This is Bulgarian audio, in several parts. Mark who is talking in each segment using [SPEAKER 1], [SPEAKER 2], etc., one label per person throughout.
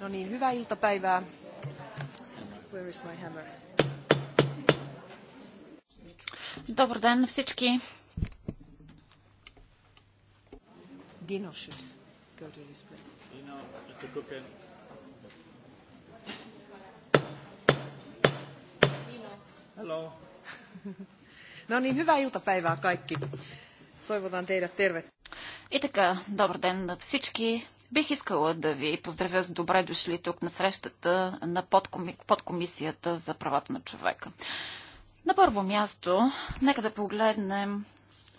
[SPEAKER 1] No niin, hyvää iltapäivää. Where is my hammer? Добър ден на всички. Dino
[SPEAKER 2] should go to
[SPEAKER 3] display.
[SPEAKER 1] No niin, hyvää iltapäivää kaikki. Soivotan teidät tervetuloa. И така, добър ден на всички. Бих искала да ви поздравя с добре дошли тук на срещата на подкоми... подкомисията за правата на човека. На първо място, нека да погледнем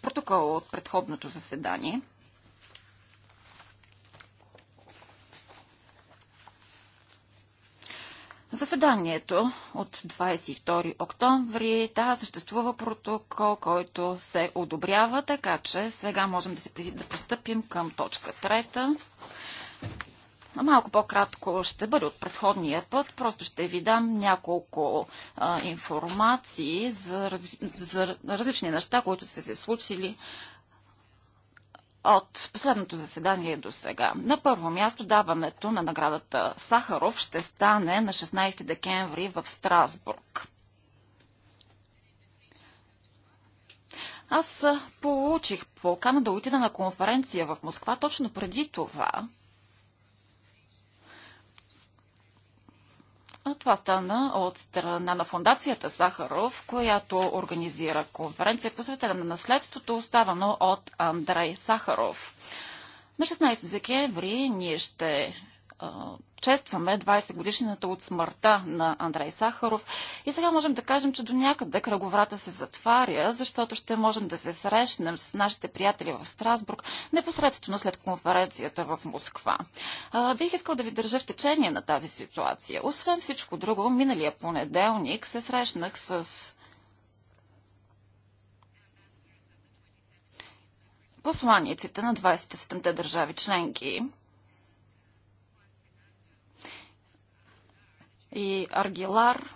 [SPEAKER 1] протокол от предходното заседание – Заседанието от 22 октомври, да, съществува протокол, който се одобрява, така че сега можем да, се, да пристъпим към точка трета. Малко по-кратко ще бъде от предходния път. Просто ще ви дам няколко а, информации за, разви... за различни неща, които са се случили от последното заседание до сега. На първо място даването на наградата Сахаров ще стане на 16 декември в Страсбург. Аз получих покана да отида на конференция в Москва точно преди това – Това стана от страна на фундацията Сахаров, която организира конференция посветена на наследството, оставано от Андрей Сахаров. На 16 декември ние ще честваме 20 годишната от смъртта на Андрей Сахаров. И сега можем да кажем, че до някъде кръговрата се затваря, защото ще можем да се срещнем с нашите приятели в Страсбург непосредствено след конференцията в Москва. А, бих искал да ви държа в течение на тази ситуация. Освен всичко друго, миналия понеделник се срещнах с посланиците на 27-те държави членки и Аргилар.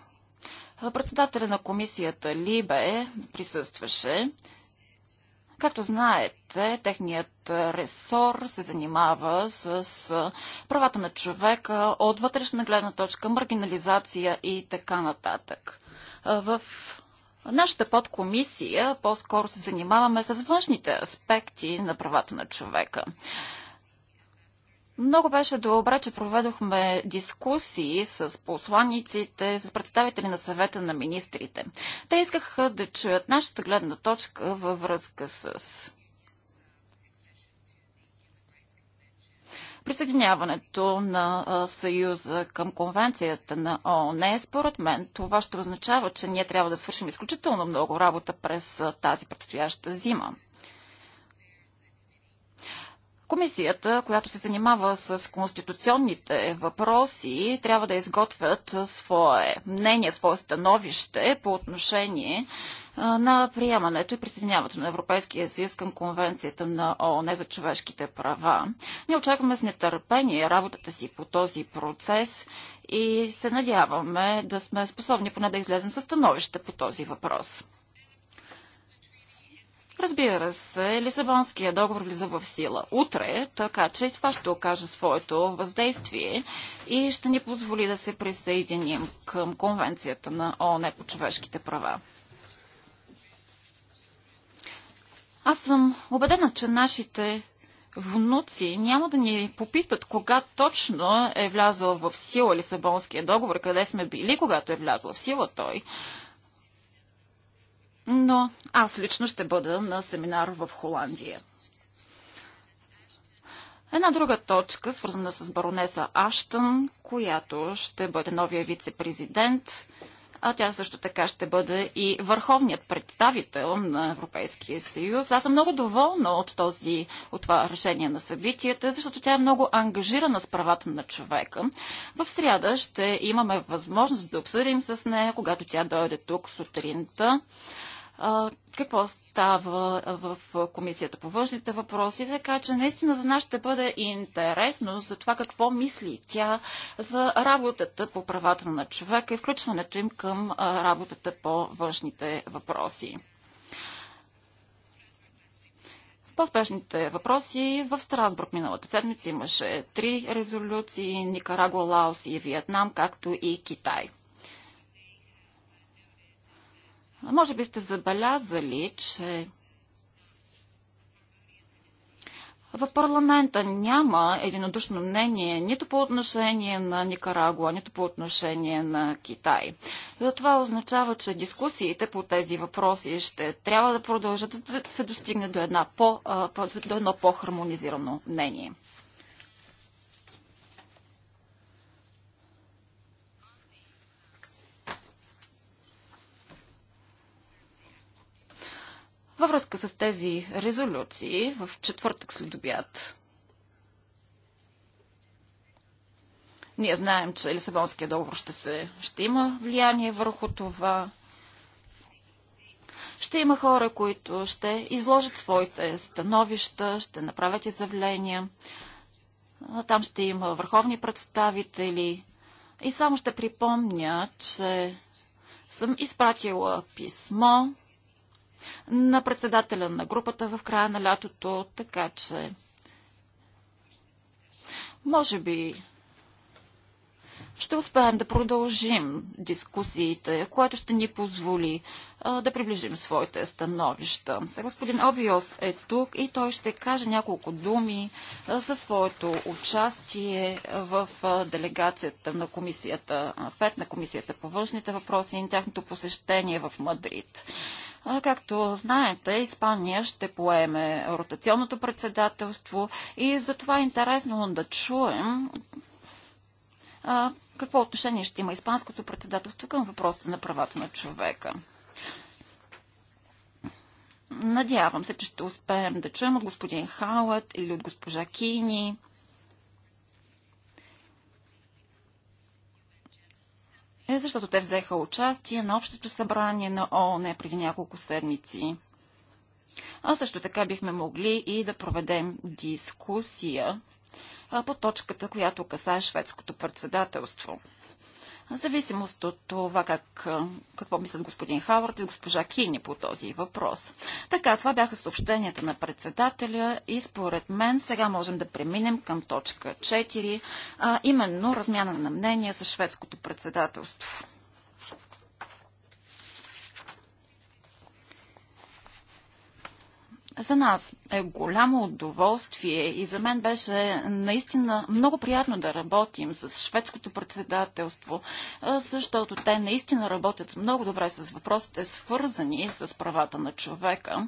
[SPEAKER 1] Председателя на комисията Либе присъстваше. Както знаете, техният ресор се занимава с правата на човека от вътрешна гледна точка, маргинализация и така нататък. В Нашата подкомисия по-скоро се занимаваме с външните аспекти на правата на човека. Много беше добре, че проведохме дискусии с посланиците, с представители на съвета на министрите. Те искаха да чуят нашата гледна точка във връзка с присъединяването на Съюза към конвенцията на ООН. Според мен това ще означава, че ние трябва да свършим изключително много работа през тази предстояща зима. Комисията, която се занимава с конституционните въпроси, трябва да изготвят свое мнение, свое становище по отношение на приемането и присъединяването на Европейския съюз към Конвенцията на ООН за човешките права. Ние очакваме с нетърпение работата си по този процес и се надяваме да сме способни поне да излезем със становище по този въпрос. Разбира се, Лисабонския договор влиза в сила утре, така че това ще окаже своето въздействие и ще ни позволи да се присъединим към Конвенцията на ООН по човешките права. Аз съм убедена, че нашите внуци няма да ни попитат кога точно е влязъл в сила Лисабонския договор, къде сме били, когато е влязъл в сила той но аз лично ще бъда на семинар в Холандия. Една друга точка, свързана с баронеса Аштън, която ще бъде новия вице-президент, а тя също така ще бъде и върховният представител на Европейския съюз. Аз съм много доволна от, този, от това решение на събитията, защото тя е много ангажирана с правата на човека. В сряда ще имаме възможност да обсъдим с нея, когато тя дойде тук сутринта какво става в Комисията по външните въпроси, така че наистина за нас ще бъде интересно за това какво мисли тя за работата по правата на човека и включването им към работата по външните въпроси по-спешните въпроси. В Страсбург миналата седмица имаше три резолюции Никарагуа, Лаос и Виетнам, както и Китай. Може би сте забелязали, че в парламента няма единодушно мнение нито по отношение на Никарагуа, нито по отношение на Китай. И това означава, че дискусиите по тези въпроси ще трябва да продължат да се достигне до, една по, до едно по-хармонизирано мнение. Във връзка с тези резолюции, в четвъртък след обяд, ние знаем, че Лисабонския договор ще, се, ще има влияние върху това. Ще има хора, които ще изложат своите становища, ще направят изявления. Там ще има върховни представители. И само ще припомня, че съм изпратила писмо на председателя на групата в края на лятото, така че може би ще успеем да продължим дискусиите, което ще ни позволи а, да приближим своите становища. Сега господин Обиос е тук и той ще каже няколко думи за със своето участие в а, делегацията на комисията ФЕД, на комисията по външните въпроси и тяхното посещение в Мадрид. Както знаете, Испания ще поеме ротационното председателство и затова е интересно да чуем какво отношение ще има Испанското председателство към въпросите на правата на човека. Надявам се, че ще успеем да чуем от господин Хауът или от госпожа Кини е защото те взеха участие на общото събрание на ООН преди няколко седмици. А също така бихме могли и да проведем дискусия по точката, която касае шведското председателство. В зависимост от това как, какво мислят господин Хауърд и госпожа Кини по този въпрос. Така, това бяха съобщенията на председателя и според мен сега можем да преминем към точка 4, а именно размяна на мнения за шведското председателство. За нас е голямо удоволствие и за мен беше наистина много приятно да работим с шведското председателство, защото те наистина работят много добре с въпросите, свързани с правата на човека.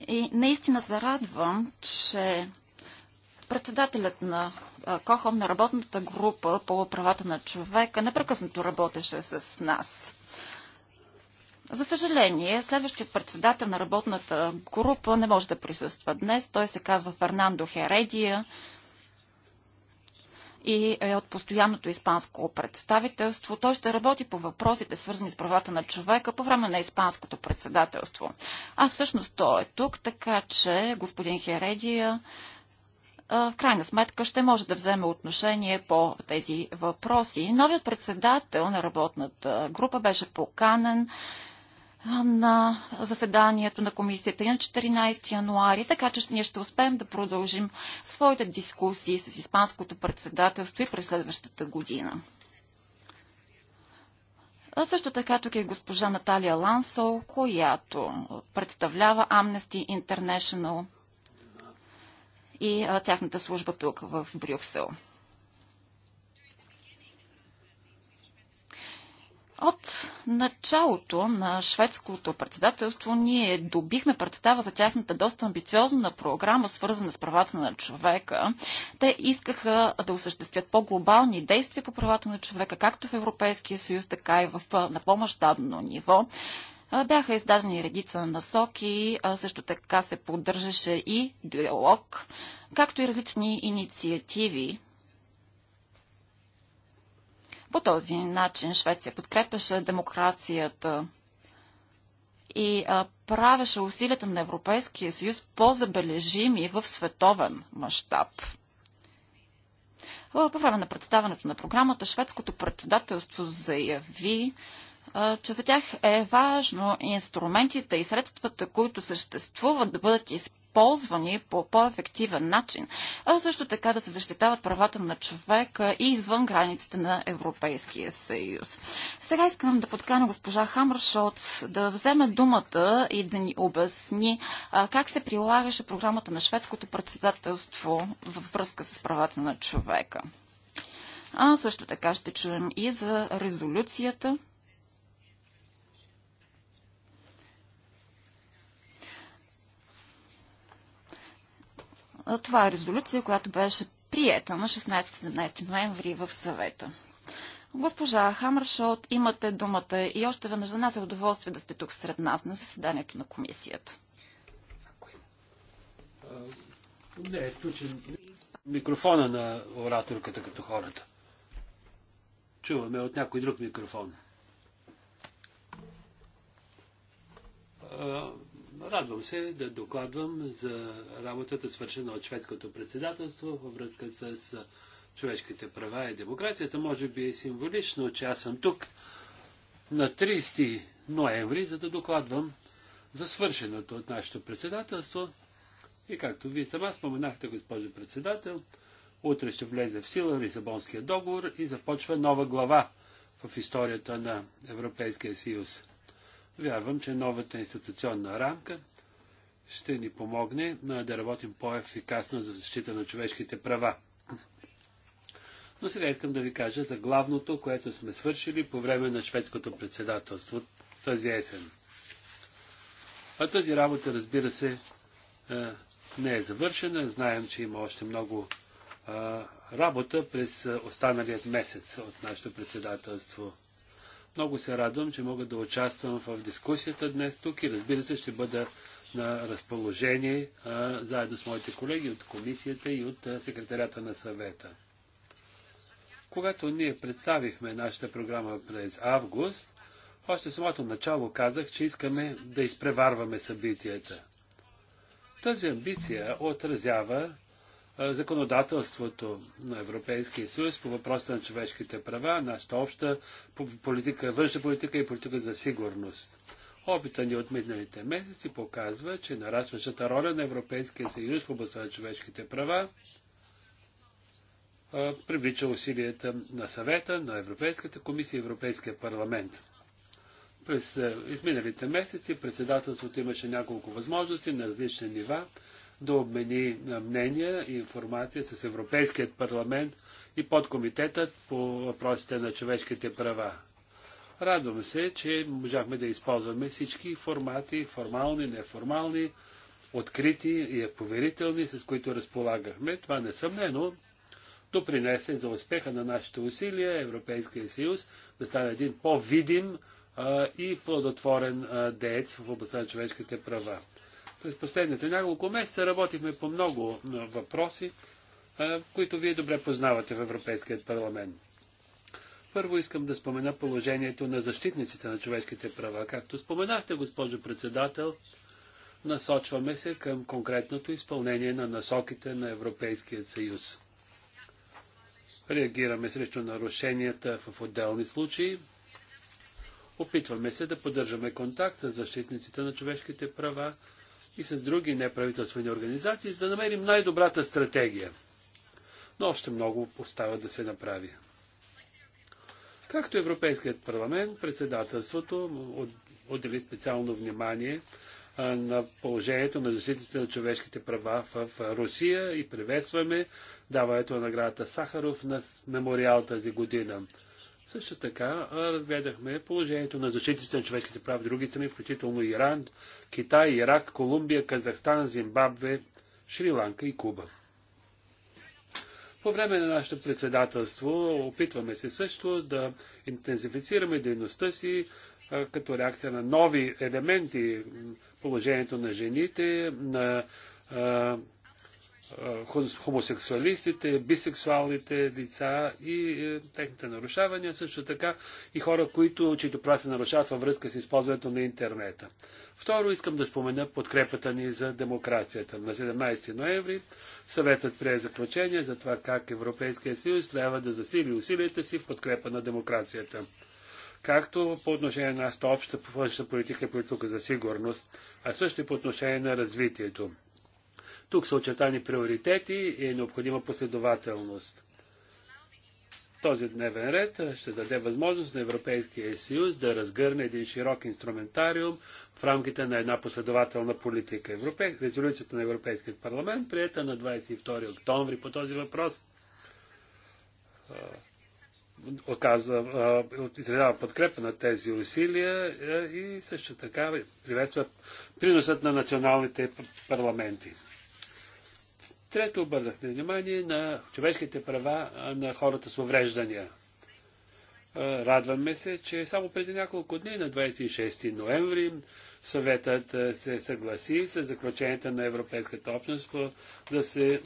[SPEAKER 1] И наистина се радвам, че председателят на Кохом на работната група по правата на човека непрекъснато работеше с нас. За съжаление, следващият председател на работната група не може да присъства днес. Той се казва Фернандо Хередия и е от постоянното испанско представителство. Той ще работи по въпросите, свързани с правата на човека по време на испанското председателство. А всъщност той е тук, така че господин Хередия в крайна сметка ще може да вземе отношение по тези въпроси. Новият председател на работната група беше поканен на заседанието на комисията и на 14 януари, така че ние ще успеем да продължим своите дискусии с Испанското председателство и през следващата година. А също така тук е госпожа Наталия Лансол, която представлява Amnesty International и тяхната служба тук в Брюксел. От началото на шведското председателство ние добихме представа за тяхната доста амбициозна програма, свързана с правата на човека. Те искаха да осъществят по-глобални действия по правата на човека, както в Европейския съюз, така и в, на по-масштабно ниво. Бяха издадени редица насоки, също така се поддържаше и диалог, както и различни инициативи по този начин Швеция подкрепяше демокрацията и а, правеше усилията на Европейския съюз по-забележими в световен мащаб. По време на представането на програмата шведското председателство заяви, че за тях е важно инструментите и средствата, които съществуват, да бъдат използвани използвани по по-ефективен начин, а също така да се защитават правата на човека и извън границите на Европейския съюз. Сега искам да подкана госпожа Хамършот да вземе думата и да ни обясни а, как се прилагаше програмата на шведското председателство във връзка с правата на човека. А също така ще чуем и за резолюцията, Това е резолюция, която беше приета на 16-17 ноември в съвета. Госпожа Хамършот, имате думата и още веднъж за нас е удоволствие да сте тук сред нас на заседанието на комисията.
[SPEAKER 3] Не е включен микрофона на ораторката като хората. Чуваме от някой друг микрофон. Радвам се да докладвам за работата, свършена от шведското председателство във връзка с човешките права и демокрацията. Може би е символично, че аз съм тук на 30 ноември, за да докладвам за свършеното от нашето председателство. И както вие сама споменахте, госпожо председател, утре ще влезе в сила Лисабонския договор и започва нова глава в историята на Европейския съюз. Вярвам, че новата институционна рамка ще ни помогне да работим по-ефикасно за защита на човешките права. Но сега искам да ви кажа за главното, което сме свършили по време на шведското председателство тази есен. А тази работа, разбира се, не е завършена. Знаем, че има още много работа през останалият месец от нашето председателство. Много се радвам, че мога да участвам в дискусията днес тук и разбира се ще бъда на разположение а, заедно с моите колеги от комисията и от а, секретарята на съвета. Когато ние представихме нашата програма през август, още самото начало казах, че искаме да изпреварваме събитията. Тази амбиция отразява е, законодателството на Европейския съюз по въпроса на човешките права, нашата обща политика, външна политика и политика за сигурност. Опита ни от миналите месеци показва, че нарастващата роля на Европейския съюз в областта на човешките права е, привлича усилията на съвета, на Европейската комисия и Европейския парламент. През е, изминалите месеци председателството имаше няколко възможности на различни нива да обмени мнения и информация с Европейският парламент и подкомитетът по въпросите на човешките права. Радвам се, че можахме да използваме всички формати, формални, неформални, открити и поверителни, с които разполагахме. Това несъмнено допринесе за успеха на нашите усилия Европейския съюз да стане един по-видим и плодотворен деец в областта на човешките права. През последните няколко месеца работихме по много въпроси, които вие добре познавате в Европейският парламент. Първо искам да спомена положението на защитниците на човешките права. Както споменахте, госпожо председател, насочваме се към конкретното изпълнение на насоките на Европейския съюз. Реагираме срещу нарушенията в отделни случаи. Опитваме се да поддържаме контакт с защитниците на човешките права и с други неправителствени организации, за да намерим най-добрата стратегия. Но още много остава да се направи. Както Европейският парламент, председателството отдели специално внимание на положението на защитите на човешките права в Русия и приветстваме даването на наградата Сахаров на мемориал тази година. Също така разгледахме положението на защитите на човешките права в други страни, включително Иран, Китай, Ирак, Колумбия, Казахстан, Зимбабве, Шри-Ланка и Куба. По време на нашето председателство опитваме се също да интензифицираме дейността си като реакция на нови елементи, положението на жените, на хомосексуалистите, бисексуалните лица и е, техните нарушавания, също така и хора, които, чието права се нарушават във връзка с използването на интернета. Второ, искам да спомена подкрепата ни за демокрацията. На 17 ноември съветът прие заключение за това как Европейския съюз трябва да засили усилията си в подкрепа на демокрацията както по отношение на нашата обща външна политика и политика за сигурност, а също и по отношение на развитието. Тук са очертани приоритети и е необходима последователност. Този дневен ред ще даде възможност на Европейския съюз да разгърне един широк инструментариум в рамките на една последователна политика. Европей... Резолюцията на Европейския парламент, приета на 22 октомври по този въпрос, оказва, изразява подкрепа на тези усилия и също така приветства приносът на националните парламенти. Трето, обърнахте внимание на човешките права на хората с увреждания. Радваме се, че само преди няколко дни, на 26 ноември, съветът се съгласи с заключенията на Европейската общност да се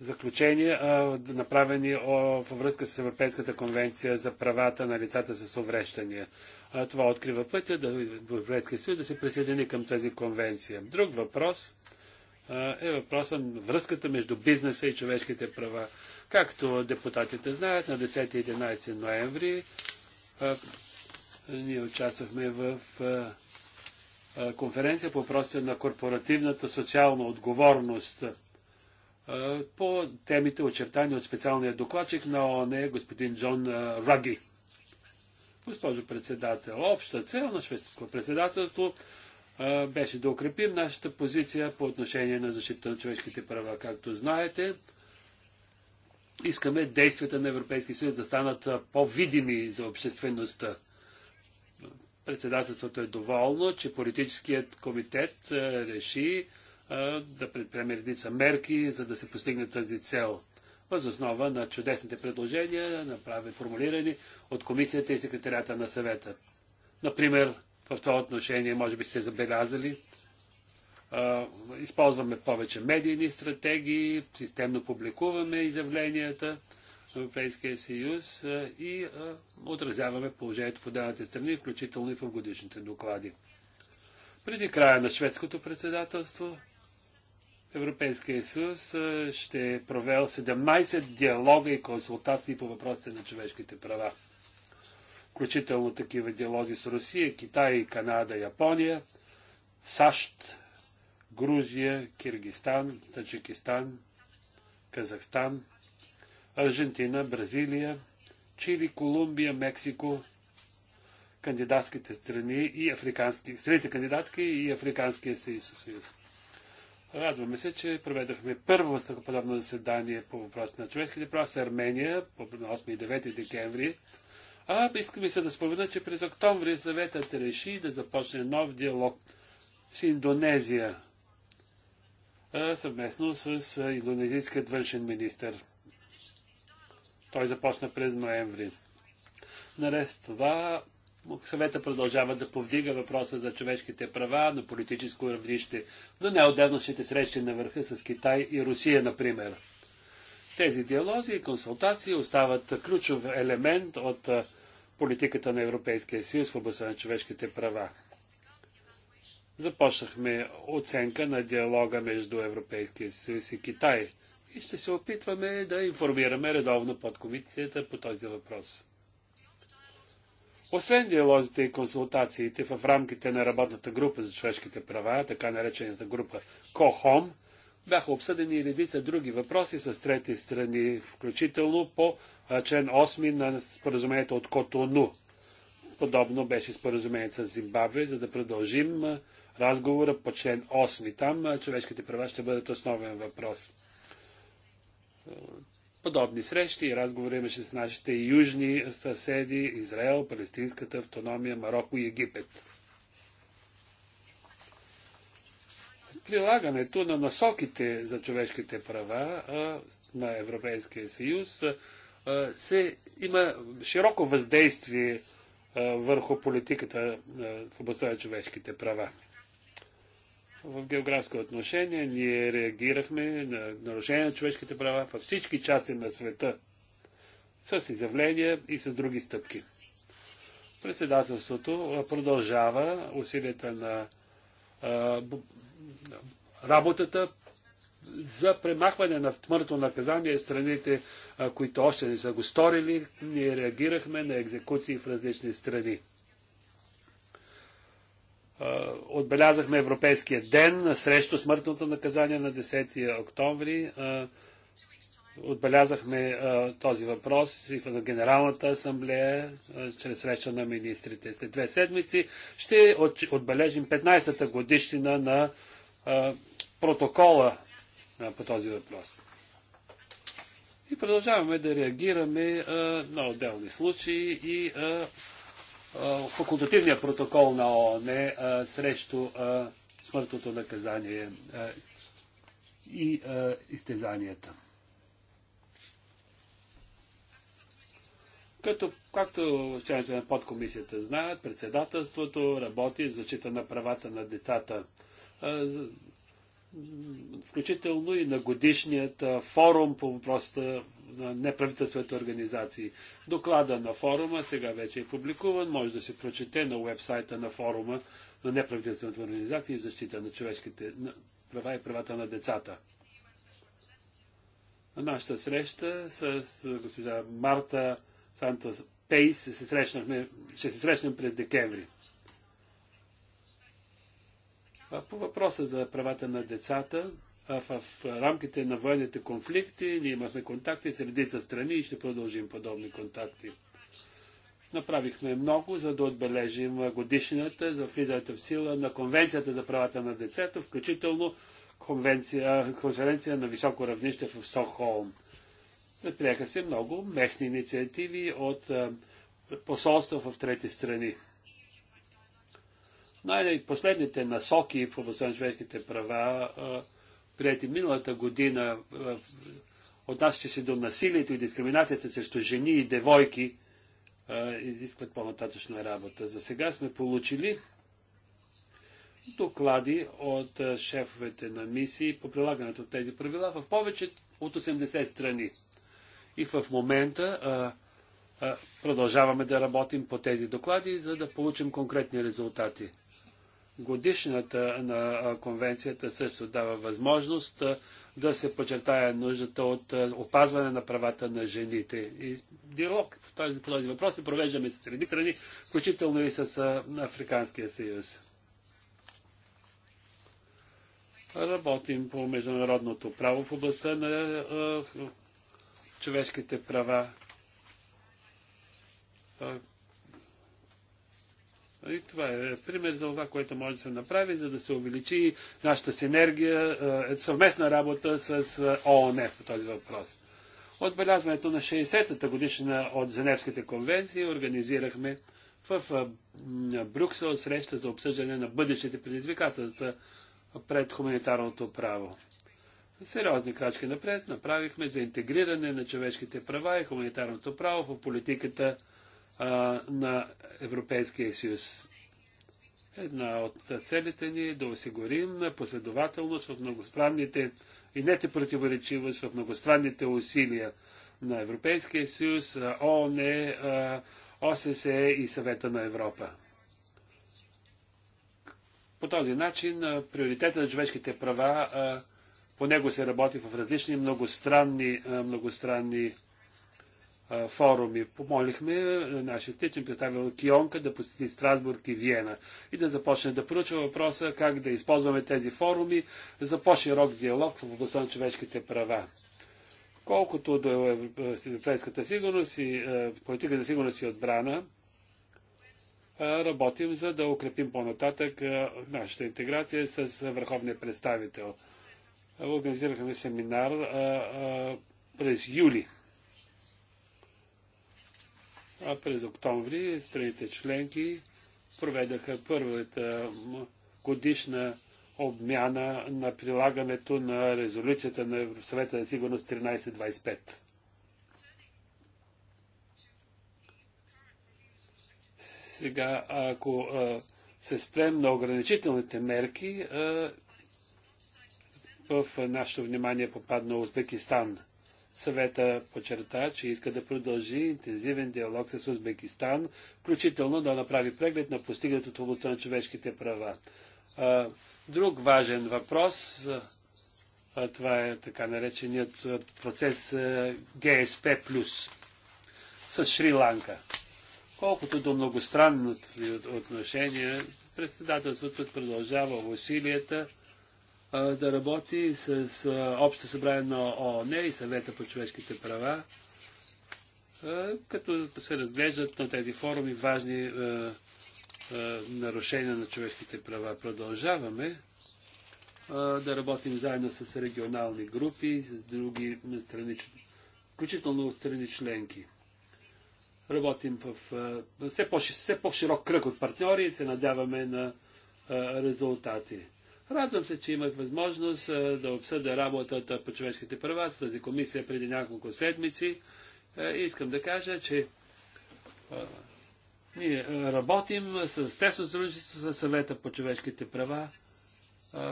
[SPEAKER 3] заключения, направени във връзка с Европейската конвенция за правата на лицата с увреждания. Това открива пътя да Европейския съюз да се присъедини към тази конвенция. Друг въпрос – е въпроса на връзката между бизнеса и човешките права. Както депутатите знаят, на 10 и 11 ноември ние участвахме в конференция по въпроса на корпоративната социална отговорност по темите, очертани от специалния докладчик на ООН, господин Джон Раги. Госпожо председател, обща цел на шведското председателство беше да укрепим нашата позиция по отношение на защита на човешките права. Както знаете, искаме действията на Европейския съюз да станат по-видими за обществеността. Председателството е доволно, че политическият комитет реши да предприеме редица мерки, за да се постигне тази цел. Въз основа на чудесните предложения, направи формулирани от комисията и секретарята на съвета. Например, в това отношение, може би сте забелязали, използваме повече медийни стратегии, системно публикуваме изявленията на Европейския съюз и отразяваме положението в отделните страни, включително и в годишните доклади. Преди края на шведското председателство Европейския съюз ще е провел 17 диалога и консултации по въпросите на човешките права включително такива диалози с Русия, Китай, Канада, Япония, САЩ, Грузия, Киргистан, Таджикистан, Казахстан, Аржентина, Бразилия, Чили, Колумбия, Мексико, кандидатските страни и африкански, средите кандидатки и Африканския съюз. Радваме се, че проведахме първо подобно заседание по въпроса на човешките права с Армения на 8 и 9 декември а искам и се да спомена, че през октомври съветът реши да започне нов диалог с Индонезия съвместно с индонезийският външен министр. Той започна през ноември. Наред с това, съвета продължава да повдига въпроса за човешките права на политическо равнище, но не неодавнашните срещи на върха с Китай и Русия, например. Тези диалози и консултации остават ключов елемент от политиката на Европейския съюз в областта на човешките права. Започнахме оценка на диалога между Европейския съюз и Китай и ще се опитваме да информираме редовно под комисията по този въпрос. Освен диалозите и консултациите в рамките на работната група за човешките права, така наречената група КОХОМ, бяха обсъдени и редица други въпроси с трети страни, включително по член 8 на споразумението от Котону. Подобно беше споразумението с Зимбабве, за да продължим разговора по член 8. Там човешките права ще бъдат основен въпрос. Подобни срещи и разговори имаше с нашите южни съседи Израел, Палестинската автономия, Марокко и Египет. прилагането на насоките за човешките права на Европейския съюз се има широко въздействие върху политиката в областта на човешките права. В географско отношение ние реагирахме на нарушение на човешките права във всички части на света с изявления и с други стъпки. Председателството продължава усилията на работата за премахване на смъртно наказание в страните, които още не са го сторили. Ние реагирахме на екзекуции в различни страни. Отбелязахме Европейския ден срещу смъртното наказание на 10 октомври. Отбелязахме а, този въпрос и на Генералната асамблея, а, чрез среща на министрите. След две седмици ще от, отбележим 15-та годишнина на а, протокола а, по този въпрос. И продължаваме да реагираме а, на отделни случаи и а, а, факултативния протокол на ООН а, срещу а, смъртното наказание а, и а, изтезанията. Като, както членовете на подкомисията знаят, председателството работи в защита на правата на децата, включително и на годишният форум по въпросите на неправителствените организации. Доклада на форума сега вече е публикуван, може да се прочете на уебсайта на форума на неправителствените организации и защита на човешките права и правата на децата. Нашата среща с госпожа Марта Сантос Пейс се срещнахме, ще се срещнем през декември. По въпроса за правата на децата, в рамките на военните конфликти ние имахме контакти с редица страни и ще продължим подобни контакти. Направихме много, за да отбележим годишната за влизането в сила на Конвенцията за правата на децата, включително конвенция, конференция на високо равнище в Стокхолм. Предприеха се много местни инициативи от посолства в трети страни. Най-последните насоки в областта на човешките права, прияти миналата година, отнасящи се до насилието и дискриминацията срещу жени и девойки, изискват по-нататъчна работа. За сега сме получили доклади от шефовете на мисии по прилагането на тези правила в повече от 80 страни. И в момента а, а, продължаваме да работим по тези доклади, за да получим конкретни резултати. Годишната на конвенцията също дава възможност да се почертая нуждата от опазване на правата на жените. И диалог в този, по този въпрос и провеждаме с среди страни, включително и с Африканския съюз. Работим по международното право в областта на човешките права. И това е пример за това, което може да се направи, за да се увеличи нашата синергия, е, съвместна работа с ООН по този въпрос. Отбелязването на 60-та годишна от Женевските конвенции организирахме в Брюксел среща за обсъждане на бъдещите предизвикателства пред хуманитарното право сериозни крачки напред направихме за интегриране на човешките права и хуманитарното право в политиката а, на Европейския съюз. Една от целите ни е да осигурим последователност в многостранните и не противоречивост в многостранните усилия на Европейския съюз, ООН, ОССЕ и Съвета на Европа. По този начин приоритета на човешките права по него се работи в различни многостранни, многостранни форуми. Помолихме нашия течен представител Кионка да посети Страсбург и Виена и да започне да проучва въпроса как да използваме тези форуми за по-широк диалог в областта на човешките права. Колкото до европейската сигурност и политика за сигурност и отбрана, работим за да укрепим по-нататък нашата интеграция с върховния представител организирахме семинар а, а, през юли. А през октомври страните членки проведаха първата годишна обмяна на прилагането на резолюцията на Съвета за сигурност 1325. Сега, ако а, се спрем на ограничителните мерки, а, в нашето внимание попадна Узбекистан. Съвета подчерта, че иска да продължи интензивен диалог с Узбекистан, включително да направи преглед на постигнатото в областта на човешките права. Друг важен въпрос, това е така нареченият процес ГСП+, плюс, с Шри-Ланка. Колкото до многостранното отношение, председателството продължава усилията да работи с Общо събрание на ООН и съвета по човешките права, като се разглеждат на тези форуми важни нарушения на човешките права. Продължаваме да работим заедно с регионални групи, с други страни, включително страни членки. Работим в все по-широк кръг от партньори и се надяваме на резултати. Радвам се, че имах възможност да обсъда работата по човешките права с тази комисия преди няколко седмици. И искам да кажа, че ние работим с тесно сътрудничество с съвета по човешките права,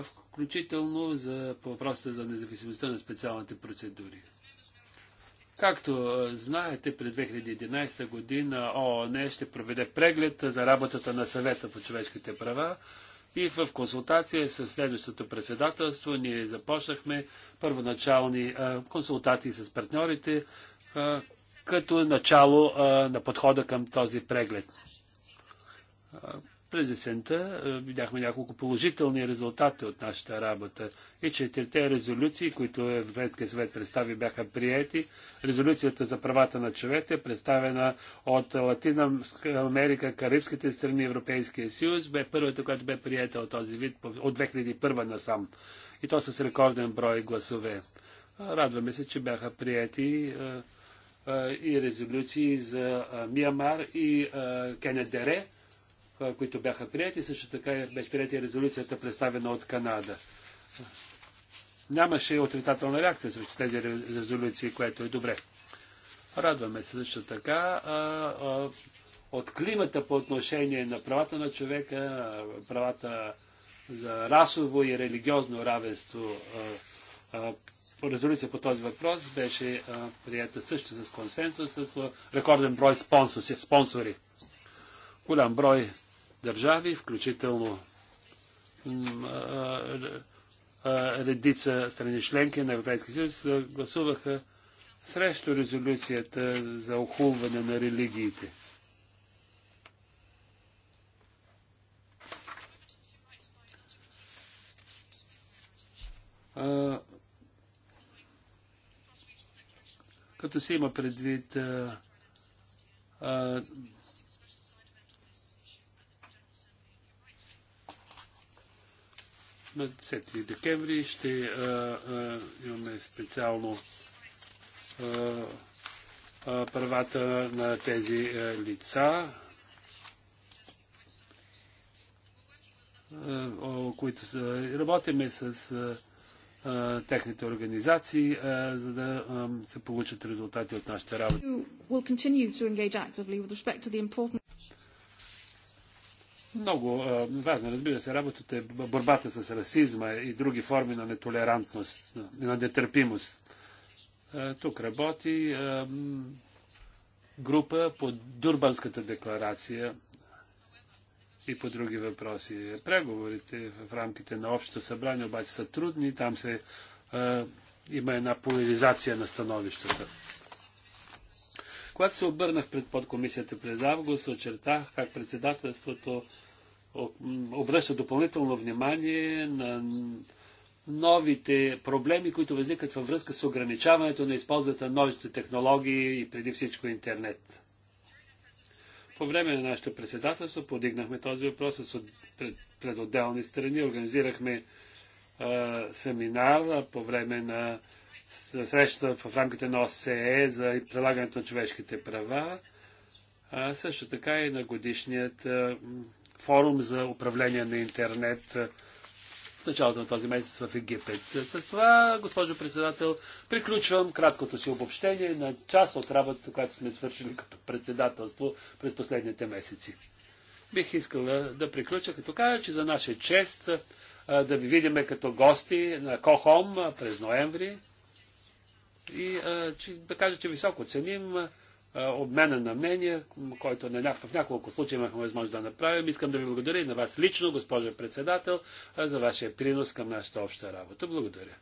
[SPEAKER 3] включително за, по въпросите за независимостта на специалните процедури. Както знаете, през 2011 година ООН ще проведе преглед за работата на съвета по човешките права и в консултация с следващото председателство ние започнахме първоначални а, консултации с партньорите а, като начало а, на подхода към този преглед. През есента е, видяхме няколко положителни резултати от нашата работа и четирите резолюции, които Европейския съвет представи, бяха приети. Резолюцията за правата на човека е представена от Латина Америка, Карибските страни, Европейския съюз, бе първата, която бе приета от този вид от 2001 насам. И то с рекорден брой гласове. Радваме се, че бяха приети е, и резолюции за Миямар и Кенедере които бяха прияти. Също така е, беше прияти резолюцията, представена от Канада. Нямаше отрицателна реакция срещу тези резолюции, което е добре. Радваме се също така а, а, от климата по отношение на правата на човека, правата за расово и религиозно равенство. А, а, резолюция по този въпрос беше а, прията също с консенсус, с рекорден брой спонсори. Голям брой държави, включително редица страни членки на Европейския съюз гласуваха срещу резолюцията за охулване на религиите. като се има предвид а, а, На 10 декември ще а, а, имаме специално а, а, правата на тези а, лица, които са, работиме с а, техните организации, а, за да а, се получат резултати от нашите работи. Много важна, разбира се, работата е борбата с расизма и други форми на нетолерантност, на нетърпимост. Тук работи група по Дурбанската декларация и по други въпроси. Преговорите в рамките на общото събрание обаче са трудни, там се е, има една поляризация на становищата. Когато се обърнах пред подкомисията през август, очертах как председателството обръща допълнително внимание на новите проблеми, които възникват във връзка с ограничаването на използването на новите технологии и преди всичко интернет. По време на нашето председателство подигнахме този въпрос пред, пред отделни страни, организирахме а, семинар по време на среща в рамките на ОСЕ за прилагането на човешките права, а също така и на годишният форум за управление на интернет в началото на този месец в Египет. С това, госпожо председател, приключвам краткото си обобщение на част от работата, която сме свършили като председателство през последните месеци. Бих искала да приключа, като кажа, че за наша чест да ви видиме като гости на Кохом през ноември и а, че, да кажа, че високо ценим а, обмена на мнения, който на няко, в няколко случаи имахме възможност да направим. Искам да ви благодаря и на вас лично, госпожа председател, а, за вашия принос към нашата обща работа. Благодаря.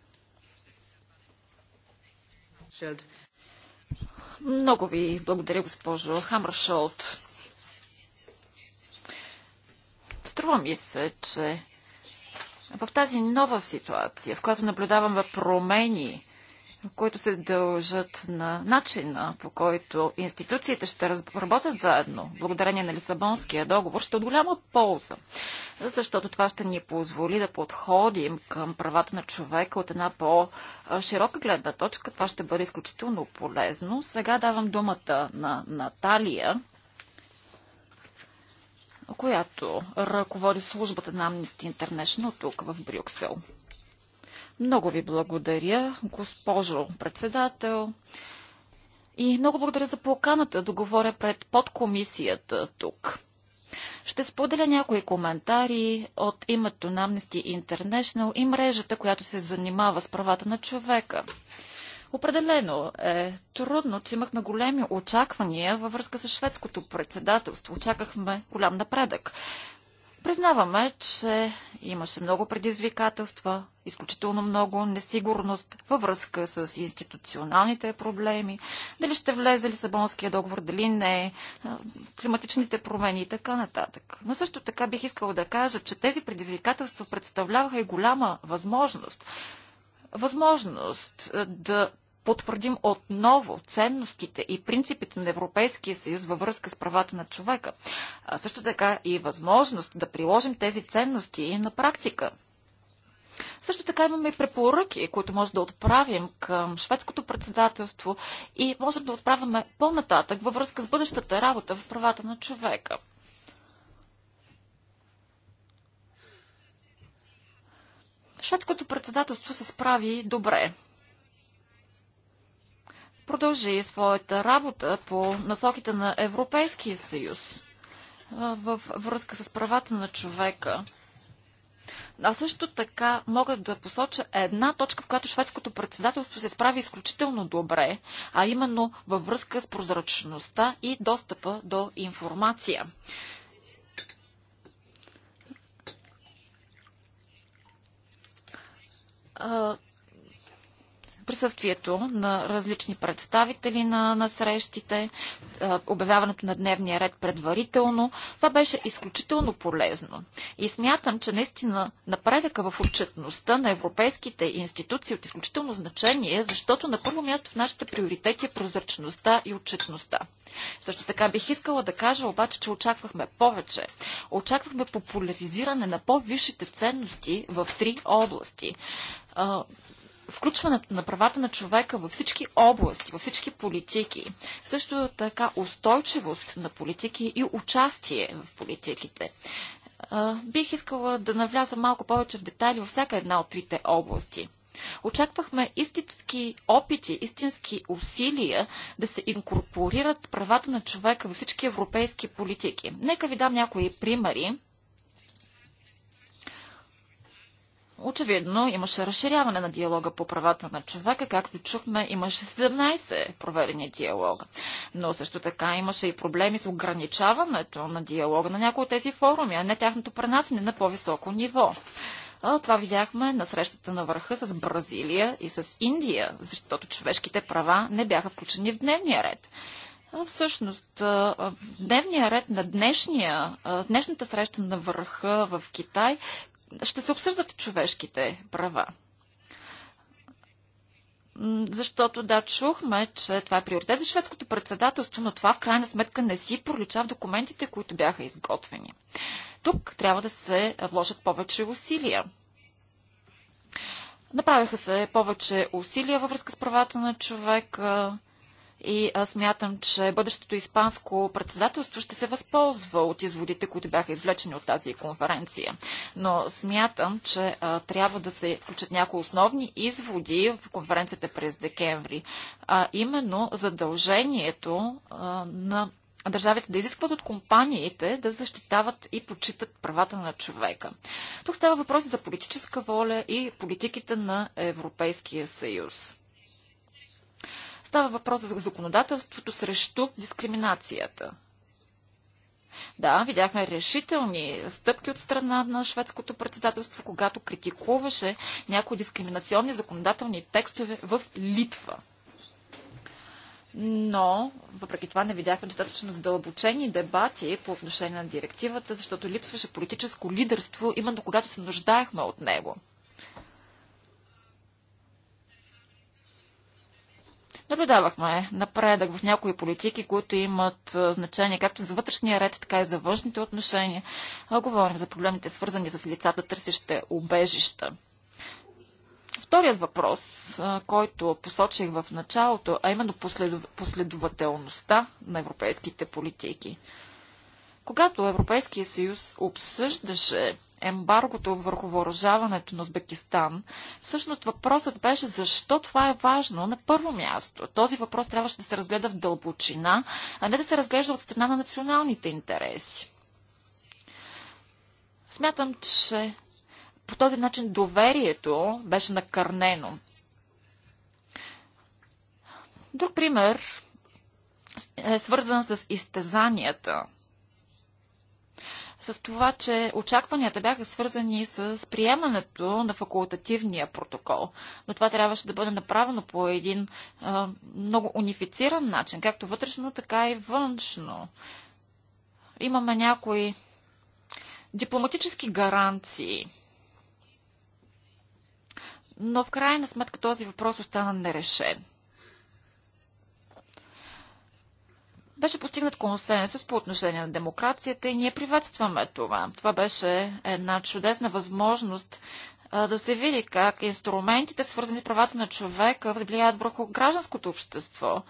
[SPEAKER 1] Много ви благодаря, госпожо Хамършолт. Струва ми се, че в тази нова ситуация, в която наблюдаваме промени които се дължат на начина по който институциите ще работят заедно, благодарение на Лисабонския договор, ще е от голяма полза. Защото това ще ни позволи да подходим към правата на човека от една по-широка гледна точка. Това ще бъде изключително полезно. Сега давам думата на Наталия, която ръководи службата на Amnesty International тук в Брюксел. Много ви благодаря, госпожо председател. И много благодаря за поканата да говоря пред подкомисията тук. Ще споделя някои коментари от името на Amnesty International и мрежата, която се занимава с правата на човека. Определено е трудно, че имахме големи очаквания във връзка с шведското председателство. Очакахме голям напредък. Признаваме, че имаше много предизвикателства, изключително много несигурност във връзка с институционалните проблеми, дали ще влезе Лисабонския договор, дали не, климатичните промени и така нататък. Но също така бих искала да кажа, че тези предизвикателства представляваха и голяма възможност. Възможност да потвърдим отново ценностите и принципите на Европейския съюз във връзка с правата на човека. А също така и възможност да приложим тези ценности на практика. Също така имаме и препоръки, които може да отправим към шведското председателство и можем да отправяме по-нататък във връзка с бъдещата работа в правата на човека. Шведското председателство се справи добре продължи своята работа по насоките на Европейския съюз в връзка с правата на човека. А също така мога да посоча една точка, в която шведското председателство се справи изключително добре, а именно във връзка с прозрачността и достъпа до информация присъствието на различни представители на, на срещите, обявяването на дневния ред предварително. Това беше изключително полезно. И смятам, че наистина напредъка в отчетността на европейските институции е от изключително значение, защото на първо място в нашите приоритети е прозрачността и отчетността. Също така бих искала да кажа обаче, че очаквахме повече. Очаквахме популяризиране на по-висшите ценности в три области включването на правата на човека във всички области, във всички политики. Също така устойчивост на политики и участие в политиките. Бих искала да навляза малко повече в детайли във всяка една от трите области. Очаквахме истински опити, истински усилия да се инкорпорират правата на човека във всички европейски политики. Нека ви дам някои примери Очевидно имаше разширяване на диалога по правата на човека, както чухме, имаше 17 проведени диалога. Но също така имаше и проблеми с ограничаването на диалога на някои от тези форуми, а не тяхното пренасене на по-високо ниво. А това видяхме на срещата на върха с Бразилия и с Индия, защото човешките права не бяха включени в дневния ред. Всъщност, дневния ред на днешния, днешната среща на върха в Китай ще се обсъждат човешките права. Защото да, чухме, че това е приоритет за шведското председателство, но това в крайна сметка не си пролича в документите, които бяха изготвени. Тук трябва да се вложат повече усилия. Направиха се повече усилия във връзка с правата на човека, и смятам, че бъдещото испанско председателство ще се възползва от изводите, които бяха извлечени от тази конференция. Но смятам, че а, трябва да се включат някои основни изводи в конференцията през декември, а именно задължението а, на държавите да изискват от компаниите да защитават и почитат правата на човека. Тук става въпрос за политическа воля и политиките на Европейския съюз. Става въпрос за законодателството срещу дискриминацията. Да, видяхме решителни стъпки от страна на шведското председателство, когато критикуваше някои дискриминационни законодателни текстове в Литва. Но, въпреки това, не видяхме достатъчно задълбочени дебати по отношение на директивата, защото липсваше политическо лидерство, именно когато се нуждаехме от него. Наблюдавахме напредък в някои политики, които имат значение както за вътрешния ред, така и за външните отношения. Говорим за проблемите, свързани с лицата, търсещи убежища. Вторият въпрос, който посочих в началото, а именно последов... последователността на европейските политики. Когато Европейския съюз обсъждаше ембаргото върху въоръжаването на Узбекистан, всъщност въпросът беше защо това е важно на първо място. Този въпрос трябваше да се разгледа в дълбочина, а не да се разглежда от страна на националните интереси. Смятам, че по този начин доверието беше накърнено. Друг пример е свързан с изтезанията с това, че очакванията бяха свързани с приемането на факултативния протокол. Но това трябваше да бъде направено по един а, много унифициран начин, както вътрешно, така и външно. Имаме някои дипломатически гаранции. Но в крайна сметка този въпрос остана нерешен. Беше постигнат консенсус по отношение на демокрацията и ние приветстваме това. Това беше една чудесна възможност да се види как инструментите, свързани с правата на човека, влияят върху гражданското общество.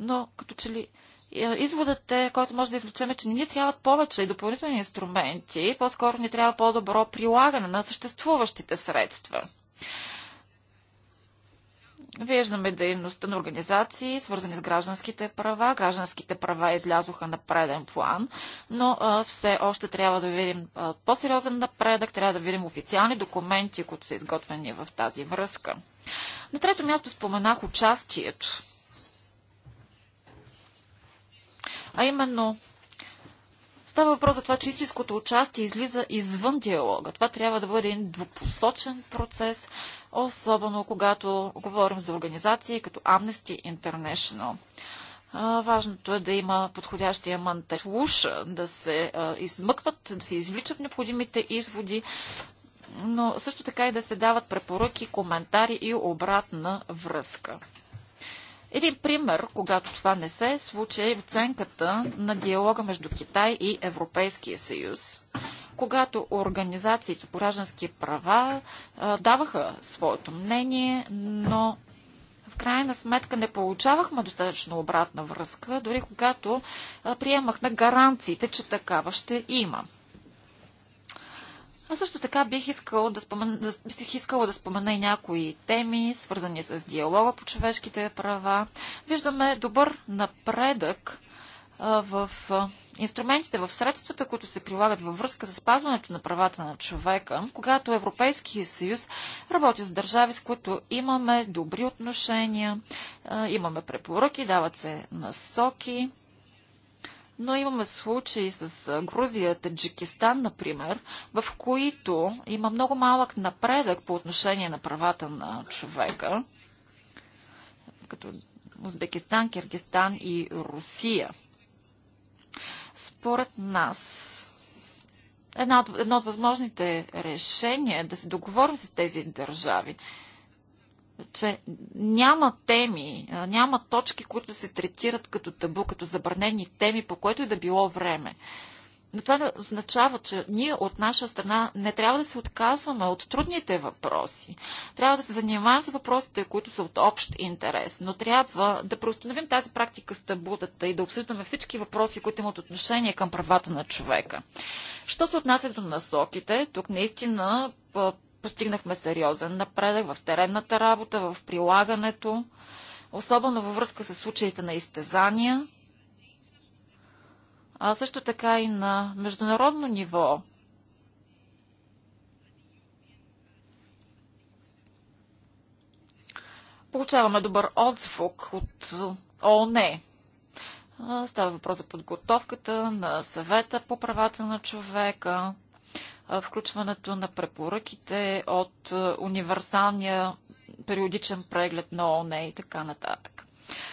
[SPEAKER 1] Но като че ли е, изводът е, който може да извлечем е, че не ни трябват повече и допълнителни инструменти, по-скоро ни трябва по-добро прилагане на съществуващите средства. Виждаме дейността на организации, свързани с гражданските права. Гражданските права излязоха на преден план, но все още трябва да видим по-сериозен напредък, трябва да видим официални документи, които са изготвени в тази връзка. На трето място споменах участието. А именно, става въпрос за това, че истинското участие излиза извън диалога. Това трябва да бъде един двупосочен процес – особено когато говорим за организации като Amnesty International. Важното е да има подходящия мантер, слуша, да се измъкват, да се извличат необходимите изводи, но също така и да се дават препоръки, коментари и обратна връзка. Един пример, когато това не се е случай, е оценката на диалога между Китай и Европейския съюз, когато организациите по граждански права даваха своето мнение, но в крайна сметка не получавахме достатъчно обратна връзка, дори когато приемахме гаранциите, че такава ще има. А също така бих искала да, спомен... бих искала да спомена и някои теми, свързани с диалога по човешките права. Виждаме добър напредък в инструментите, в средствата, които се прилагат във връзка с спазването на правата на човека, когато Европейския съюз работи с държави, с които имаме добри отношения, имаме препоръки, дават се насоки, но имаме случаи с Грузия, Таджикистан, например, в които има много малък напредък по отношение на правата на човека, като Узбекистан, Киргистан и Русия – според нас, една от, едно от възможните решения е да се договорим с тези държави, че няма теми, няма точки, които се третират като табу, като забранени теми, по което и да било време но това не означава, че ние от наша страна не трябва да се отказваме от трудните въпроси. Трябва да се занимаваме с въпросите, които са от общ интерес, но трябва да преустановим тази практика с табутата и да обсъждаме всички въпроси, които имат отношение към правата на човека. Що се отнася до насоките, тук наистина постигнахме сериозен напредък в теренната работа, в прилагането, особено във връзка с случаите на изтезания – а също така и на международно ниво. Получаваме добър отзвук от ООН. Става въпрос за подготовката на съвета по правата на човека, включването на препоръките от универсалния периодичен преглед на ООН и така нататък.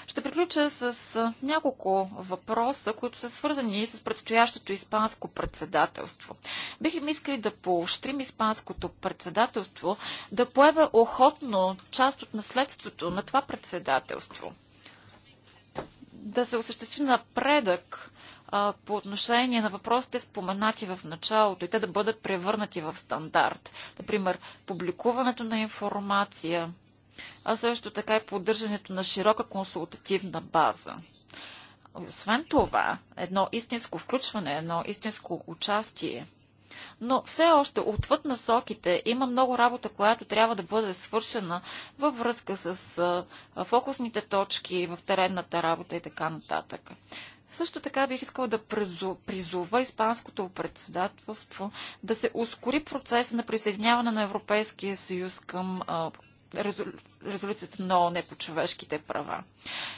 [SPEAKER 1] Ще приключа с няколко въпроса, които са свързани с предстоящото испанско председателство. Бих им искали да поощрим испанското председателство да поеме охотно част от наследството на това председателство. Да се осъществи напредък по отношение на въпросите споменати в началото и те да бъдат превърнати в стандарт. Например, публикуването на информация, а също така и поддържането на широка консултативна база. Освен това, едно истинско включване, едно истинско участие. Но все още отвъд насоките има много работа, която трябва да бъде свършена във връзка с фокусните точки в теренната работа и така нататък. Също така бих искала да призова Испанското председателство да се ускори процеса на присъединяване на Европейския съюз към резолюцията на не по човешките права.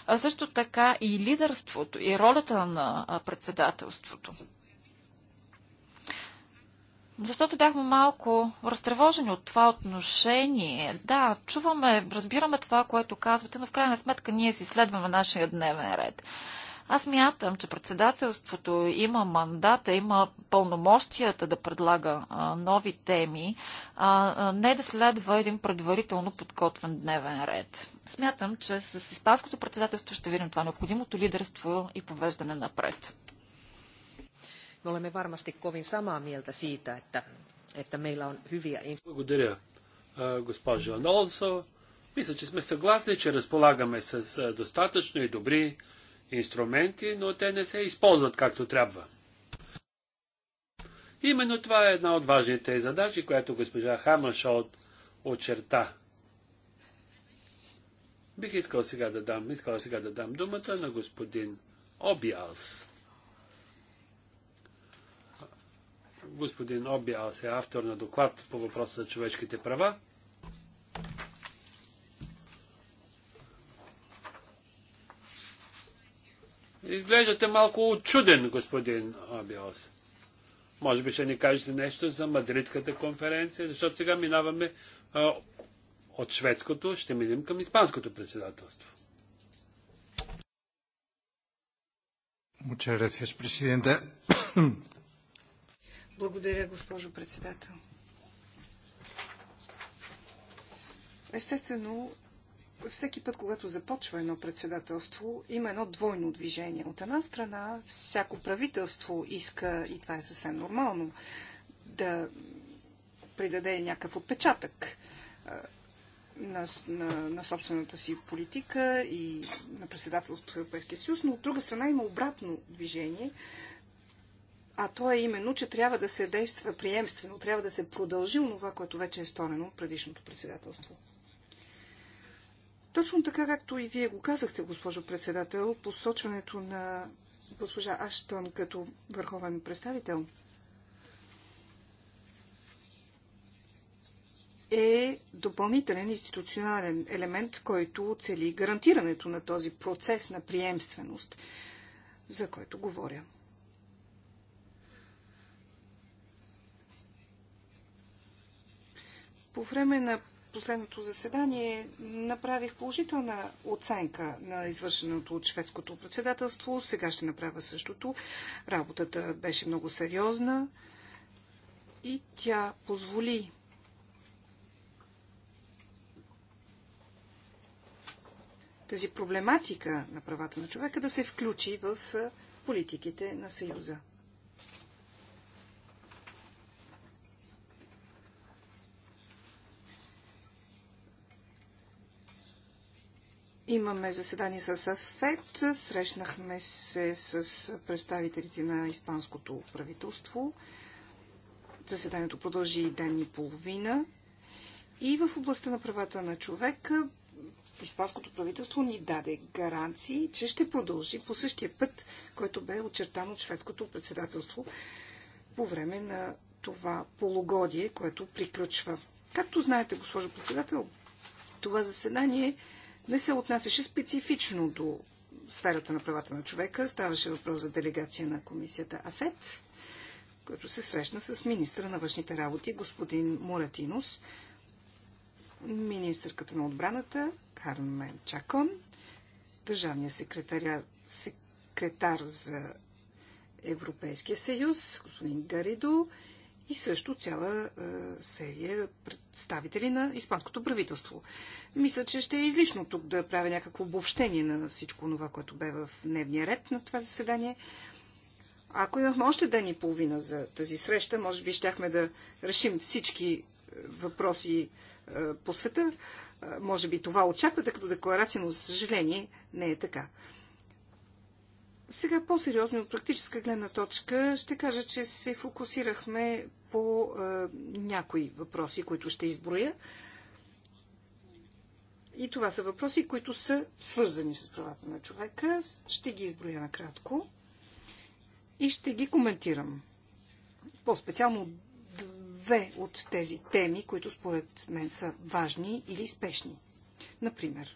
[SPEAKER 1] А също така и лидерството, и ролята на председателството. Защото бяхме малко разтревожени от това отношение. Да, чуваме, разбираме това, което казвате, но в крайна сметка ние си следваме нашия дневен ред. Аз мятам, че председателството има мандата, има пълномощията да предлага а, нови теми, а, а, не да следва един предварително подготвен дневен ред. Смятам, че с испанското председателство ще видим това необходимото лидерство и повеждане напред.
[SPEAKER 3] Благодаря, госпожо Анолсо. Мисля, че сме съгласни, че разполагаме с достатъчно и добри инструменти, но те не се използват както трябва. Именно това е една от важните задачи, която госпожа Хамашот очерта. Бих искал сега да дам, искал сега да дам думата на господин Обиалс. Господин Обиалс е автор на доклад по въпроса за човешките права. Изглеждате малко очуден, господин Абиос. Може би ще ни кажете нещо за Мадридската конференция, защото сега минаваме а, от шведското, ще минем към испанското председателство.
[SPEAKER 2] Благодаря, госпожо председател. Естествено, всеки път, когато започва едно председателство, има едно двойно движение. От една страна, всяко правителство иска, и това е съвсем нормално, да придаде някакъв отпечатък на, на, на собствената си политика и на председателството в Европейския съюз, но от друга страна има обратно движение, а то е именно, че трябва да се действа приемствено, трябва да се продължи това, което вече е сторено от предишното председателство. Точно така, както и вие го казахте, госпожо председател, посочването на госпожа Аштон като върховен представител е допълнителен институционален елемент, който цели гарантирането на този процес на приемственост, за който говоря. По време на последното заседание направих положителна оценка на извършеното от шведското председателство. Сега ще направя същото. Работата беше много сериозна и тя позволи тази проблематика на правата на човека да се включи в политиките на Съюза. Имаме заседание с АФЕД. Срещнахме се с представителите на Испанското правителство. Заседанието продължи ден и половина. И в областта на правата на човека Испанското правителство ни даде гаранции, че ще продължи по същия път, който бе очертан от шведското председателство по време на това полугодие, което приключва. Както знаете, госпожо председател, това заседание не се отнасяше специфично до сферата на правата на човека. Ставаше въпрос за делегация на комисията АФЕТ, който се срещна с министра на външните работи, господин Моратинус, министърката на отбраната Кармен Чакон, държавния секретаря, секретар за Европейския съюз, господин Гаридо и също цяла е, серия представители на испанското правителство. Мисля, че ще е излишно тук да правя някакво обобщение на всичко това, което бе в дневния ред на това заседание. Ако имахме още ден и половина за тази среща, може би щяхме да решим всички е, въпроси е, по света. Може би това очаквате като декларация, но за съжаление не е така. Сега по-сериозно от практическа гледна точка ще кажа, че се фокусирахме по е, някои въпроси, които ще изброя. И това са въпроси, които са свързани с правата на човека. Ще ги изброя накратко и ще ги коментирам. По-специално две от тези теми, които според мен са важни или спешни. Например,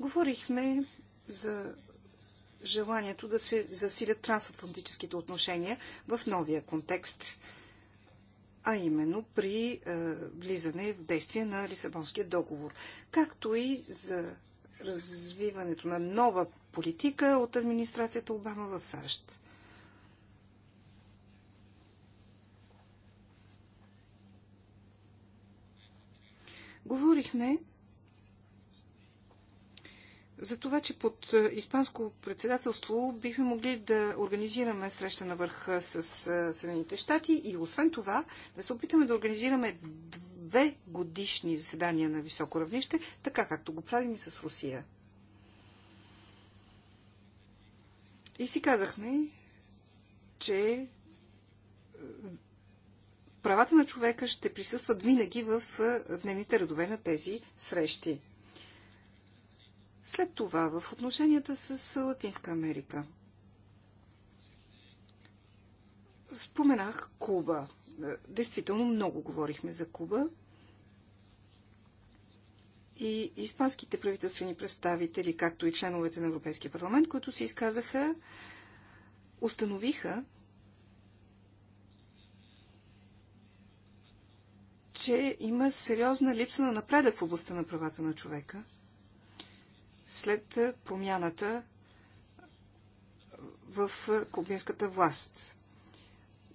[SPEAKER 2] Говорихме за желанието да се засилят трансатлантическите отношения в новия контекст, а именно при е, влизане в действие на Лисабонския договор, както и за развиването на нова политика от администрацията Обама в САЩ. Говорихме за това, че под е, Испанско председателство бихме могли да организираме среща на върха с е, Съединените щати и освен това да се опитаме да организираме две годишни заседания на високо равнище, така както го правим и с Русия. И си казахме, че е, правата на човека ще присъстват винаги в дневните редове на тези срещи. След това, в отношенията с Латинска Америка. Споменах Куба. Действително много говорихме за Куба. И испанските правителствени представители, както и членовете на Европейския парламент, които се изказаха, установиха, че има сериозна липса на напредък в областта на правата на човека – след промяната в кубинската власт.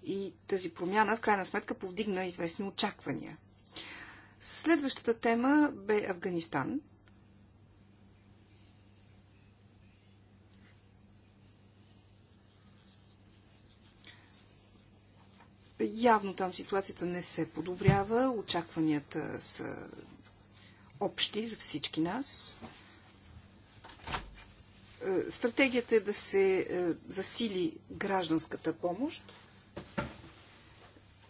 [SPEAKER 2] И тази промяна, в крайна сметка, повдигна известни очаквания. Следващата тема бе Афганистан. Явно там ситуацията не се подобрява, очакванията са общи за всички нас. Е, стратегията е да се е, засили гражданската помощ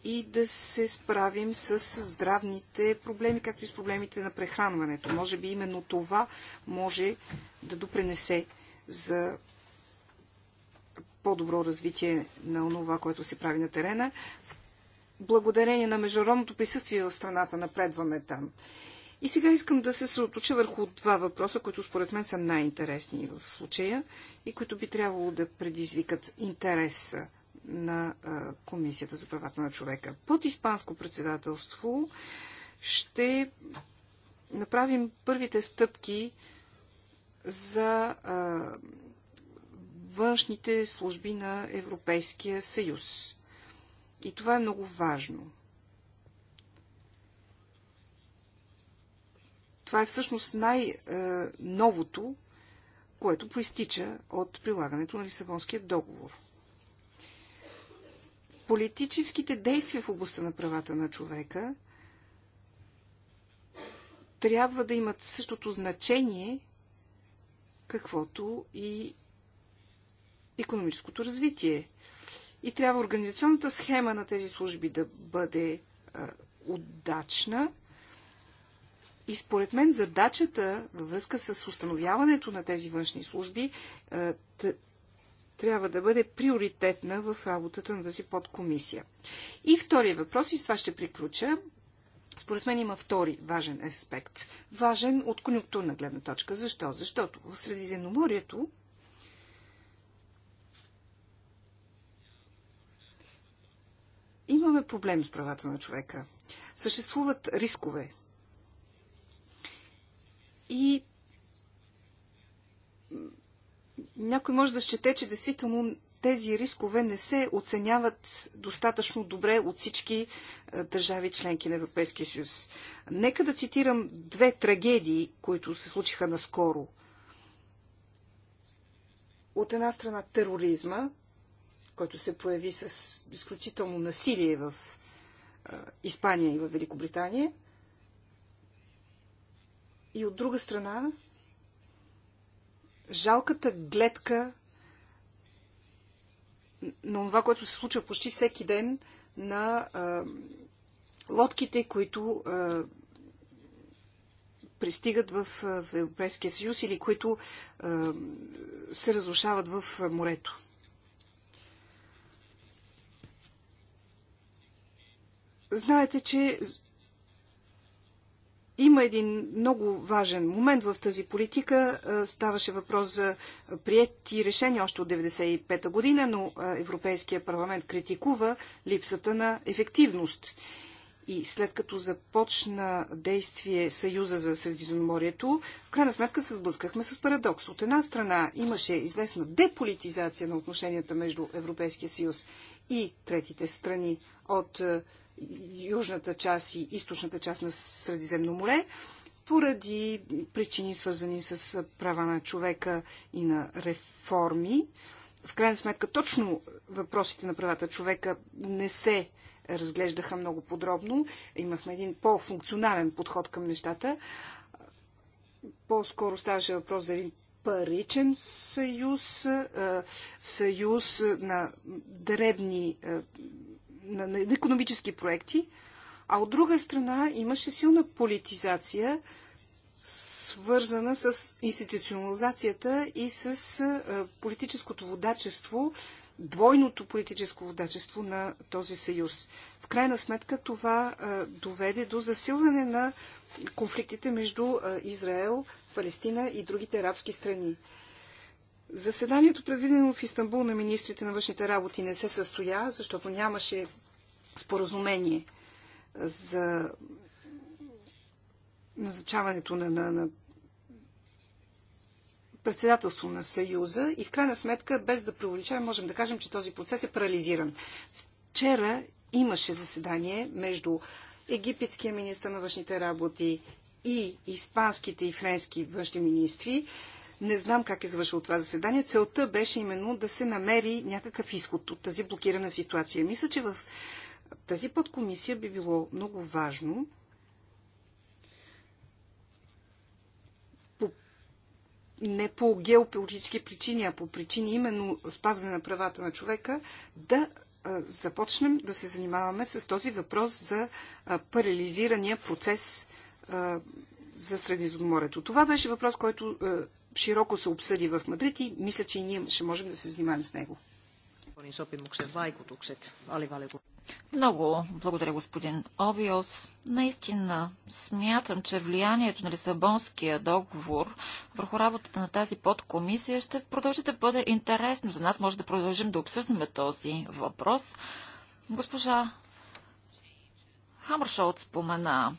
[SPEAKER 2] и да се справим с здравните проблеми, както и с проблемите на прехранването. Може би именно това може да допренесе за по-добро развитие на онова, което се прави на терена. Благодарение на международното присъствие в страната напредваме там. И сега искам да се съоточа върху два въпроса, които според мен са най-интересни в случая и които би трябвало да предизвикат интереса на Комисията за правата на човека. Под Испанско председателство ще направим първите стъпки за външните служби на Европейския съюз. И това е много важно. Това е всъщност най-новото, което проистича от прилагането на Лисабонския договор. Политическите действия в областта на правата на човека трябва да имат същото значение, каквото и економическото развитие. И трябва организационната схема на тези служби да бъде а, удачна, и според мен задачата във връзка с установяването на тези външни служби е, трябва да бъде приоритетна в работата на тази подкомисия. И втория въпрос, и с това ще приключа. Според мен има втори важен аспект. Важен от конъюнктурна гледна точка. Защо? Защото в Средиземноморието имаме проблем с правата на човека. Съществуват рискове и някой може да счете, че действително тези рискове не се оценяват достатъчно добре от всички е, държави членки на Европейския съюз. Нека да цитирам две трагедии, които се случиха наскоро. От една страна тероризма, който се прояви с изключително насилие в е, Испания и в Великобритания, и от друга страна жалката гледка на това, което се случва почти всеки ден на а, лодките, които а, пристигат в, в Европейския съюз или които а, се разрушават в морето. Знаете, че има един много важен момент в тази политика. Е, ставаше въпрос за приети решения още от 1995 та година, но е, Европейския парламент критикува липсата на ефективност. И след като започна действие Съюза за Средиземноморието, в крайна сметка се сблъскахме с парадокс. От една страна имаше известна деполитизация на отношенията между Европейския съюз и третите страни от е, южната част и източната част на Средиземно море, поради причини свързани с права на човека и на реформи. В крайна сметка, точно въпросите на правата човека не се разглеждаха много подробно. Имахме един по-функционален подход към нещата. По-скоро ставаше въпрос за един паричен съюз, съюз на дребни на, на економически проекти, а от друга страна имаше силна политизация, свързана с институционализацията и с а, политическото водачество, двойното политическо водачество на този съюз. В крайна сметка това а, доведе до засилване на конфликтите между а, Израел, Палестина и другите арабски страни. Заседанието, предвидено в Истанбул на министрите на външните работи, не се състоя, защото нямаше споразумение за назначаването на, на, на председателство на Съюза и в крайна сметка, без да преувеличаваме, можем да кажем, че този процес е парализиран. Вчера имаше заседание между египетския министр на външните работи и испанските и френски външни министри не знам как е завършило това заседание. Целта беше именно да се намери някакъв изход от тази блокирана ситуация. Мисля, че в тази подкомисия би било много важно не по геополитически причини, а по причини именно спазване на правата на човека, да започнем да се занимаваме с този въпрос за парализирания процес за Средиземноморието. Това беше въпрос, който широко се обсъди в Мадрид и мисля, че и ние ще можем да се занимаем с него.
[SPEAKER 1] Много благодаря, господин Овиос. Наистина смятам, че влиянието на Лисабонския договор върху работата на тази подкомисия ще продължи да бъде интересно. За нас може да продължим да обсъждаме този въпрос. Госпожа Хамършолт спомена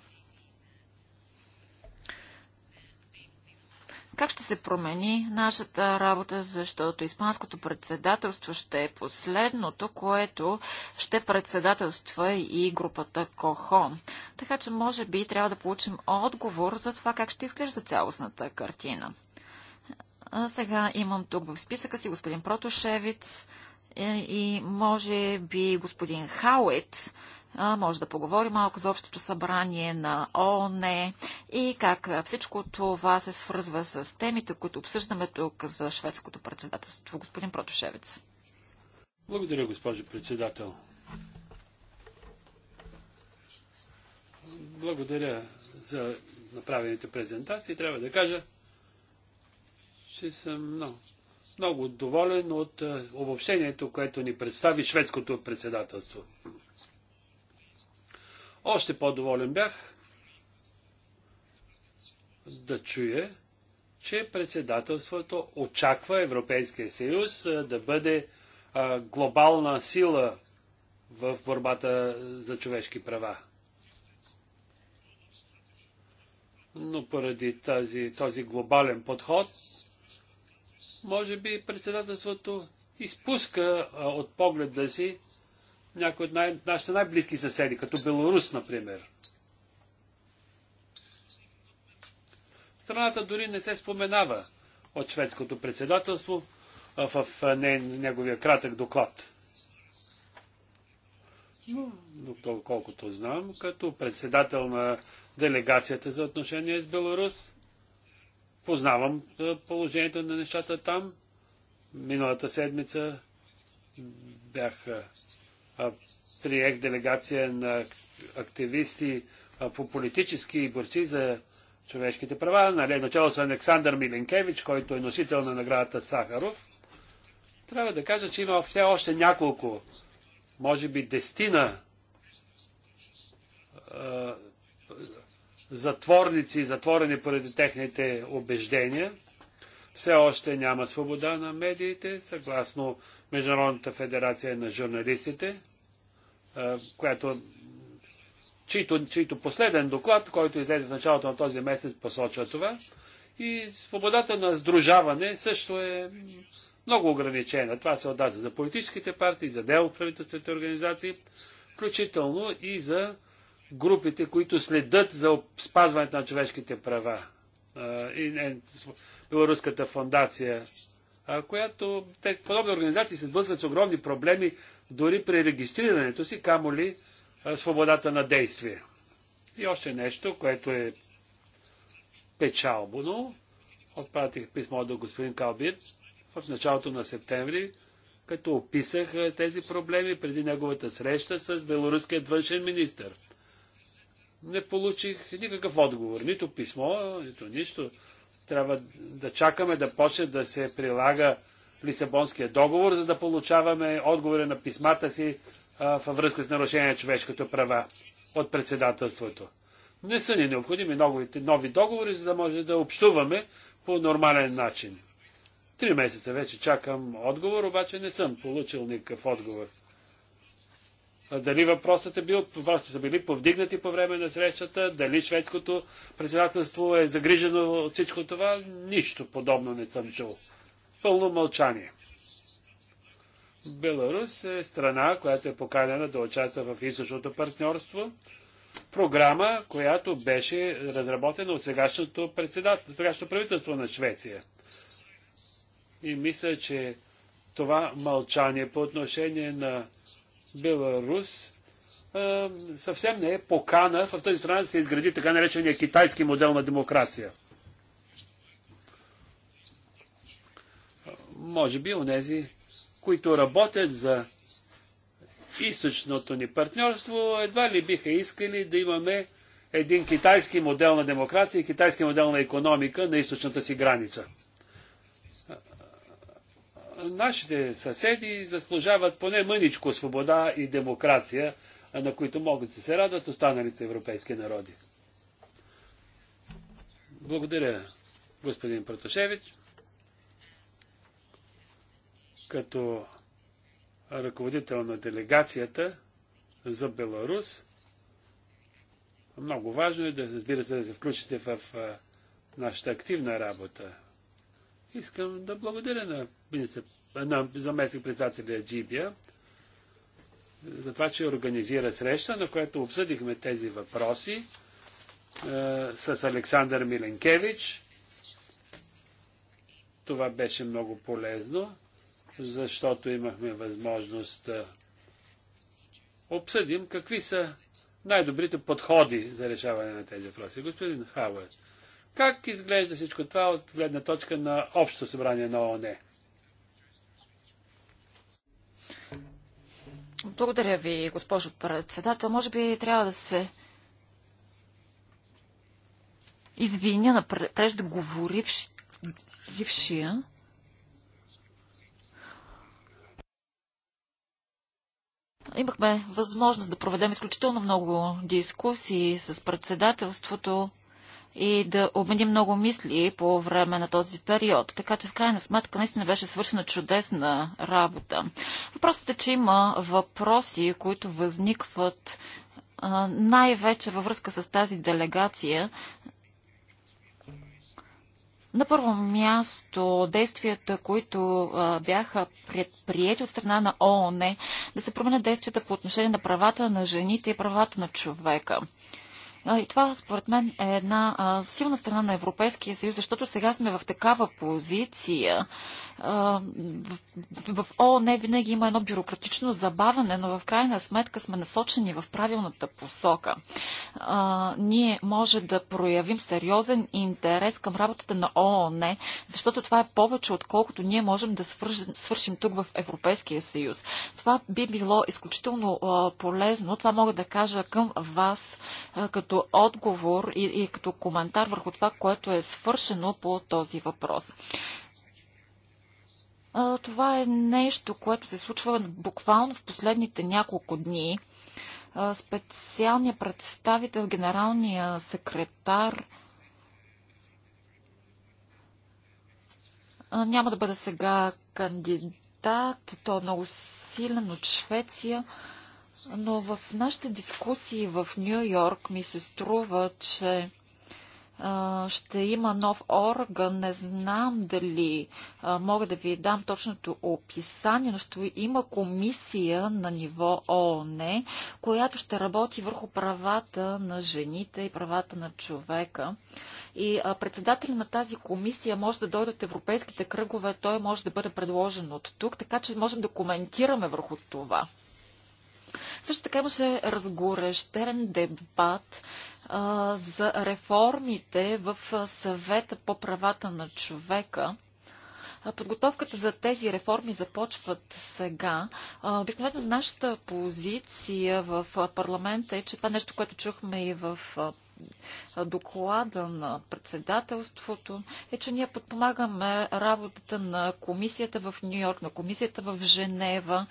[SPEAKER 1] Как ще се промени нашата работа, защото Испанското председателство ще е последното, което ще председателства и групата Кохон. Така че, може би, трябва да получим отговор за това как ще изглежда цялостната картина. А сега имам тук в списъка си господин Протошевиц е, и може би господин Хауит а, може да поговорим малко за общото събрание на ООН и как всичко това се свързва с темите, които обсъждаме тук за шведското председателство. Господин Протошевец.
[SPEAKER 3] Благодаря, госпожо председател. Благодаря за направените презентации. Трябва да кажа, че съм много, много доволен от обобщението, което ни представи шведското председателство. Още по-доволен бях да чуя, че председателството очаква Европейския съюз да бъде глобална сила в борбата за човешки права. Но поради тази, този глобален подход, може би председателството изпуска от погледа си някои от най- нашите най-близки съседи, като Беларус, например. Страната дори не се споменава от шведското председателство в неговия кратък доклад. Но, но колкото знам, като председател на делегацията за отношения с Беларус, познавам положението на нещата там. Миналата седмица бях приех делегация на активисти по политически борци за човешките права. Нали, начало с Александър Миленкевич, който е носител на наградата Сахаров. Трябва да кажа, че има все още няколко, може би дестина затворници, затворени поради техните убеждения. Все още няма свобода на медиите, съгласно Международната федерация на журналистите, която, чийто, чийто последен доклад, който излезе в началото на този месец, посочва това. И свободата на сдружаване също е много ограничена. Това се отдаде за политическите партии, за дел правителствените организации, включително и за групите, които следят за спазването на човешките права. И, е, Белоруската фондация която те, подобни организации се сблъскват с огромни проблеми дори при регистрирането си, камо ли свободата на действие. И още нещо, което е печалбоно. Отпратих писмо до господин Калбир в началото на септември, като описах тези проблеми преди неговата среща с белоруският външен министр. Не получих никакъв отговор, нито писмо, нито нищо. Трябва да чакаме да почне да се прилага Лисабонския договор, за да получаваме отговори на писмата си а, във връзка с нарушение на човешкото права от председателството. Не са ни необходими новите, нови договори, за да може да общуваме по нормален начин. Три месеца вече чакам отговор, обаче не съм получил никакъв отговор. Дали въпросът е бил, въпросите са били повдигнати по време на срещата, дали шведското председателство е загрижено от всичко това, нищо подобно не съм чул. Пълно мълчание. Беларус е страна, която е поканена да участва в източното партньорство. Програма, която беше разработена от сегашното, председател, сегашното правителство на Швеция. И мисля, че това мълчание по отношение на Беларус съвсем не е покана в тази страна да се изгради така наречения китайски модел на демокрация. Може би онези, които работят за източното ни партньорство, едва ли биха искали да имаме един китайски модел на демокрация и китайски модел на економика на източната си граница нашите съседи заслужават поне мъничко свобода и демокрация, на които могат да се радват останалите европейски народи. Благодаря, господин Проташевич. Като ръководител на делегацията за Беларус, много важно е да, разбира се, да се включите в нашата активна работа. Искам да благодаря на, на заместник председателя Джибия за това, че организира среща, на която обсъдихме тези въпроси е, с Александър Миленкевич. Това беше много полезно, защото имахме възможност да обсъдим какви са най-добрите подходи за решаване на тези въпроси. Господин Хауърд, как изглежда всичко това от гледна точка на Общо събрание на ООН?
[SPEAKER 1] Благодаря ви, госпожо председател. Може би трябва да се извиня на преждеговорившия. Имахме възможност да проведем изключително много дискусии с председателството и да обмени много мисли по време на този период. Така че в крайна сметка наистина беше свършена чудесна работа. Въпросът е, че има въпроси, които възникват най-вече във връзка с тази делегация, на първо място действията, които а, бяха предприяти от страна на ООН, да се променят действията по отношение на правата на жените и правата на човека. И това, според мен, е една силна страна на Европейския съюз, защото сега сме в такава позиция. в, в ООН винаги има едно бюрократично забавяне, но в крайна сметка сме насочени в правилната посока. ние може да проявим сериозен интерес към работата на ООН, защото това е повече, отколкото ние можем да свършим, свършим тук в Европейския съюз. Това би било изключително полезно. Това мога да кажа към вас като като отговор и, и като коментар върху това, което е свършено по този въпрос. Това е нещо, което се случва буквално в последните няколко дни. Специалният представител, генералния секретар няма да бъде сега кандидат. Той е много силен от Швеция. Но в нашите дискусии в Нью Йорк ми се струва, че а, ще има нов орган. Не знам дали а, мога да ви дам точното описание, но ще има комисия на ниво ООН, която ще работи върху правата на жените и правата на човека. И а, на тази комисия може да дойде от европейските кръгове, той може да бъде предложен от тук, така че можем да коментираме върху това. Също така имаше разгорещен дебат а, за реформите в съвета по правата на човека. Подготовката за тези реформи започват сега. Обикновено нашата позиция в парламента е, че това е нещо, което чухме и в доклада на председателството е, че ние подпомагаме работата на комисията в Нью Йорк, на комисията в Женева,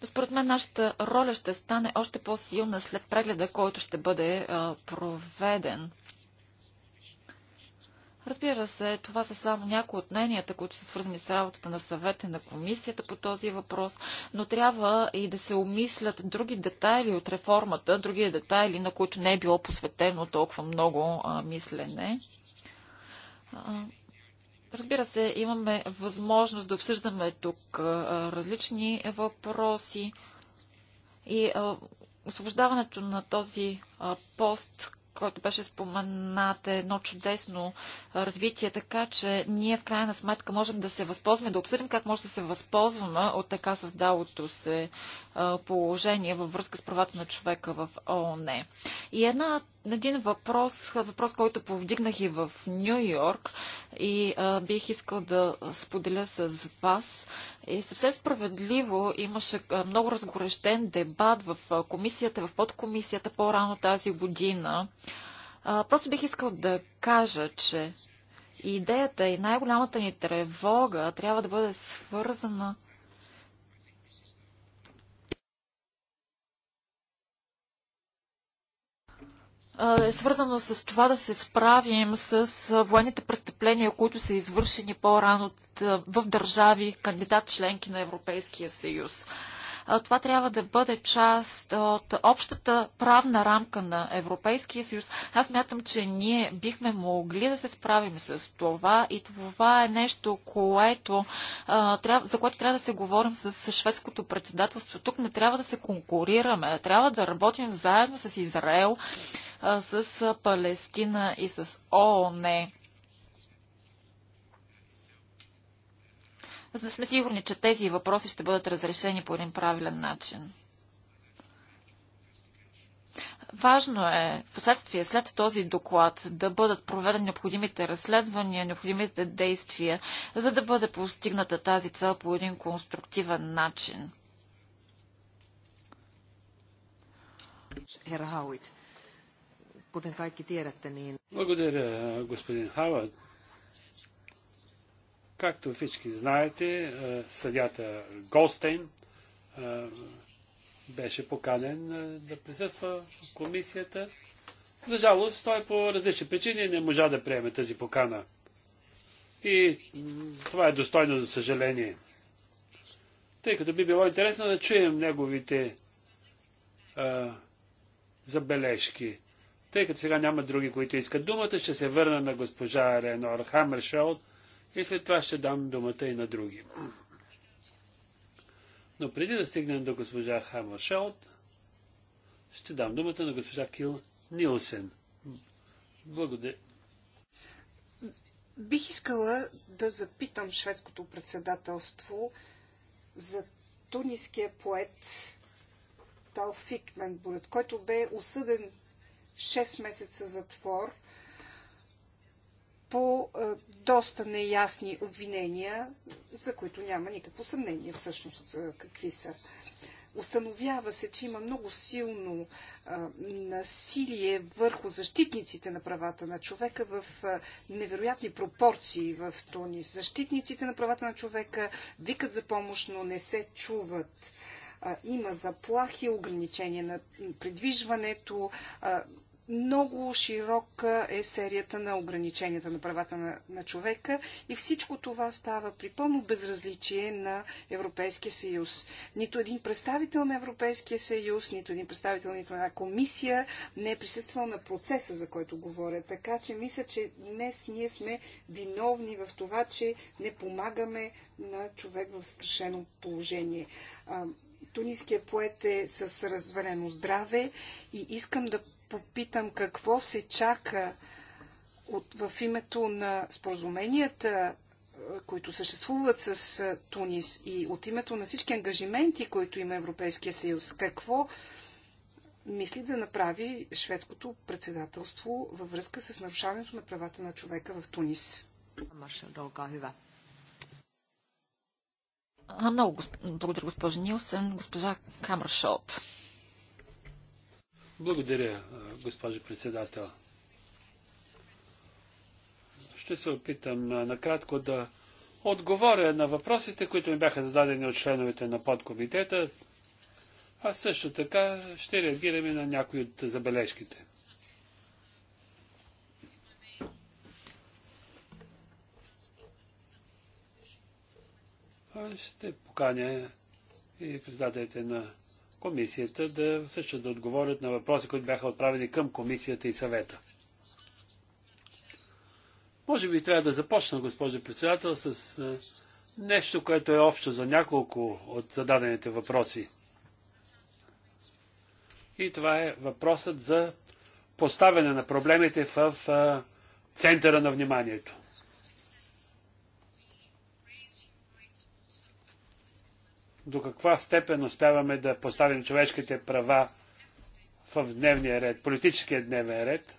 [SPEAKER 1] Но според мен нашата роля ще стане още по-силна след прегледа, който ще бъде проведен. Разбира се, това са само някои от мненията, които са свързани с работата на съвета на комисията по този въпрос, но трябва и да се умислят други детайли от реформата, други детайли, на които не е било посветено толкова много а, мислене. Разбира се, имаме възможност да обсъждаме тук различни въпроси и освобождаването на този пост, който беше споменат, е едно чудесно развитие, така че ние в крайна сметка можем да се възползваме, да обсъдим как може да се възползваме от така създалото се положение във връзка с правата на човека в ООН. И една, един въпрос, въпрос, който повдигнах и в Нью Йорк и а, бих искал да споделя с вас. И съвсем справедливо имаше много разгорещен дебат в комисията, в подкомисията по-рано тази година. А, просто бих искал да кажа, че идеята и най-голямата ни тревога трябва да бъде свързана е свързано с това да се справим с военните престъпления, които са извършени по-рано в държави, кандидат членки на Европейския съюз това трябва да бъде част от общата правна рамка на Европейския съюз. Аз мятам, че ние бихме могли да се справим с това и това е нещо, което, за което трябва да се говорим с шведското председателство. Тук не трябва да се конкурираме, трябва да работим заедно с Израел, с Палестина и с ООН. за да сме сигурни, че тези въпроси ще бъдат разрешени по един правилен начин. Важно е в последствие след този доклад да бъдат проведени необходимите разследвания, необходимите действия, за да бъде постигната тази цел по един конструктивен начин.
[SPEAKER 3] Благодаря, господин Хауит. Както всички знаете, е, съдята Голстейн е, беше поканен е, да присъства в комисията. За жалост, той по различни причини не можа да приеме тази покана. И това е достойно за съжаление. Тъй като би било интересно да чуем неговите а, забележки. Тъй като сега няма други, които искат думата, ще се върна на госпожа Ренор Хамершелд, и след това ще дам думата и на други. Но преди да стигнем до госпожа Хамършелт, ще дам думата на госпожа Кил Нилсен. Благодаря.
[SPEAKER 2] Бих искала да запитам шведското председателство за туниския поет Талфик Менбурет, който бе осъден 6 месеца затвор – по е, доста неясни обвинения, за които няма никакво съмнение всъщност е, какви са. Установява се, че има много силно а, е, насилие върху защитниците на правата на човека в а, невероятни пропорции в Тунис. Защитниците на правата на човека викат за помощ, но не се чуват. А, има заплахи, ограничения на придвижването. А, много широка е серията на ограниченията на правата на, на човека и всичко това става при пълно безразличие на Европейския съюз. Нито един представител на Европейския съюз, нито един представител, нито една комисия не е присъствал на процеса, за който говоря. Така че мисля, че днес ние сме виновни в това, че не помагаме на човек в страшено положение туниският поет е с развалено здраве и искам да попитам какво се чака от, в името на споразуменията, които съществуват с Тунис и от името на всички ангажименти, които има Европейския съюз. Какво мисли да направи шведското председателство във връзка с нарушаването на правата на човека в Тунис?
[SPEAKER 1] Много благодаря, госпожа Нилсен. Госпожа Камършот.
[SPEAKER 3] Благодаря, госпожо председател. Ще се опитам накратко да отговоря на въпросите, които ми бяха зададени от членовете на подкомитета. А също така ще реагираме на някои от забележките. Ще поканя и председателите на комисията да също да отговорят на въпроси, които бяха отправени към комисията и съвета. Може би трябва да започна, госпожо председател, с нещо, което е общо за няколко от зададените въпроси. И това е въпросът за поставяне на проблемите в центъра на вниманието. до каква степен успяваме да поставим човешките права в дневния ред, политическия дневен ред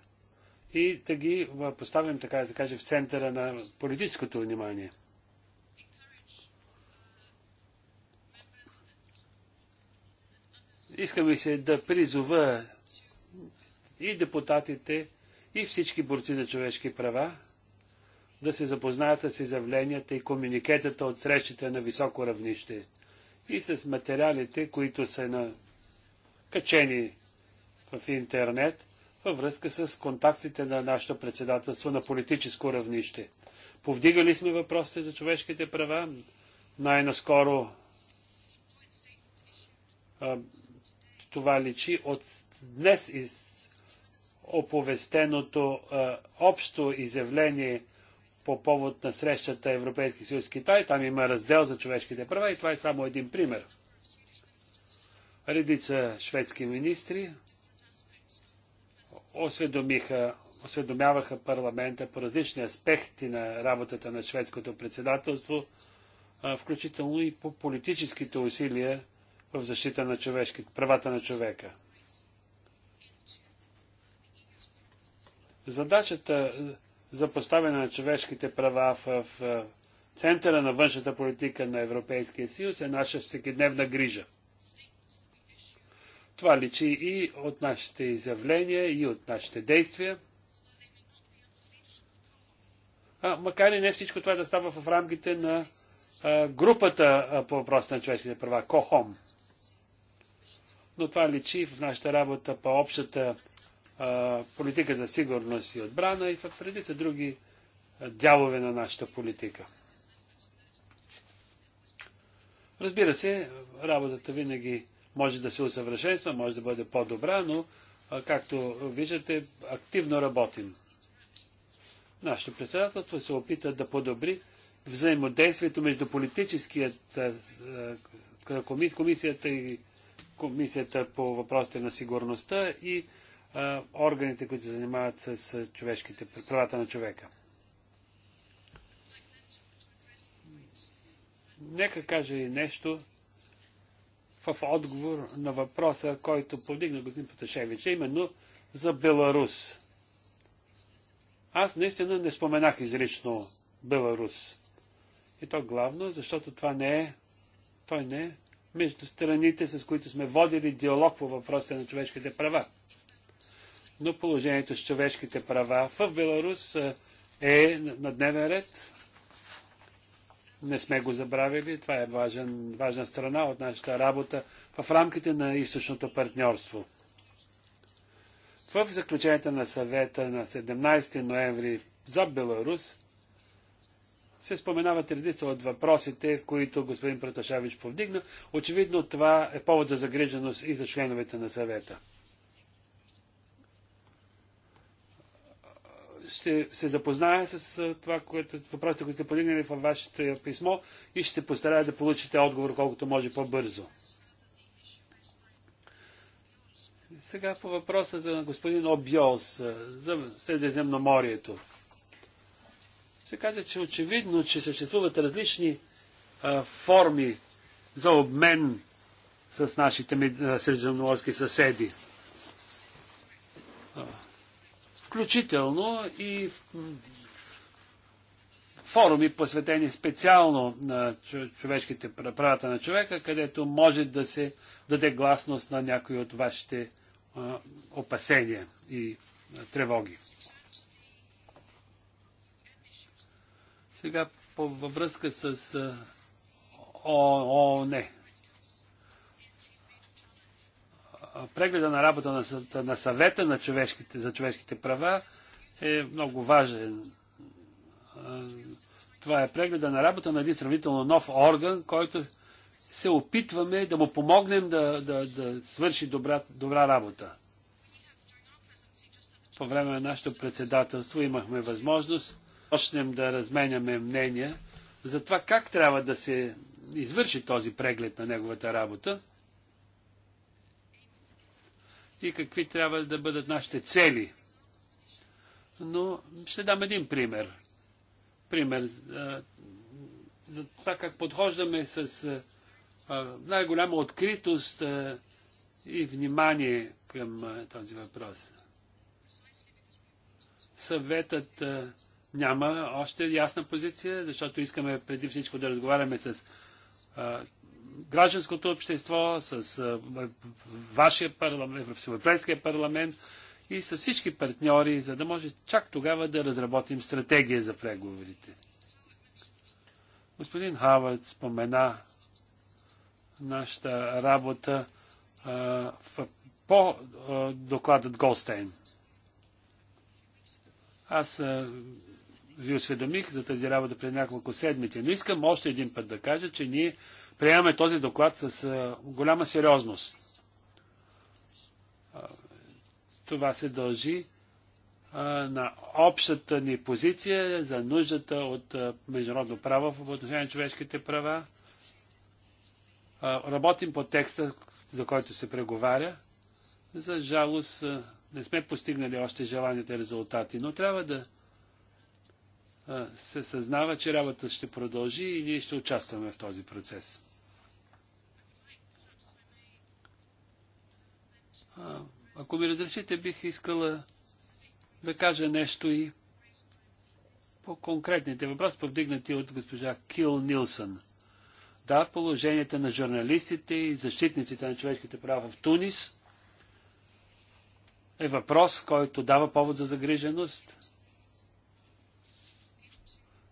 [SPEAKER 3] и да ги поставим, така да се каже, в центъра на политическото внимание. Искаме се да призова и депутатите, и всички борци за човешки права да се запознаят с изявленията и комуникетата от срещите на високо равнище – и с материалите, които са на... качени в интернет във връзка с контактите на нашето председателство на политическо равнище. Повдигали сме въпросите за човешките права. Най-наскоро това личи от днес из оповестеното а, общо изявление по повод на срещата Европейски съюз Китай. Там има раздел за човешките права и това е само един пример. Редица шведски министри осведомиха, осведомяваха парламента по различни аспекти на работата на шведското председателство, включително и по политическите усилия в защита на човешки, правата на човека. Задачата за поставяне на човешките права в центъра на външната политика на Европейския съюз е наша всекидневна грижа. Това личи и от нашите изявления, и от нашите действия. А, макар и не всичко това да става в рамките на а, групата а, по въпроса на човешките права, КОХОМ. Но това личи в нашата работа по общата политика за сигурност и отбрана и в редица други дялове на нашата политика. Разбира се, работата винаги може да се усъвършенства, може да бъде по-добра, но, както виждате, активно работим. Нашето председателство се опита да подобри взаимодействието между политическият комисията и комисията по въпросите на сигурността и органите, които се занимават с човешките, правата на човека. Нека кажа и нещо в отговор на въпроса, който повдигна господин Паташевич, именно за Беларус. Аз наистина не споменах изрично Беларус. И то главно, защото това не е, той не е между страните, с които сме водили диалог по въпросите на човешките права но положението с човешките права в Беларус е, е на дневен ред. Не сме го забравили. Това е важен, важна страна от нашата работа в рамките на източното партньорство. В заключението на съвета на 17 ноември за Беларус се споменават редица от въпросите, които господин Праташавич повдигна. Очевидно това е повод за загриженост и за членовете на съвета. ще се запозная с това, което, въпросите, които сте подигнали във вашето писмо и ще се постарая да получите отговор колкото може по-бързо. Сега по въпроса за господин Обиос, за Средиземноморието. Ще кажа, че очевидно, че съществуват различни а, форми за обмен с нашите средиземноморски съседи включително и форуми, посветени специално на човешките правата на човека, където може да се даде гласност на някои от вашите опасения и тревоги. Сега по, във връзка с ООН, прегледа на работа на, на съвета на човешките, за човешките права е много важен. Това е прегледа на работа на един сравнително нов орган, който се опитваме да му помогнем да, да, да свърши добра, добра работа. По време на нашето председателство имахме възможност почнем да разменяме мнения за това как трябва да се извърши този преглед на неговата работа и какви трябва да бъдат нашите цели. Но ще дам един пример. Пример за, за това как подхождаме с най-голяма откритост а, и внимание към а, този въпрос. Съветът а, няма още ясна позиция, защото искаме преди всичко да разговаряме с гражданското общество, с а, вашия парламент, Европейския парламент и с всички партньори, за да може чак тогава да разработим стратегия за преговорите. Господин Хавард спомена нашата работа а, в, по а, докладът Голстейн. Аз ви осведомих за тази работа пред няколко седмици, но искам още един път да кажа, че ние приемаме този доклад с голяма сериозност. това се дължи на общата ни позиция за нуждата от международно право в отношение на човешките права. Работим по текста, за който се преговаря. За жалост не сме постигнали още желаните резултати, но трябва да се съзнава, че работата ще продължи и ние ще участваме в този процес. Ако ми разрешите, бих искала да кажа нещо и по конкретните въпроси, повдигнати от госпожа Кил Нилсън. Да, положението на журналистите и защитниците на човешките права в Тунис е въпрос, който дава повод за загриженост.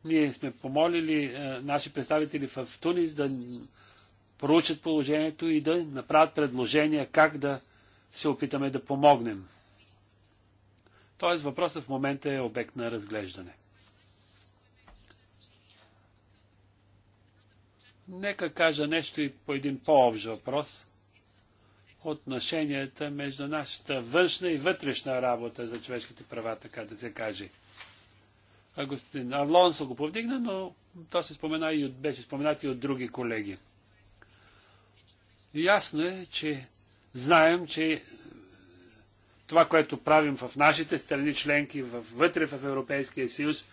[SPEAKER 3] Ние сме помолили е, наши представители в Тунис да проучат положението и да направят предложения как да се опитаме да помогнем. Тоест въпросът в момента е обект на разглеждане. Нека кажа нещо и по един по-общ въпрос. Отношенията между нашата външна и вътрешна работа за човешките права, така да се каже. Господин Алонсо го повдигна, но то се спомена и от, беше споменати и от други колеги. Ясно е, че знаем, че това, което правим в нашите страни членки, вътре в Европейския съюз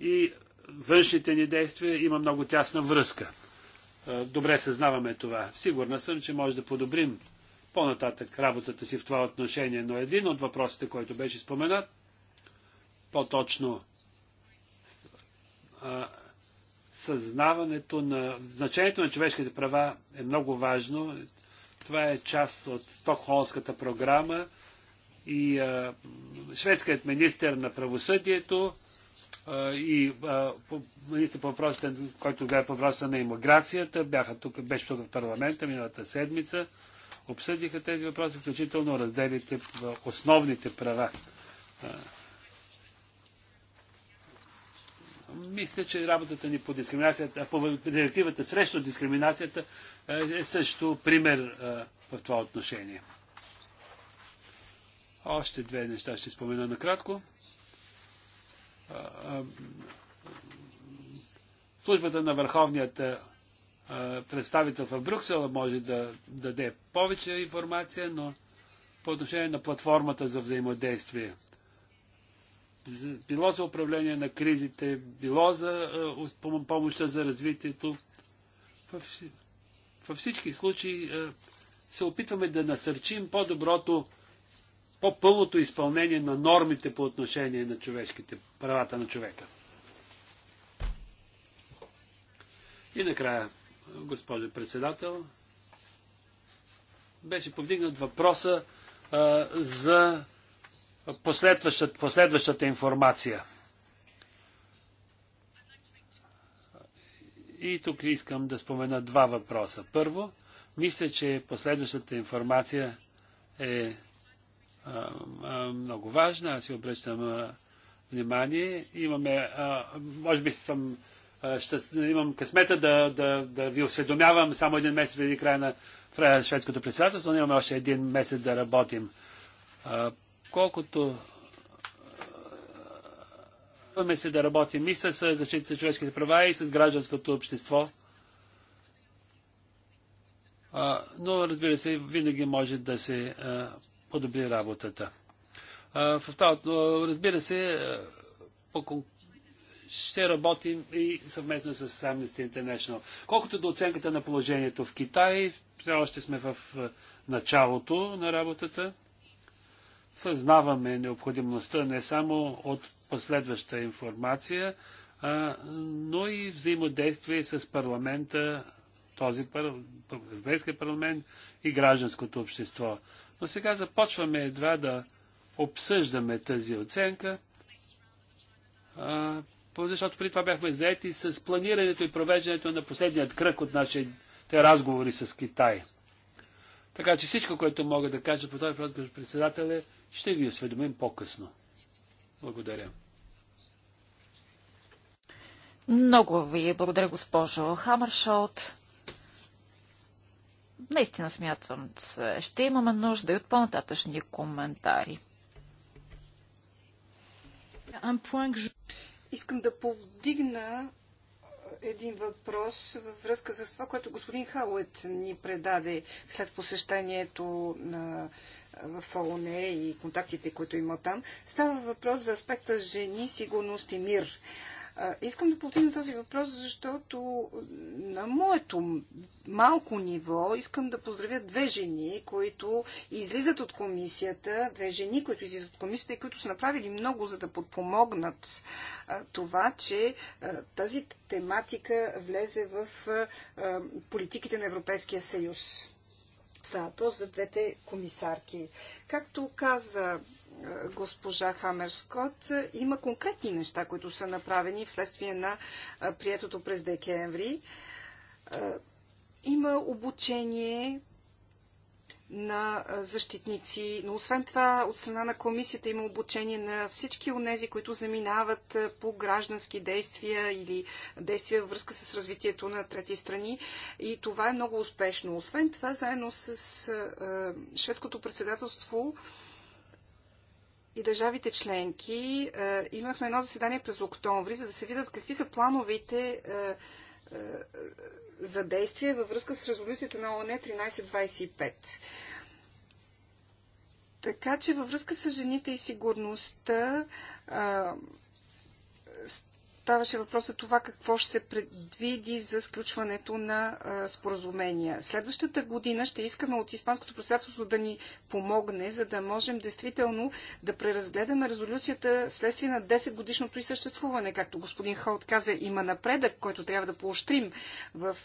[SPEAKER 3] и външните ни действия има много тясна връзка. Добре съзнаваме това. Сигурна съм, че може да подобрим по-нататък работата си в това отношение, но един от въпросите, който беше споменат, по-точно съзнаването на значението на човешките права е много важно. Това е част от Стокхолмската програма и а, шведският министр на правосъдието а, и а, по, министр по въпросите, който бе по въпроса на иммиграцията, бяха тук, беше тук в парламента миналата седмица, обсъдиха тези въпроси, включително разделите основните права. мисля, че работата ни по дискриминацията, по директивата срещу дискриминацията е, е също пример е, в това отношение. Още две неща ще спомена накратко. Службата на Върховният е, представител в Брюксел може да даде повече информация, но по отношение на платформата за взаимодействие – било за управление на кризите, било за помощта за развитието. Във, всички случаи се опитваме да насърчим по-доброто, по-пълното изпълнение на нормите по отношение на човешките правата на човека. И накрая, госпожо председател, беше повдигнат въпроса а, за последващата, последващата информация. И тук искам да спомена два въпроса. Първо, мисля, че последващата информация е а, а, много важна. Аз си обръщам а, внимание. Имаме, а, може би съм, а, ще, имам късмета да, да, да ви осведомявам само един месец преди края на шведското председателство, но имаме още един месец да работим а, колкото имаме се да работим и с защита за човешките права, и с гражданското общество. А, но, разбира се, винаги може да се а, подобри работата. А, в това, разбира се, по ще работим и съвместно с Amnesty International. Колкото до оценката на положението в Китай, все още сме в началото на работата съзнаваме необходимостта не само от последваща информация, а, но и взаимодействие с парламента, този пар... Европейския парламент и гражданското общество. Но сега започваме едва да обсъждаме тази оценка, а, защото при това бяхме заети с планирането и провеждането на последният кръг от нашите разговори с Китай. Така че всичко, което мога да кажа по този въпрос, председател, е, ще ви осведомим по-късно. Благодаря.
[SPEAKER 1] Много ви благодаря, госпожо Хамършолт. Наистина смятам, че ще имаме нужда и от по-нататъчни коментари. Искам
[SPEAKER 2] да повдигна един въпрос във връзка с това, което господин Хаует ни предаде след посещението на в ООН и контактите, които има там. Става въпрос за аспекта жени, сигурност и мир. Искам да повдигна този въпрос, защото на моето малко ниво искам да поздравя две жени, които излизат от комисията, две жени, които излизат от комисията и които са направили много, за да подпомогнат това, че тази тематика влезе в политиките на Европейския съюз. Става въпрос за двете комисарки. Както каза е, госпожа Хамерскот, е, има конкретни неща, които са направени вследствие на е, приетото през декември. Има обучение на защитници. Но освен това, от страна на комисията има обучение на всички от тези, които заминават по граждански действия или действия във връзка с развитието на трети страни. И това е много успешно. Освен това, заедно с шведското председателство и държавите членки имахме едно заседание през октомври, за да се видят какви са плановете за действие във връзка с резолюцията на ОНЕ 1325. Така че във връзка с жените и сигурността а, ставаше въпрос за това какво ще се предвиди за сключването на споразумения. Следващата година ще искаме от Испанското председателство да ни помогне, за да можем действително да преразгледаме резолюцията следствие на 10 годишното и съществуване. Както господин Холт каза, има напредък, който трябва да поощрим в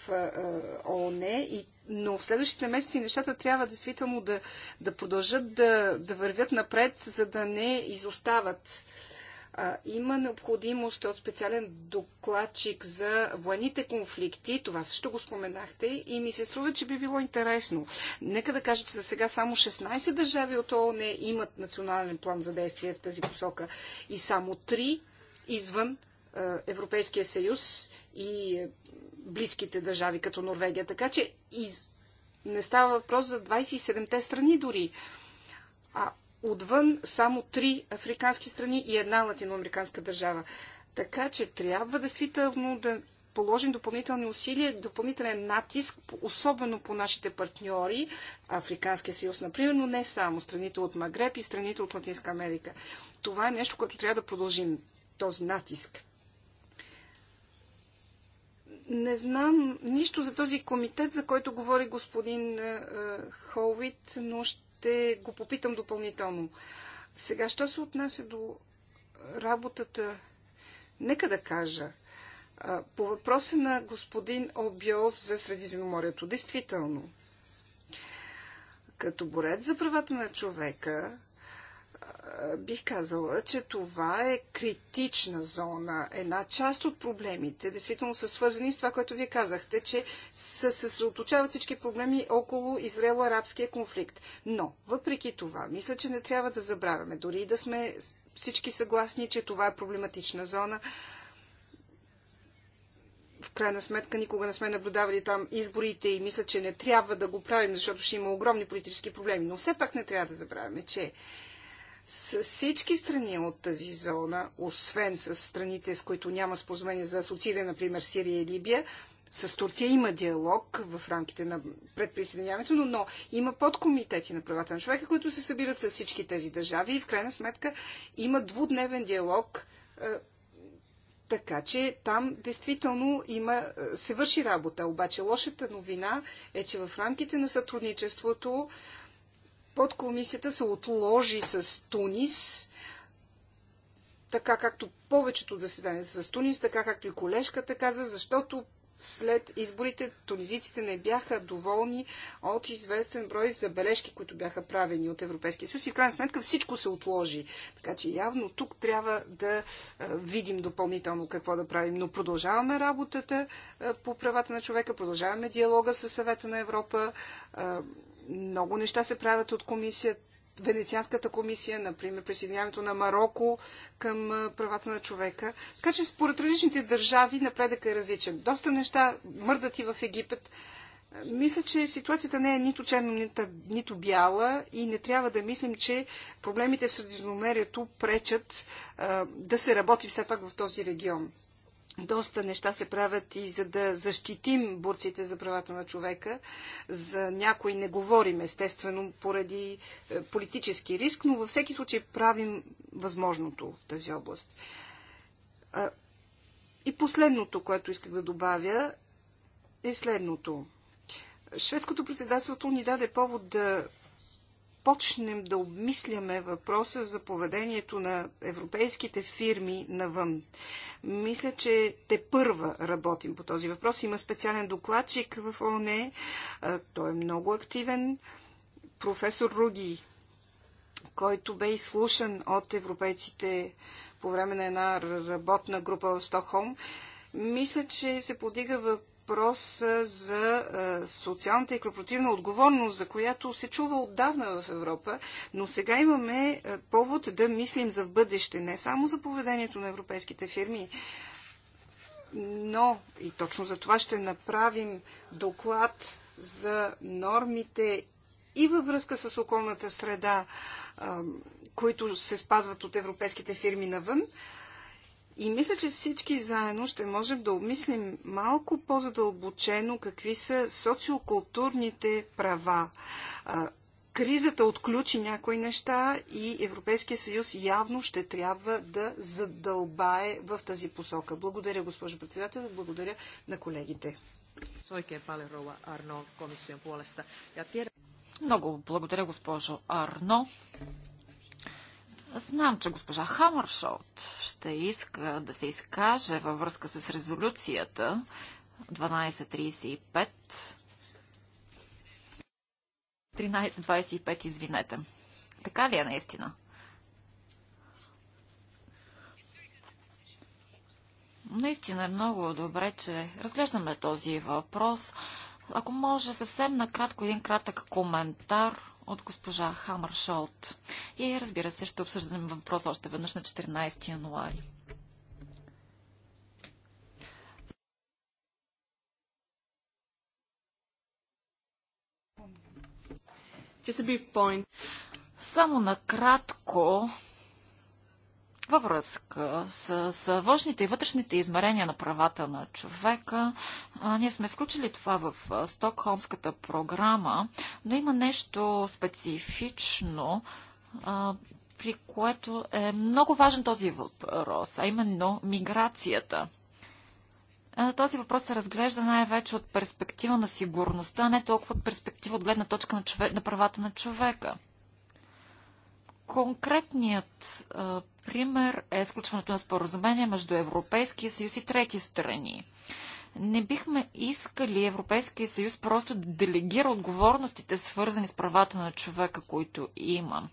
[SPEAKER 2] ООН и но в следващите месеци нещата трябва действително да, да продължат да, да вървят напред, за да не изостават а, има необходимост от специален докладчик за военните конфликти. Това също го споменахте и ми се струва, че би било интересно. Нека да кажа, че за сега само 16 държави от ООН имат национален план за действие в тази посока и само 3 извън а, Европейския съюз и е, близките държави, като Норвегия. Така че из... не става въпрос за 27-те страни дори. А отвън само три африкански страни и една латиноамериканска държава. Така че трябва действително да положим допълнителни усилия, допълнителен натиск, особено по нашите партньори, Африканския съюз, например, но не само страните от Магреб и страните от Латинска Америка. Това е нещо, което трябва да продължим, този натиск. Не знам нищо за този комитет, за който говори господин Холвит, но ще ще го попитам допълнително. Сега, що се отнася до работата, нека да кажа, по въпроса на господин Обиоз за Средиземноморието, действително, като борец за правата на човека, бих казала, че това е критична зона. Една част от проблемите действително са свързани с това, което вие казахте, че се съсредоточават всички проблеми около Израело-арабския конфликт. Но, въпреки това, мисля, че не трябва да забравяме, дори и да сме всички съгласни, че това е проблематична зона. В крайна сметка никога не сме наблюдавали там изборите и мисля, че не трябва да го правим, защото ще има огромни политически проблеми. Но все пак не трябва да забравяме, че с всички страни от тази зона, освен с страните, с които няма споразумение за асоцииране, например Сирия и Либия, с Турция има диалог в рамките на предприсъединяването, но, но има подкомитети на правата на човека, които се събират с всички тези държави и в крайна сметка има двудневен диалог, е, така че там действително има, е, се върши работа. Обаче лошата новина е, че в рамките на сътрудничеството Подкомисията се отложи с Тунис, така както повечето заседания с Тунис, така както и колежката каза, защото след изборите тунизиците не бяха доволни от известен брой забележки, които бяха правени от Европейския съюз и в крайна сметка всичко се отложи. Така че явно тук трябва да е, видим допълнително какво да правим. Но продължаваме работата е, по правата на човека, продължаваме диалога с съвета на Европа, е, много неща се правят от комисията Венецианската комисия, например, присъединяването на Марокко към правата на човека. Така че според различните държави напредък е различен. Доста неща мърдат и в Египет. Мисля, че ситуацията не е нито черна, нито бяла и не трябва да мислим, че проблемите в Средиземноморието пречат а, да се работи все пак в този регион доста неща се правят и за да защитим борците за правата на човека. За някои не говорим, естествено, поради е, политически риск, но във всеки случай правим възможното в тази област. И последното, което исках да добавя, е следното. Шведското председателство ни даде повод да почнем да обмисляме въпроса за поведението на европейските фирми навън. Мисля, че те първа работим по този въпрос. Има специален докладчик в ОНЕ. Той е много активен. Професор Руги, който бе изслушан от европейците по време на една работна група в Стокхолм. Мисля, че се подига въпрос въпрос за социалната и корпоративна отговорност, за която се чува отдавна в Европа, но сега имаме повод да мислим за в бъдеще, не само за поведението на европейските фирми, но и точно за това ще направим доклад за нормите и във връзка с околната среда, които се спазват от европейските фирми навън, и мисля, че всички заедно ще можем да обмислим малко по-задълбочено какви са социокултурните права. Кризата отключи някои неща и Европейския съюз явно ще трябва да задълбае в тази посока. Благодаря, госпожо председател, благодаря на колегите.
[SPEAKER 1] Много благодаря, госпожо Арно. Знам, че госпожа Хамършолт ще иска да се изкаже във връзка с резолюцията 1235. 1325, извинете. Така ли е наистина? Наистина е много добре, че разглеждаме този въпрос. Ако може съвсем накратко един кратък коментар от госпожа Хамършолт. И разбира се, ще обсъждаме въпрос още веднъж на 14 януари. Само накратко във връзка с, с външните и вътрешните измерения на правата на човека. А, ние сме включили това в Стокхолмската програма, но има нещо специфично, а, при което е много важен този въпрос, а именно миграцията. Този въпрос се разглежда най-вече от перспектива на сигурността, а не толкова от перспектива от гледна точка на, човек, на правата на човека. Конкретният а, пример е сключването на споразумение между Европейския съюз и трети страни. Не бихме искали Европейския съюз просто да делегира отговорностите, свързани с правата на човека, които има.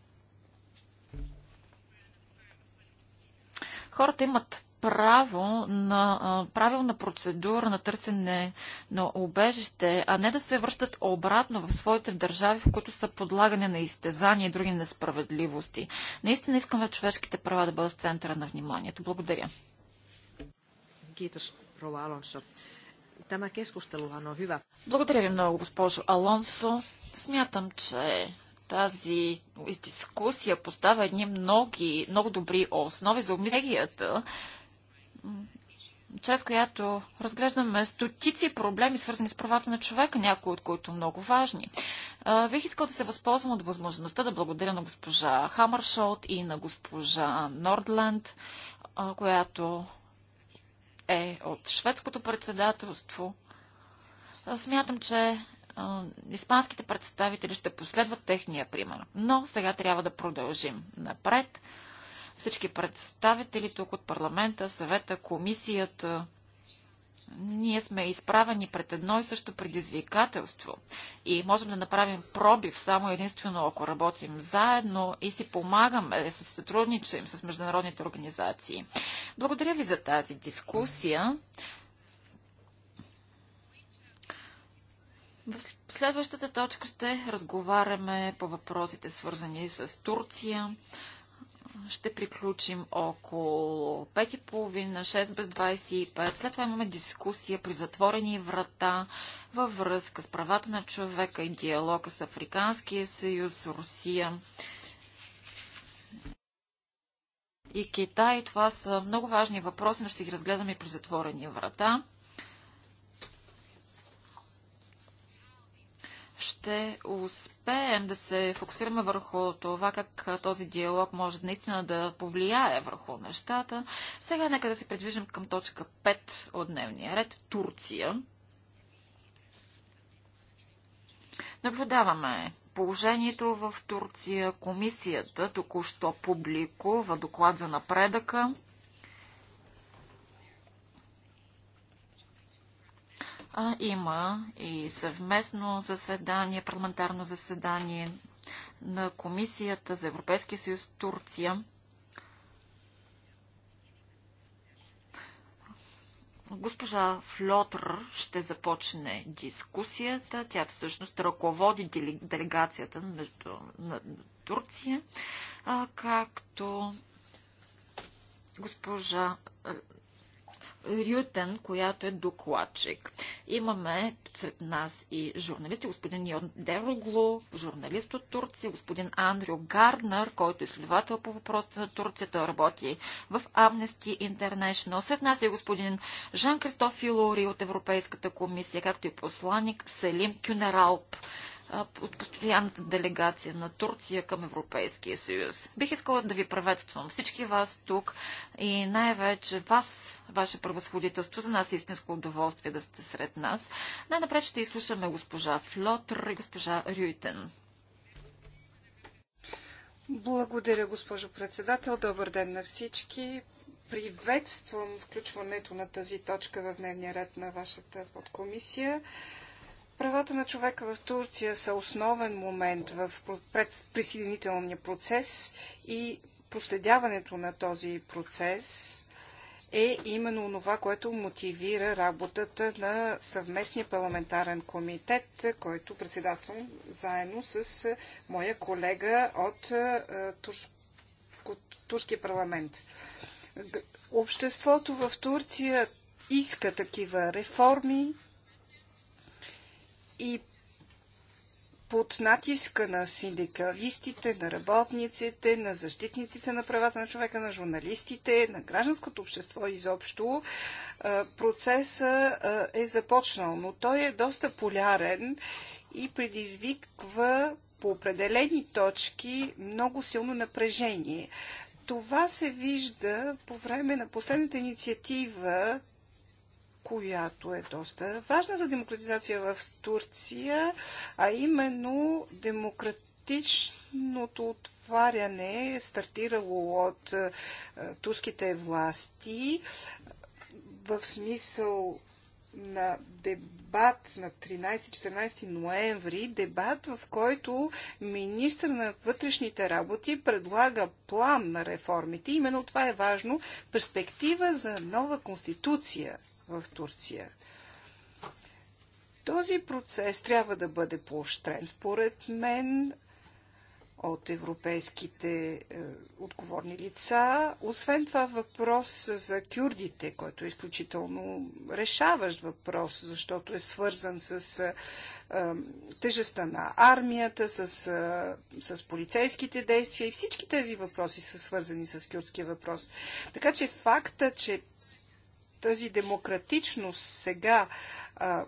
[SPEAKER 1] Хората имат право на правилна процедура на търсене на убежище, а не да се връщат обратно в своите държави, в които са подлагани на изтезания и други несправедливости. Наистина искаме човешките права да бъдат в центъра на вниманието. Благодаря. Благодаря ви много, госпожо Алонсо. Смятам, че тази дискусия поставя едни много, много добри основи за обмислението чрез която разглеждаме стотици проблеми, свързани с правата на човека, някои от които много важни. Бих искал да се възползвам от възможността да благодаря на госпожа Хамършолт и на госпожа Нордленд, която е от шведското председателство. Смятам, че испанските представители ще последват техния пример. Но сега трябва да продължим напред всички представители тук от парламента, съвета, комисията, ние сме изправени пред едно и също предизвикателство и можем да направим пробив само единствено ако работим заедно и си помагаме, да се сътрудничим с международните организации. Благодаря ви за тази дискусия. В следващата точка ще разговаряме по въпросите свързани с Турция ще приключим около 5.30, 6 без 25. След това имаме дискусия при затворени врата във връзка с правата на човека и диалога с Африканския съюз, Русия и Китай. Това са много важни въпроси, но ще ги разгледаме при затворени врата. ще успеем да се фокусираме върху това, как този диалог може наистина да повлияе върху нещата. Сега нека да се придвижим към точка 5 от дневния ред – Турция. Наблюдаваме положението в Турция. Комисията току-що публикува доклад за напредъка. А, има и съвместно заседание, парламентарно заседание на Комисията за Европейския съюз Турция. Госпожа Флотр ще започне дискусията. Тя всъщност ръководи делегацията между на Турция, а, както госпожа Рютен, която е докладчик. Имаме сред нас и журналисти, господин Йон Дероглу, журналист от Турция, господин Андрю Гарнер, който е следовател по въпросите на Турция. Той работи в Amnesty International. Сред нас е господин Жан-Кристоф Филори от Европейската комисия, както и посланник Селим Кюнералп от постоянната делегация на Турция към Европейския съюз. Бих искала да ви приветствам всички вас тук и най-вече вас, ваше превъзходителство. За нас е истинско удоволствие да сте сред нас. Най-напред ще изслушаме госпожа Флотър и госпожа Рюйтен.
[SPEAKER 2] Благодаря, госпожо председател. Добър ден на всички. Приветствам включването на тази точка в дневния ред на вашата подкомисия. Правата на човека в Турция са основен момент в присъединителния процес и проследяването на този процес е именно това, което мотивира работата на съвместния парламентарен комитет, който председателствам заедно с моя колега от Турския парламент. Обществото в Турция иска такива реформи, и под натиска на синдикалистите, на работниците, на защитниците на правата на човека, на журналистите, на гражданското общество изобщо, процесът е започнал, но той е доста полярен и предизвиква по определени точки много силно напрежение. Това се вижда по време на последната инициатива която е доста важна за демократизация в Турция, а именно демократичното отваряне, стартирало от е, турските власти в смисъл на дебат на 13-14 ноември, дебат в който министр на вътрешните работи предлага план на реформите. Именно това е важно. Перспектива за нова конституция – в Турция. Този процес трябва да бъде поощрен, според мен, от европейските е, отговорни лица. Освен това въпрос за кюрдите, който е изключително решаващ въпрос, защото е свързан с е, е тежестта на армията, с, е, с полицейските действия и всички тези въпроси са свързани с кюрдския въпрос. Така че факта, че тази демократичност сега а,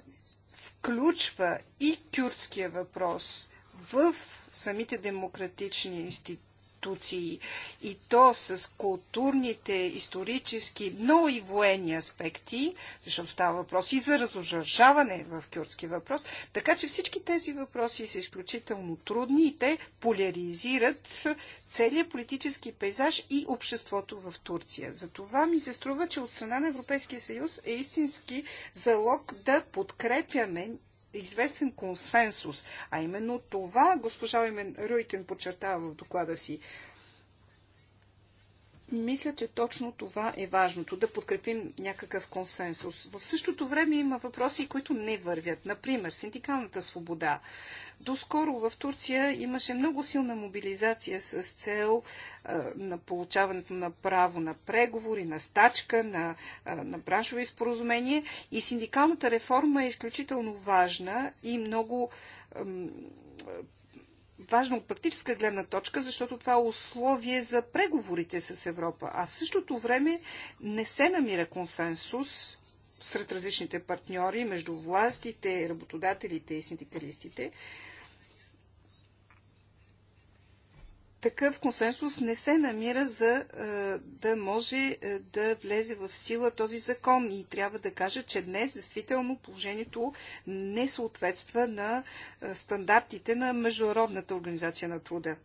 [SPEAKER 2] включва и кюрдския въпрос в самите демократични институции институции и то с културните, исторически, но и военни аспекти, защото става въпрос и за разожаржаване в кюртски въпрос. Така че всички тези въпроси са изключително трудни и те поляризират целият политически пейзаж и обществото в Турция. Затова ми се струва, че от страна на Европейския съюз е истински залог да подкрепяме известен консенсус, а именно това госпожа Руйтен подчертава в доклада си. Мисля, че точно това е важното, да подкрепим някакъв консенсус. В същото време има въпроси, които не вървят. Например, синдикалната свобода. Доскоро в Турция имаше много силна мобилизация с цел на получаването на право на преговори, на стачка, на, е, на браншови споразумения. И синдикалната реформа е изключително важна и много важно от практическа гледна точка, защото това е условие за преговорите с Европа. А в същото време не се намира консенсус сред различните партньори, между властите, работодателите и синдикалистите, такъв консенсус не се намира за е, да може е, да влезе в сила този закон. И трябва да кажа, че днес действително положението не съответства на е, стандартите на Международната организация на труда.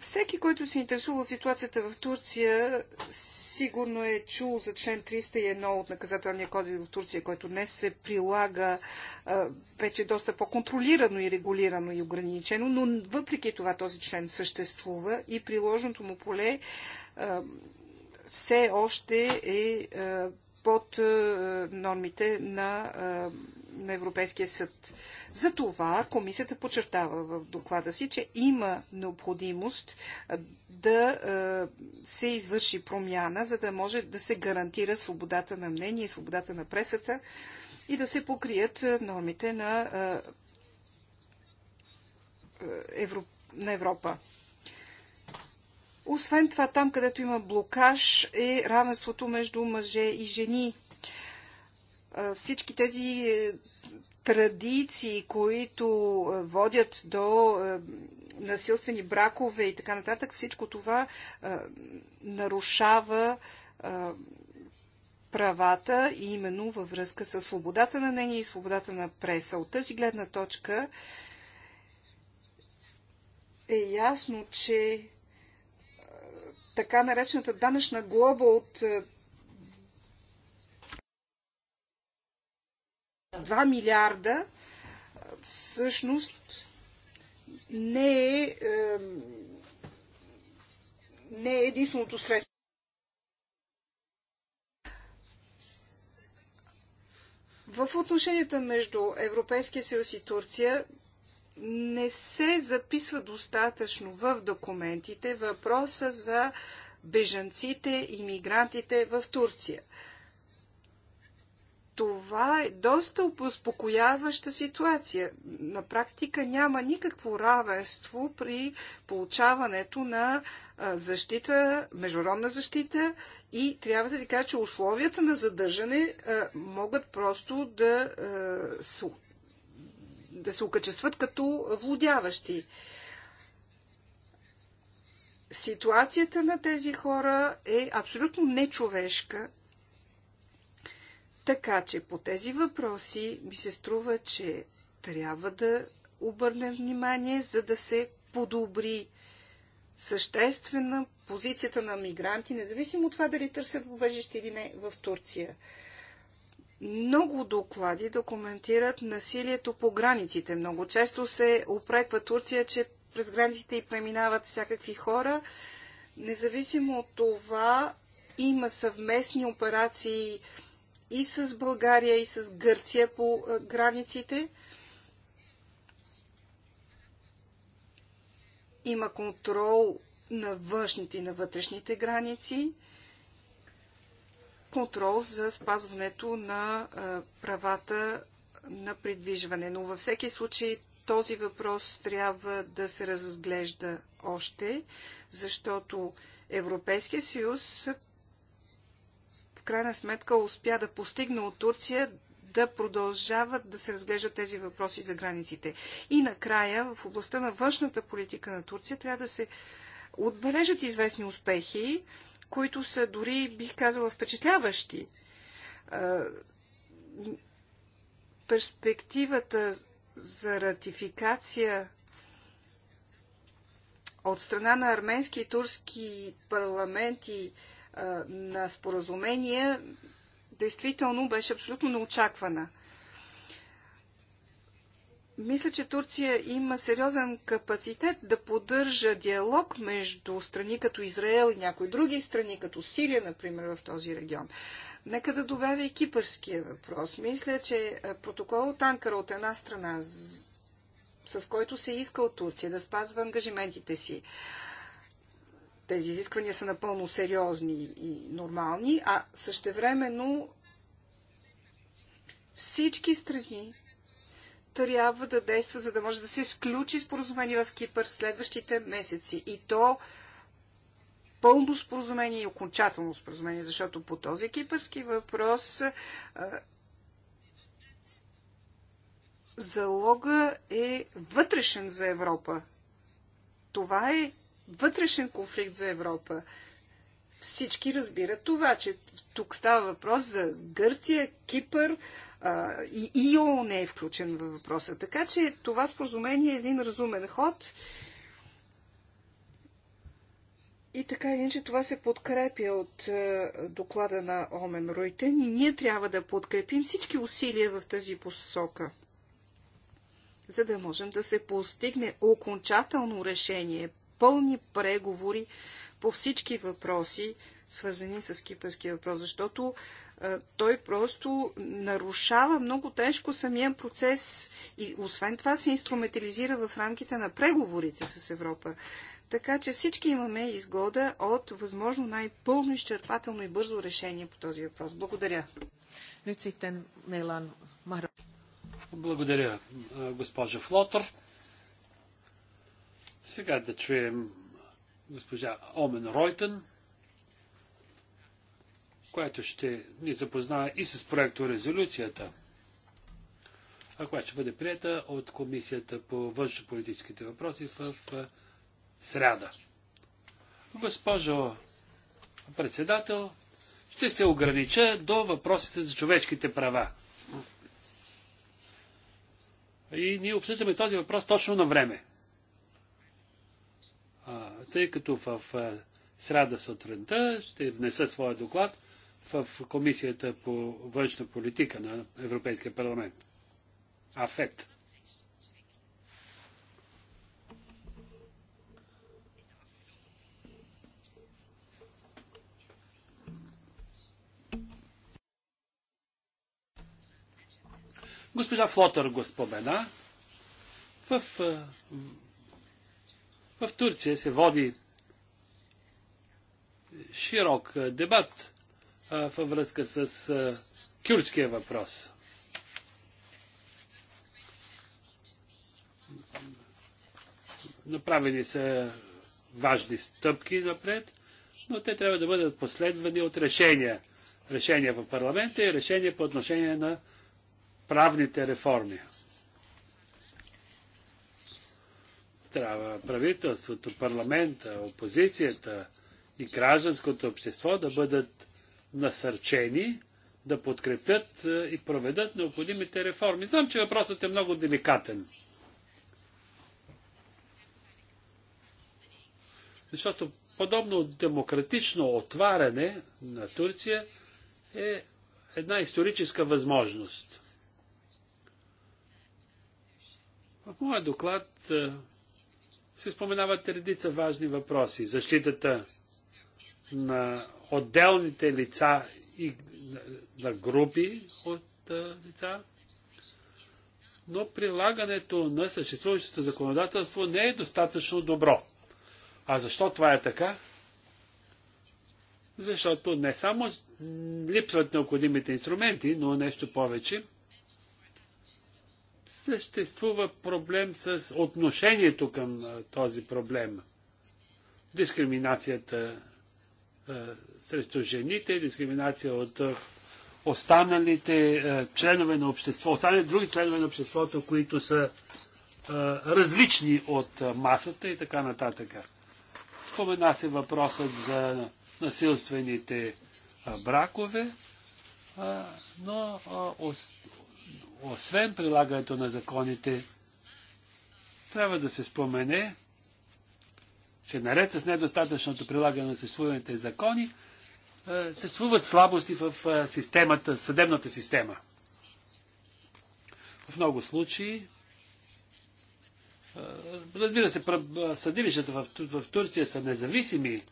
[SPEAKER 2] Всеки, който се интересува от ситуацията в Турция, сигурно е чул за член 301 от наказателния кодекс в Турция, който днес се прилага вече доста по-контролирано и регулирано и ограничено, но въпреки това този член съществува и приложното му поле все още е под нормите на на Европейския съд. За това комисията подчертава в доклада си, че има необходимост да се извърши промяна, за да може да се гарантира свободата на мнение и свободата на пресата и да се покрият нормите на, на Европа. Освен това, там, където има блокаж, е равенството между мъже и жени всички тези е, традиции, които е, водят до е, насилствени бракове и така нататък, всичко това нарушава правата и именно във връзка с свободата на мнение и свободата на преса. От тази гледна точка е ясно, че така наречената данъчна глоба от 2 милиарда всъщност не е, не е единственото средство. В отношенията между Европейския съюз и Турция не се записва достатъчно в документите въпроса за бежанците и мигрантите в Турция това е доста успокояваща ситуация. На практика няма никакво равенство при получаването на защита, международна защита и трябва да ви кажа, че условията на задържане могат просто да, се, да се окачестват като владяващи. Ситуацията на тези хора е абсолютно нечовешка така че по тези въпроси ми се струва, че трябва да обърнем внимание, за да се подобри съществена позицията на мигранти, независимо от това дали търсят побежище или не в Турция. Много доклади документират насилието по границите. Много често се опреква Турция, че през границите и преминават всякакви хора. Независимо от това, има съвместни операции и с България, и с Гърция по границите. Има контрол на външните и на вътрешните граници, контрол за спазването на правата на придвижване. Но във всеки случай този въпрос трябва да се разглежда още, защото Европейския съюз в крайна сметка успя да постигне от Турция да продължават да се разглеждат тези въпроси за границите. И накрая, в областта на външната политика на Турция трябва да се отбележат известни успехи, които са дори, бих казала, впечатляващи. Перспективата за ратификация от страна на арменски и турски парламенти на споразумение действително беше абсолютно неочаквана. Мисля, че Турция има сериозен капацитет да поддържа диалог между страни като Израел и някои други страни, като Сирия, например, в този регион. Нека да добавя и кипърския въпрос. Мисля, че протокол от Анкара от една страна, с който се иска от Турция да спазва ангажиментите си, тези изисквания са напълно сериозни и нормални, а същевременно всички страни трябва да действа, за да може да се изключи споразумение в Кипър в следващите месеци. И то пълно споразумение и окончателно споразумение, защото по този кипърски въпрос а, залога е вътрешен за Европа. Това е вътрешен конфликт за Европа. Всички разбират това, че тук става въпрос за Гърция, Кипър а, и ИО не е включен във въпроса. Така че това споразумение е един разумен ход. И така иначе това се подкрепя от е, доклада на Омен Ройтен и ние трябва да подкрепим всички усилия в тази посока, за да можем да се постигне окончателно решение пълни преговори по всички въпроси, свързани с кипърския въпрос, защото той просто нарушава много тежко самия процес и освен това се инструментализира в рамките на преговорите с Европа. Така че всички имаме изгода от възможно най-пълно, изчерпателно и бързо решение по този въпрос. Благодаря.
[SPEAKER 3] Благодаря, госпожа Флотър. Сега да чуем госпожа Омен Ройтън, която ще ни запознае и с проекто резолюцията, а която ще бъде прията от Комисията по външно-политическите въпроси в е, сряда. Госпожо председател, ще се огранича до въпросите за човешките права. И ние обсъждаме този въпрос точно на време тъй като в е, сряда сутринта ще внеса своя доклад в Комисията по външна политика на Европейския парламент. АФЕТ. Госпожа Флотър го спомена. В е, в Турция се води широк дебат във връзка с а, кюрдския въпрос. Направени са важни стъпки напред, но те трябва да бъдат последвани от решения. Решения в парламента и решения по отношение на правните реформи. Трябва правителството, парламента, опозицията и гражданското общество да бъдат насърчени да подкрепят е, и проведат необходимите реформи. Знам, че въпросът е много деликатен. Защото подобно демократично отваряне на Турция е една историческа възможност. В моя доклад е, се споменават редица важни въпроси. Защитата на отделните лица и на групи от лица, но прилагането на съществуващото законодателство не е достатъчно добро. А защо това е така? Защото не само липсват необходимите инструменти, но нещо повече – съществува проблем с отношението към този проблем. Дискриминацията срещу жените, дискриминация от останалите членове на общество, останалите други членове на обществото, които са различни от масата и така нататък. Спомена се въпросът за насилствените бракове, но освен прилагането на законите, трябва да се спомене, че наред с недостатъчното прилагане на съществуваните закони, е, съществуват слабости в е, системата, съдебната система. В много случаи, е, разбира се, съдилищата в Турция са независими,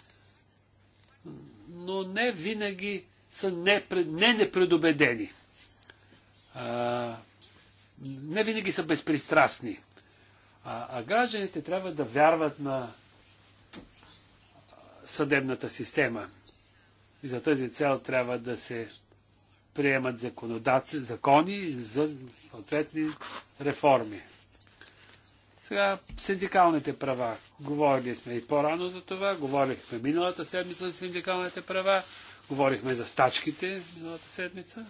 [SPEAKER 3] но не винаги са не, не непредубедени а, не винаги са безпристрастни. А, а гражданите трябва да вярват на съдебната система. И за тази цел трябва да се приемат законодат... закони за съответни реформи. Сега синдикалните права. Говорили сме и по-рано за това. Говорихме миналата седмица за синдикалните права. Говорихме за стачките миналата седмица.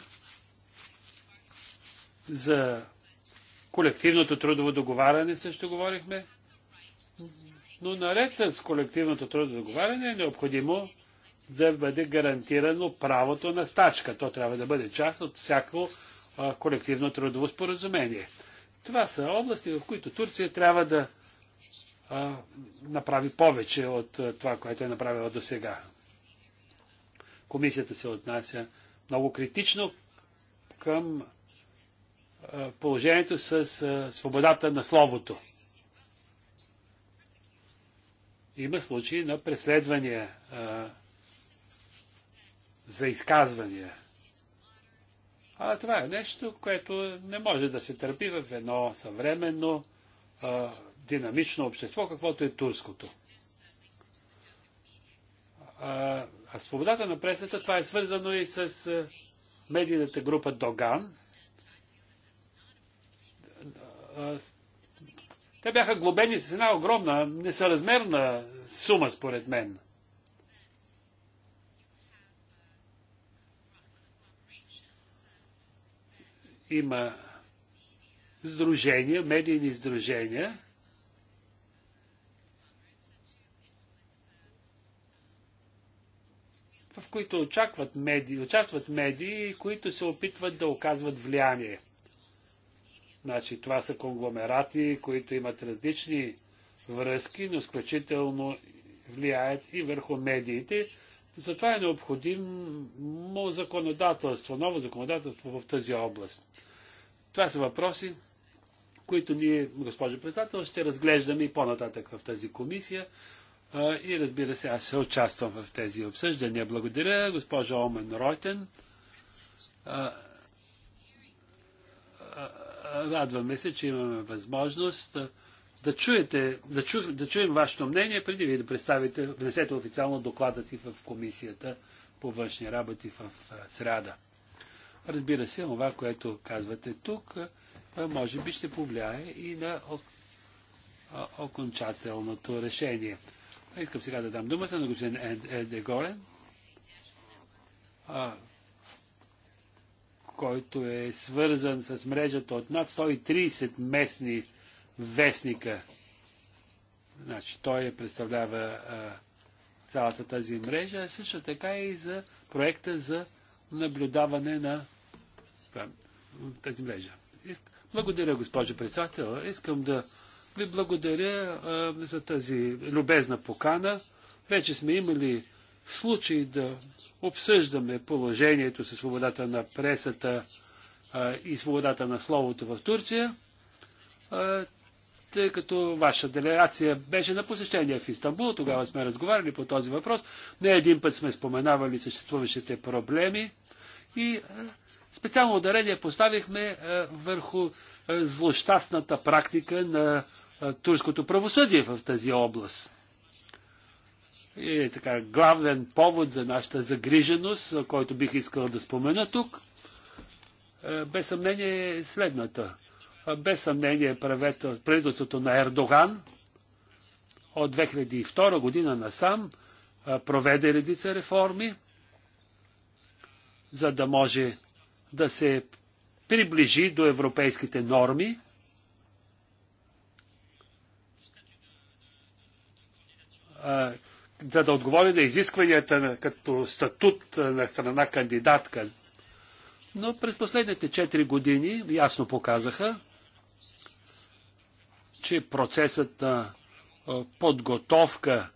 [SPEAKER 3] За колективното трудово договаряне също говорихме. Но наред с колективното трудово договаряне е необходимо да бъде гарантирано правото на стачка. То трябва да бъде част от всяко колективно трудово споразумение. Това са области, в които Турция трябва да направи повече от това, което е направила до сега. Комисията се отнася много критично към положението с свободата на словото. Има случаи на преследвания за изказвания. А това е нещо, което не може да се търпи в едно съвременно, динамично общество, каквото е турското. а свободата на пресата, това е свързано и с медийната група Доган, те бяха глобени с една огромна, несъразмерна сума, според мен. Има сдружения, медийни сдружения, в които очакват медии, участват медии, които се опитват да оказват влияние. Значи, това са конгломерати, които имат различни връзки, но изключително влияят и върху медиите. Затова е необходимо законодателство, ново законодателство в тази област. Това са въпроси, които ние, госпожо председател, ще разглеждаме и по-нататък в тази комисия. И разбира се, аз се участвам в тези обсъждания. Благодаря, госпожа Омен Ройтен радваме се, че имаме възможност да чуете, да, чу, да чуем вашето мнение преди ви да представите, внесете официално доклада си в комисията по външни работи в среда. Разбира се, това, което казвате тук, може би ще повлияе и на окончателното решение. Искам сега да дам думата на господин Едегорен, който е свързан с мрежата от над 130 местни вестника. Значи, той е, представлява а, цялата тази мрежа, а също така и за проекта за наблюдаване на тази мрежа. Благодаря, госпожо председател. Искам да ви благодаря а, за тази любезна покана. Вече сме имали случай да обсъждаме положението със свободата на пресата а, и свободата на словото в Турция, а, тъй като ваша делегация беше на посещение в Истанбул, тогава сме разговаряли по този въпрос. Не един път сме споменавали съществуващите проблеми и а, специално ударение поставихме върху злощастната практика на турското правосъдие в тази област и така главен повод за нашата загриженост, който бих искал да спомена тук, е, без съмнение е следната. Е, без съмнение правителството на Ердоган от 2002 година насам е, проведе редица реформи, за да може да се приближи до европейските норми за да отговори на изискванията на, като статут на страна кандидатка. Но през последните 4 години ясно показаха, че процесът на подготовка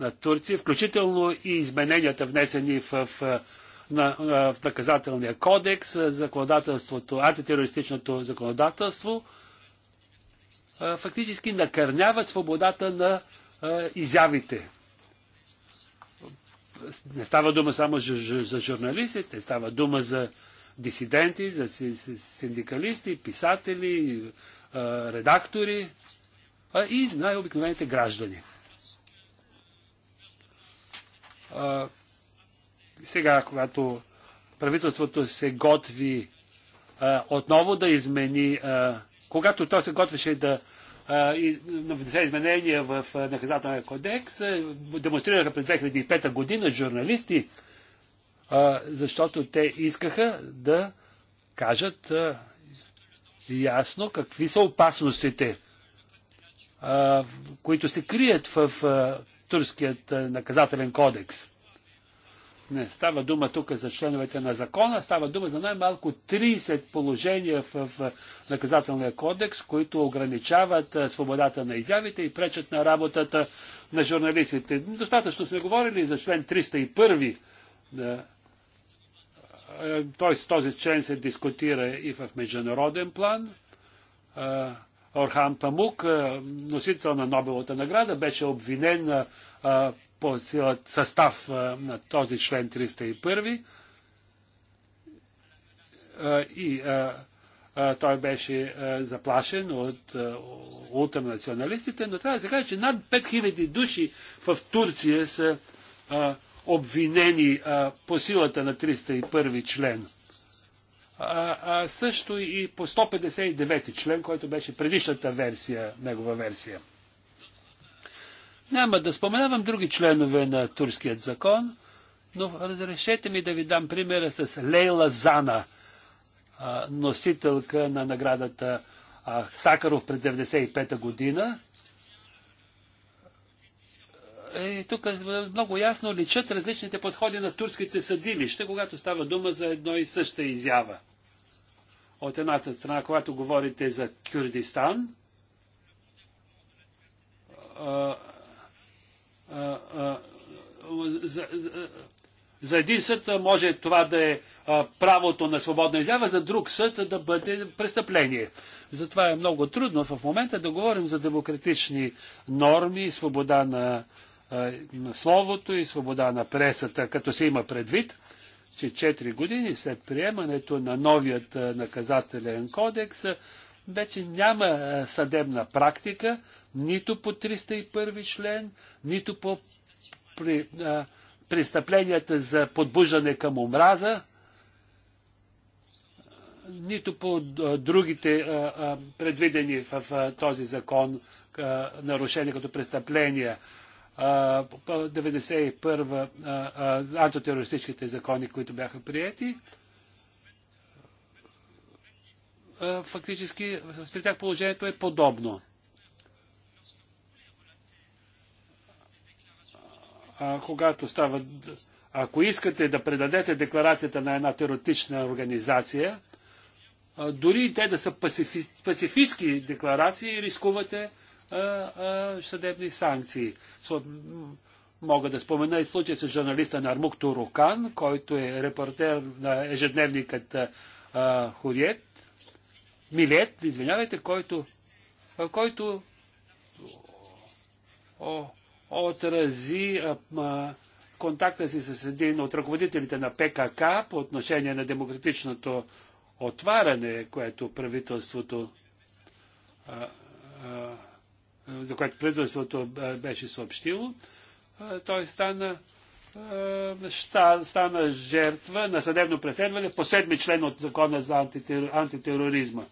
[SPEAKER 3] на Турция, включително и измененията внесени в, в, на, в наказателния кодекс, законодателството, антитерористичното законодателство, фактически накърняват свободата на изявите не става дума само за журналистите, става дума за дисиденти, за синдикалисти, писатели, редактори а и най-обикновените граждани. А, сега, когато правителството се готви а, отново да измени, а, когато то се готвеше да и внесе изменения в наказателния кодекс, демонстрираха през 2005 година журналисти, защото те искаха да кажат ясно какви са опасностите, които се крият в турският наказателен кодекс. Не става дума тук за членовете на закона, става дума за най-малко 30 положения в наказателния кодекс, които ограничават свободата на изявите и пречат на работата на журналистите. Достатъчно сме говорили за член 301. Т.е. този член се дискутира и в международен план. Орхан Памук, носител на Нобеловата награда, беше обвинен по силът състав на този член 301 и той беше заплашен от ултранационалистите, но трябва да се каже, че над 5000 души в Турция са обвинени по силата на 301 член. а също и по 159 член, който беше предишната версия, негова версия. Няма да споменавам други членове на турският закон, но разрешете ми да ви дам примера с Лейла Зана, носителка на наградата Сакаров през 1995 година. И е, тук много ясно личат различните подходи на турските съдилища, когато става дума за едно и съща изява. От едната страна, когато говорите за Кюрдистан, за, за, за един съд може това да е правото на свободна изява, за друг съд да бъде престъпление. Затова е много трудно в момента да говорим за демократични норми, свобода на, на словото и свобода на пресата, като се има предвид, че 4 години след приемането на новият наказателен кодекс вече няма съдебна практика, нито по 301 член, нито по при, а, престъпленията за подбуждане към омраза, нито по а, другите а, а, предвидени в а, този закон а, нарушения като престъпления. 91 антитерористичните закони, които бяха приети, фактически при тях положението е подобно. а, когато става... Ако искате да предадете декларацията на една терористична организация, а, дори те да са пацифи... пацифистски декларации, рискувате а, а, съдебни санкции. Со... Мога да спомена и случай с журналиста Нармук Турукан, който е репортер на ежедневникът а, Хуриет, Милет, извинявайте, който, който о, отрази а, контакта си с един от ръководителите на ПКК по отношение на демократичното отваряне, което правителството а, а, за което правителството беше съобщило, той стана, ща, стана жертва на съдебно преследване по седми член от закона за антитероризма.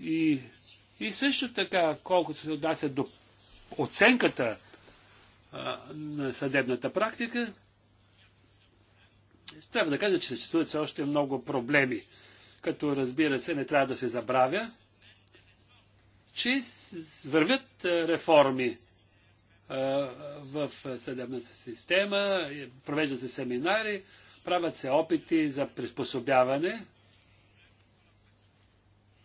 [SPEAKER 3] И, и също така, колкото се отнася до оценката а, на съдебната практика, трябва да кажа, че съществуват все още много проблеми. Като разбира се, не трябва да се забравя, че вървят реформи в съдебната система, провеждат се семинари, правят се опити за приспособяване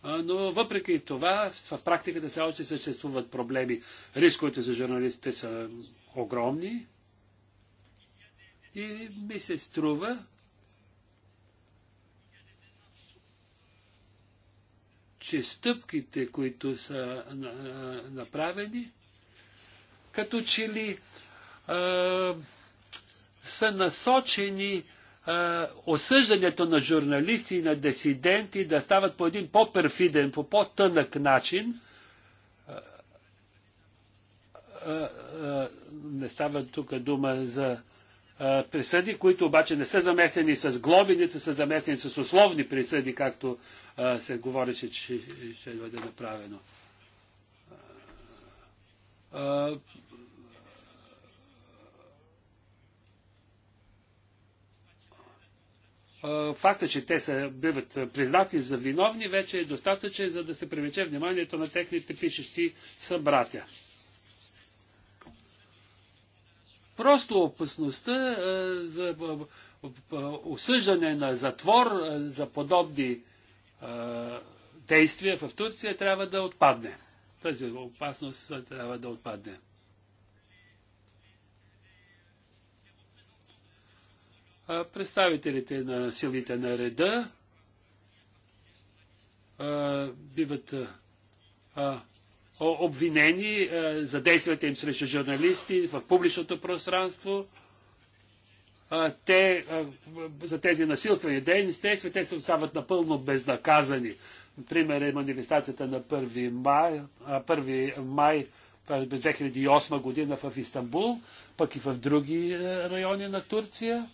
[SPEAKER 3] но въпреки това в практиката все още съществуват проблеми. Рисковете за журналистите са огромни и ми се струва, че стъпките, които са направени, като че ли са насочени осъждането на журналисти и на десиденти да стават по един по-перфиден, по по-тънък начин. не става тук дума за присъди, които обаче не са заместени с глоби, нито са заместени с условни присъди, както се говореше, че ще бъде направено. факта, че те са, биват признати за виновни, вече е достатъчен, за да се привлече вниманието на техните пишещи събратя. Просто опасността а, за а, осъждане на затвор а, за подобни действия в Турция трябва да отпадне. Тази опасност трябва да отпадне. представителите на силите на реда биват обвинени за действията им срещу журналисти в публичното пространство. Те, за тези насилствени действия, те се остават напълно безнаказани. Пример е манифестацията на 1 май, 1 май през 2008 година в Истанбул, пък и в други райони на Турция.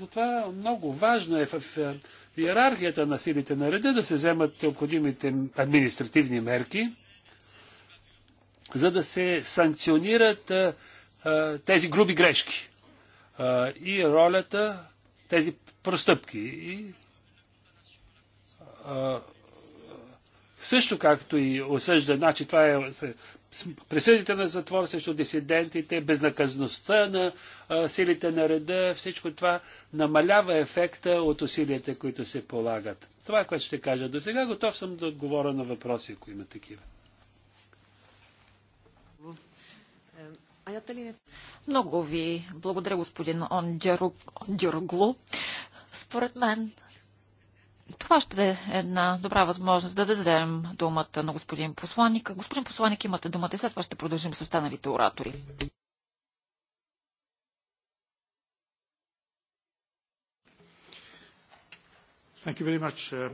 [SPEAKER 3] Затова много важно е в иерархията на силите на реда да се вземат необходимите административни мерки, за да се санкционират тези груби грешки и ролята, тези простъпки. И, също както и осъжда, значи това е присъдите на затвор срещу дисидентите, безнаказността на силите на реда, всичко това намалява ефекта от усилията, които се полагат. Това е което ще кажа до сега. Готов съм да отговоря на въпроси, ако има такива.
[SPEAKER 1] Много ви благодаря, господин Ондюроглу. Според мен това ще е една добра възможност да дадем думата на господин посланник. Господин посланник, имате думата и след това ще продължим с останалите оратори. Uh,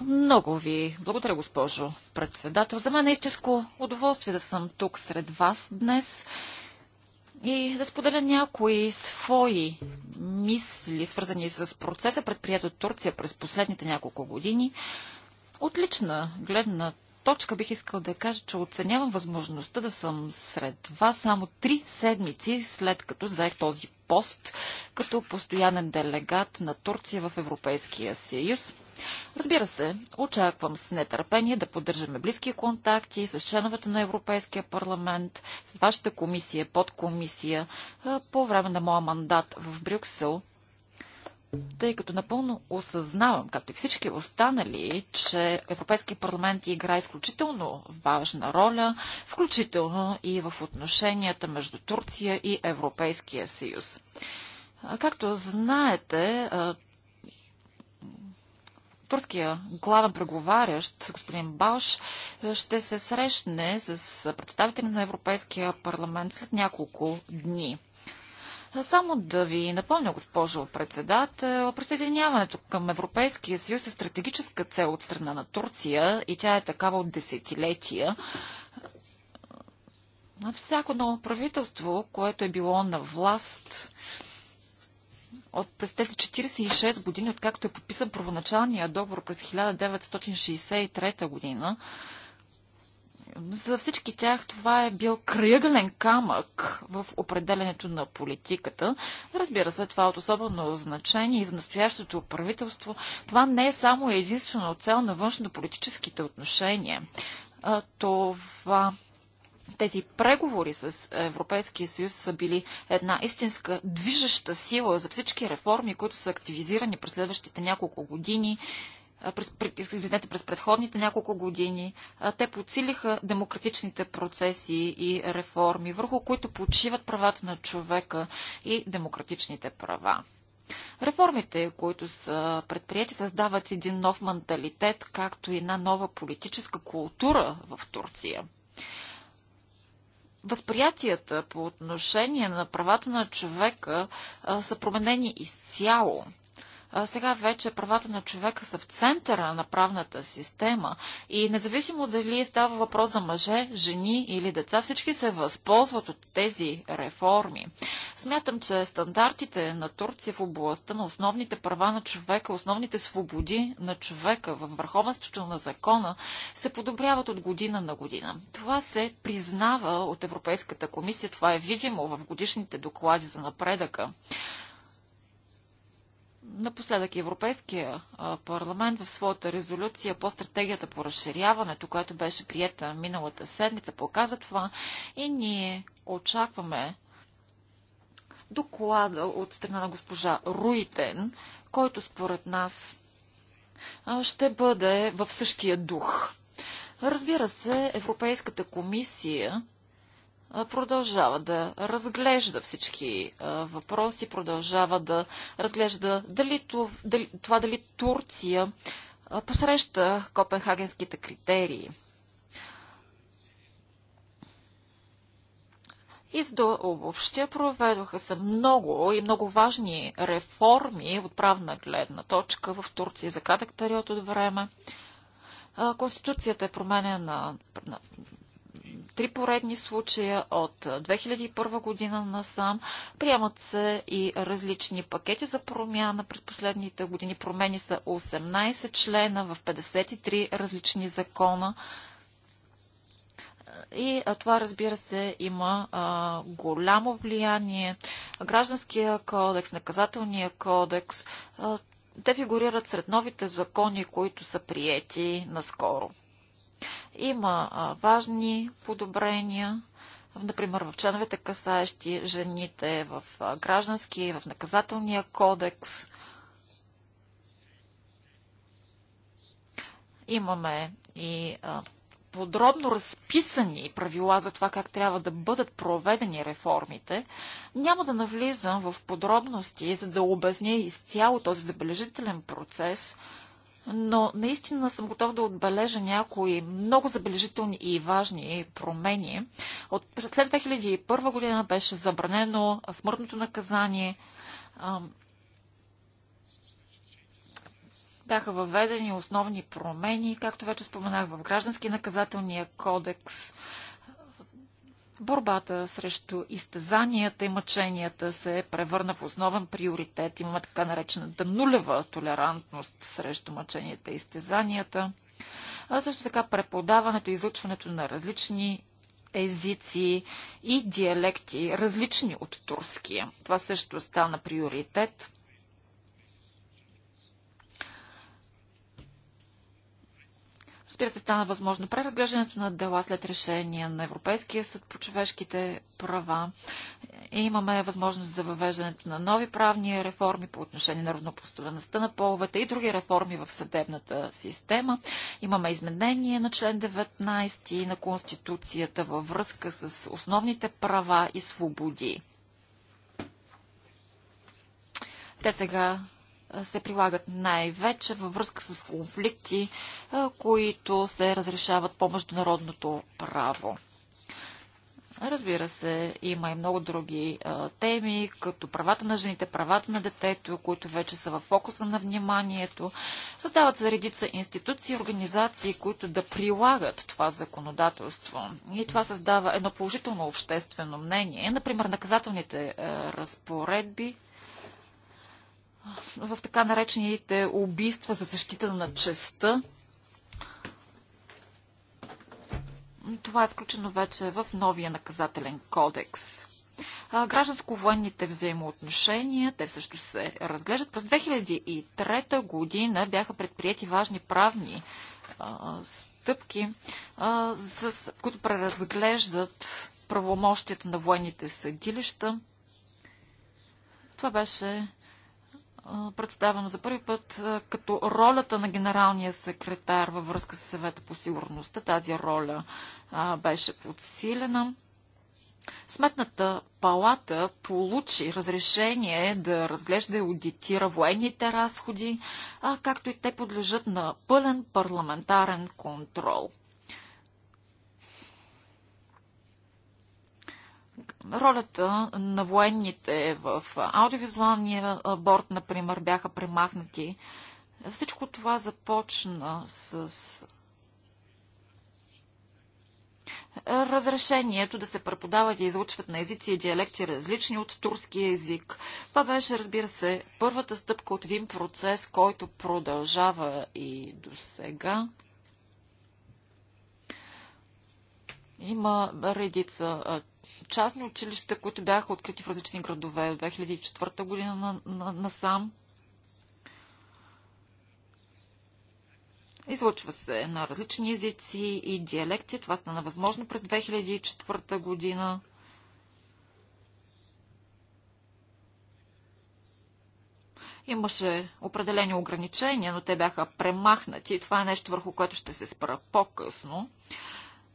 [SPEAKER 1] Много ви благодаря, госпожо председател. За мен е истинско удоволствие да съм тук сред вас днес и да споделя някои свои мисли, свързани с процеса, предприят от Турция през последните няколко години. Отлична гледна точка бих искал да кажа, че оценявам възможността да съм сред вас само три седмици след като заех този пост като постоянен делегат на Турция в Европейския съюз. Разбира се, очаквам с нетърпение да поддържаме близки контакти с членовете на Европейския парламент, с вашата комисия, подкомисия, по време на моя мандат в Брюксел, тъй като напълно осъзнавам, както и всички останали, че Европейския парламент играе изключително важна роля, включително и в отношенията между Турция и Европейския съюз. Както знаете, турския главен преговарящ, господин Балш, е, ще се срещне с представители на Европейския парламент след няколко дни. Само да ви напомня, госпожо председател, присъединяването към Европейския съюз е стратегическа цел от страна на Турция и тя е такава от десетилетия. На всяко ново правителство, което е било на власт, от през тези 46 години, откакто е подписан първоначалния договор през 1963 година, за всички тях това е бил кръгълен камък в определенето на политиката. Разбира се, това е от особено значение и за настоящото правителство. Това не е само единствено цел на външно-политическите отношения. Това тези преговори с Европейския съюз са били една истинска движеща сила за всички реформи, които са активизирани през следващите няколко години, през, извинете, през предходните няколко години. Те подсилиха демократичните процеси и реформи, върху които почиват правата на човека и демократичните права. Реформите, които са предприяти, създават един нов менталитет, както и една нова политическа култура в Турция възприятията по отношение на правата на човека а, са променени изцяло а сега вече правата на човека са в центъра на правната система и независимо дали става въпрос за мъже, жени или деца, всички се възползват от тези реформи. Смятам, че стандартите на Турция в областта на основните права на човека, основните свободи на човека в върховенството на закона се подобряват от година на година. Това се признава от Европейската комисия, това е видимо в годишните доклади за напредъка. Напоследък Европейския парламент в своята резолюция по стратегията по разширяването, която беше приета миналата седмица, показа това и ние очакваме доклада от страна на госпожа Руитен, който според нас ще бъде в същия дух. Разбира се, Европейската комисия продължава да разглежда всички въпроси, продължава да разглежда дали това дали Турция посреща копенхагенските критерии. И за да обобщя, проведоха се много и много важни реформи от правна гледна точка в Турция за кратък период от време. Конституцията е променена три поредни случая от 2001 година насам. Приемат се и различни пакети за промяна през последните години. Промени са 18 члена в 53 различни закона. И това, разбира се, има а, голямо влияние. Гражданския кодекс, наказателния кодекс, а, те фигурират сред новите закони, които са приети наскоро. Има важни подобрения, например в членовете касаещи жените в граждански, в наказателния кодекс. Имаме и подробно разписани правила за това как трябва да бъдат проведени реформите. Няма да навлизам в подробности, за да обясня изцяло този забележителен процес – но наистина съм готов да отбележа някои много забележителни и важни промени. От, през след 2001 година беше забранено смъртното наказание. бяха въведени основни промени, както вече споменах, в Граждански наказателния кодекс, Борбата срещу изтезанията и мъченията се превърна в основен приоритет. Имаме така наречената нулева толерантност срещу мъченията и изтезанията. А също така преподаването и изучването на различни езици и диалекти, различни от турския. Това също стана приоритет. Спира се стана възможно преразглеждането на дела след решение на Европейския съд по човешките права. И имаме възможност за въвеждането на нови правни реформи по отношение на равнопоставеността на половете и други реформи в съдебната система. Имаме изменение на член 19 на Конституцията във връзка с основните права и свободи. Те сега се прилагат най-вече във връзка с конфликти, които се разрешават по международното право. Разбира се, има и много други а, теми, като правата на жените, правата на детето, които вече са в фокуса на вниманието. Създават се редица институции и организации, които да прилагат това законодателство. И това създава едно положително обществено мнение. Например, наказателните а, разпоредби в така наречените убийства за защита на честа. Това е включено вече в новия наказателен кодекс. Гражданско-военните взаимоотношения, те също се разглеждат. През 2003 година бяха предприяти важни правни стъпки, които преразглеждат правомощията на военните съдилища. Това беше представено за първи път като ролята на генералния секретар във връзка с съвета по сигурността. Тази роля беше подсилена. Сметната палата получи разрешение да разглежда и аудитира военните разходи, а както и те подлежат на пълен парламентарен контрол. ролята на военните в аудиовизуалния борт, например, бяха премахнати. Всичко това започна с разрешението да се преподават и излучват на езици и диалекти различни от турски език. Това беше, разбира се, първата стъпка от един процес, който продължава и до сега. Има редица частни училища, които бяха открити в различни градове от 2004 година насам. На, на Излъчва се на различни езици и диалекти. Това стана възможно през 2004 година. Имаше определени ограничения, но те бяха премахнати. Това е нещо, върху което ще се спра по-късно.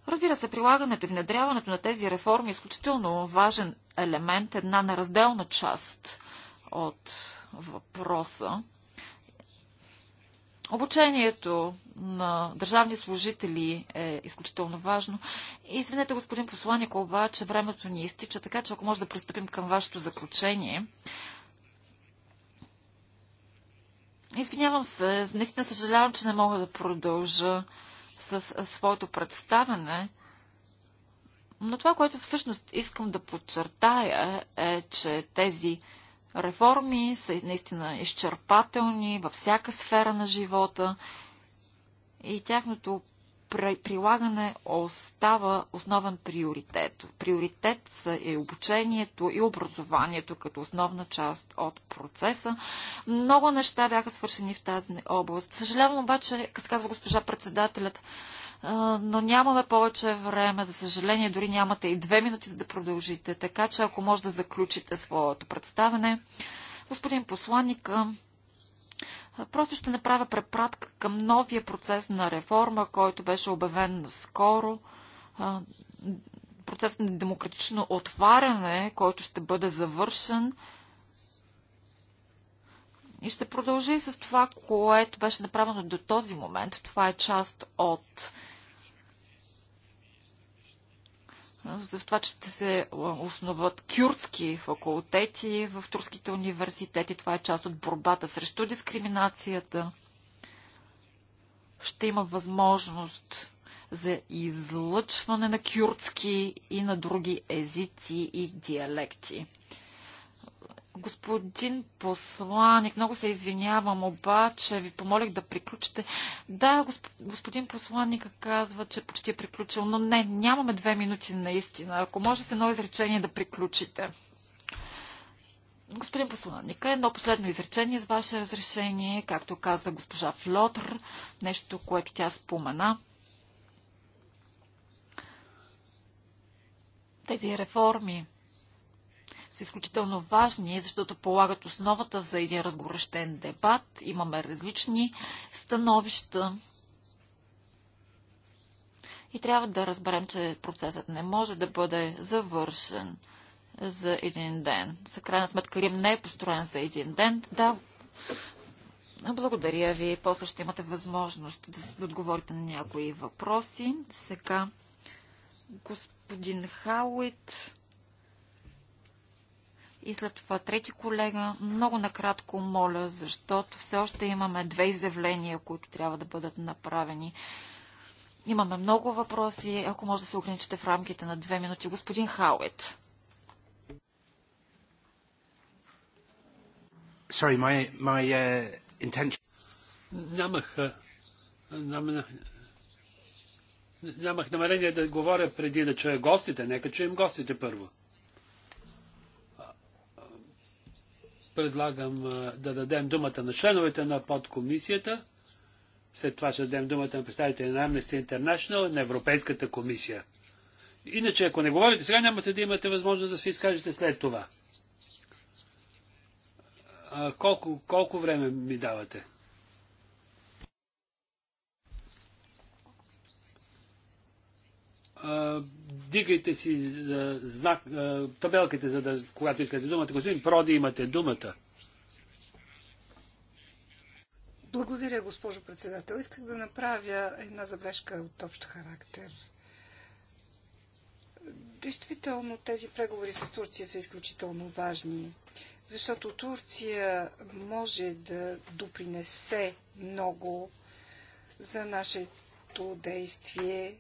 [SPEAKER 1] Разбира се, прилагането и внедряването на тези реформи е изключително важен елемент, една неразделна част от въпроса. Обучението на държавни служители е изключително важно. Извинете, господин посланник, обаче времето ни изтича, така че ако може да пристъпим към вашето заключение. Извинявам се, наистина съжалявам, че не мога да продължа с своето представене. но това, което всъщност искам да подчертая е, че тези реформи са наистина изчерпателни във всяка сфера на живота и тяхното прилагане остава основен приоритет. Приоритет е обучението и образованието като основна част от процеса. Много неща бяха свършени в тази област. Съжалявам обаче, казва госпожа председателят, но нямаме повече време. За съжаление, дори нямате и две минути, за да продължите. Така че, ако може да заключите своето представене, господин посланник, Просто ще направя препратка към новия процес на реформа, който беше обявен скоро. Процес на демократично отваряне, който ще бъде завършен. И ще продължи с това, което беше направено до този момент. Това е част от за това, че ще се основат кюртски факултети в турските университети. Това е част от борбата срещу дискриминацията. Ще има възможност за излъчване на кюртски и на други езици и диалекти. Господин посланик, много се извинявам, обаче ви помолих да приключите. Да, господин посланник казва, че почти е приключил, но не, нямаме две минути наистина. Ако може с едно изречение да приключите. Господин посланник, едно последно изречение с ваше разрешение, както каза госпожа Флотър, нещо, което тя спомена. Тези реформи, са изключително важни, защото полагат основата за един разгорещен дебат. Имаме различни становища. И трябва да разберем, че процесът не може да бъде завършен за един ден. За крайна сметка Рим не е построен за един ден. Да, благодаря ви. После ще имате възможност да отговорите на някои въпроси. Сега господин Хауит и след това трети колега, много накратко моля, защото все още имаме две изявления, които трябва да бъдат направени. Имаме много въпроси. Ако може да се ограничите в рамките на две минути. Господин Хаует.
[SPEAKER 2] Sorry, my, my, uh, intention...
[SPEAKER 3] Нямах, нямах, нямах намерение да говоря преди да чуя гостите. Нека чуем гостите първо. предлагам да дадем думата на членовете на подкомисията. След това ще дадем думата на представители на Amnesty International, на Европейската комисия. Иначе, ако не говорите сега, нямате да имате възможност да се изкажете след това. А, колко, колко време ми давате? А, Вдигайте си а, знак, а, табелките, за да, когато искате думата. Господин Проди, имате думата.
[SPEAKER 2] Благодаря, госпожо председател. Исках да направя една забележка от общ характер. Действително тези преговори с Турция са изключително важни, защото Турция може да допринесе много за нашето действие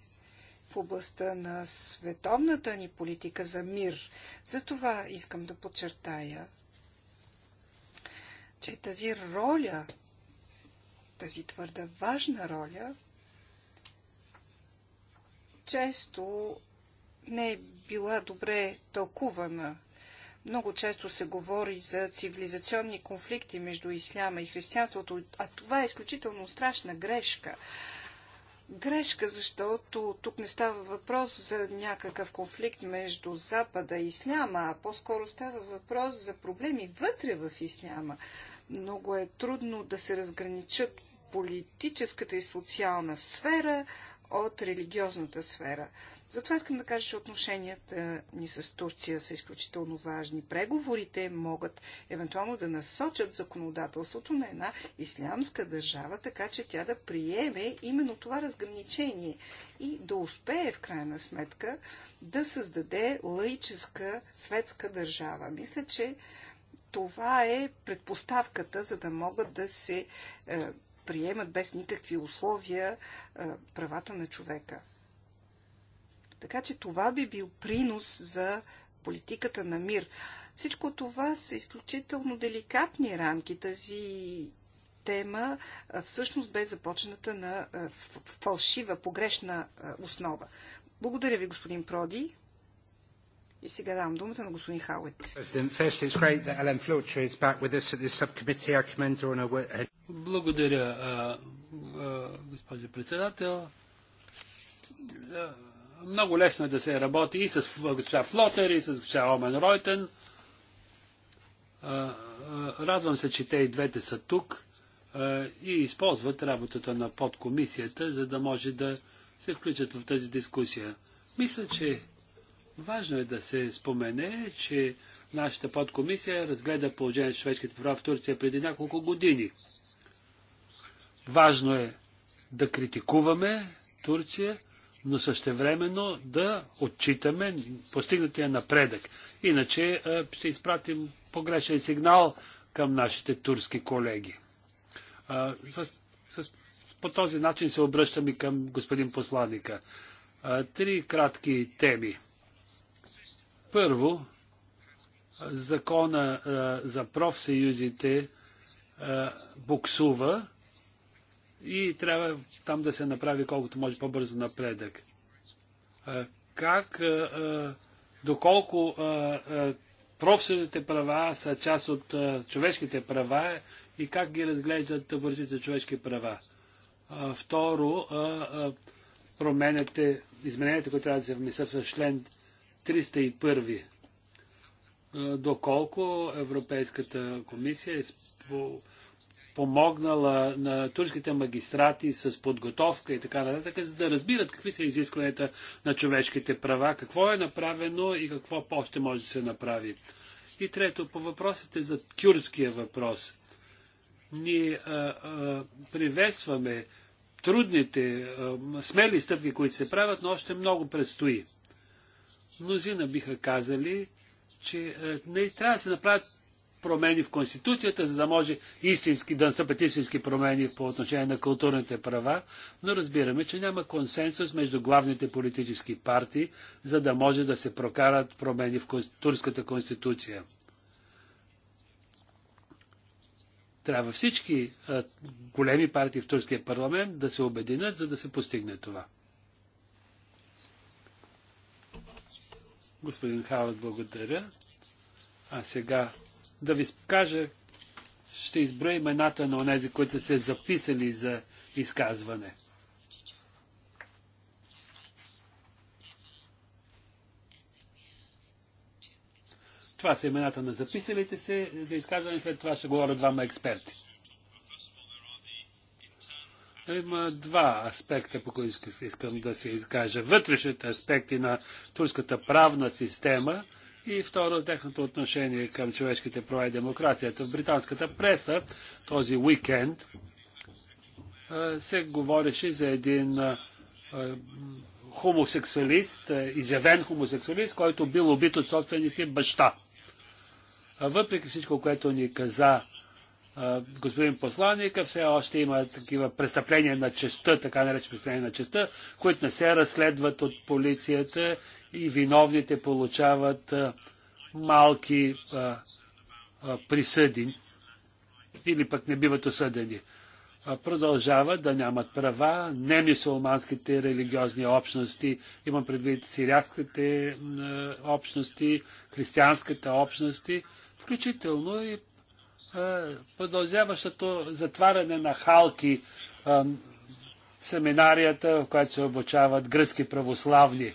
[SPEAKER 2] в областта на световната ни политика за мир. За това искам да подчертая, че тази роля, тази твърда важна роля, често не е била добре тълкувана. Много често се говори за цивилизационни конфликти между исляма и християнството, а това е изключително страшна грешка грешка, защото тук не става въпрос за някакъв конфликт между Запада и Исляма, а по-скоро става въпрос за проблеми вътре в Исляма. Много е трудно да се разграничат политическата и социална сфера от религиозната сфера. Затова искам да кажа, че отношенията ни с Турция са изключително важни. Преговорите могат евентуално да насочат законодателството на една ислямска държава, така че тя да приеме именно това разграничение и да успее в крайна сметка да създаде лаическа светска държава. Мисля, че това е предпоставката, за да могат да се е, приемат без никакви условия е, правата на човека. Така че това би бил принос за политиката на мир. Всичко това са изключително деликатни рамки. Тази тема всъщност бе започната на фалшива, погрешна основа. Благодаря ви, господин Проди. И сега давам думата на господин Хауит.
[SPEAKER 3] Благодаря, госпожо председател много лесно е да се работи и с госпожа Флотер, и с госпожа Омен Ройтен. Радвам се, че те и двете са тук и използват работата на подкомисията, за да може да се включат в тази дискусия. Мисля, че важно е да се спомене, че нашата подкомисия разгледа положението на човешките права в Турция преди няколко години. Важно е да критикуваме Турция, но същевременно да отчитаме постигнатия напредък. Иначе ще изпратим погрешен сигнал към нашите турски колеги. по този начин се обръщам и към господин посланника. Три кратки теми. Първо, закона за профсъюзите буксува и трябва там да се направи колкото може по-бързо напредък. Как, доколко профсъдните права са част от човешките права и как ги разглеждат за човешки права? Второ, променяте, измененията, които трябва да се внесат в член 301 доколко Европейската комисия е помогнала на турските магистрати с подготовка и така нататък, за да разбират какви са изискванията на човешките права, какво е направено и какво още може да се направи. И трето, по въпросите за кюрдския въпрос. Ние а, а, приветстваме трудните, а, смели стъпки, които се правят, но още много предстои. Мнозина биха казали, че не трябва да се направят промени в Конституцията, за да може истински, да настъпят истински промени по отношение на културните права, но разбираме, че няма консенсус между главните политически партии, за да може да се прокарат промени в турската Конституция. Трябва всички а, големи партии в турския парламент да се обединят, за да се постигне това. Господин Хават, благодаря. А сега да ви кажа, ще изброя имената на онези, които са се записали за изказване. Това са имената на записалите се за изказване, след това ще говоря двама експерти. Има два аспекта, по които искам да се изкажа. Вътрешните аспекти на турската правна система – и второ, техното отношение към човешките права и демокрацията. В британската преса този уикенд се говореше за един хомосексуалист, изявен хомосексуалист, който бил убит от собствения си баща. Въпреки всичко, което ни каза господин посланника, все още има такива престъпления на честа, така наречени престъпления на честа, които не се разследват от полицията и виновните получават малки а, а, присъди или пък не биват осъдени. Продължават да нямат права немисулманските религиозни общности, имам предвид сирийските общности, християнските общности, включително и е, продължаващото затваряне на халки, е, семинарията, в която се обучават гръцки православни.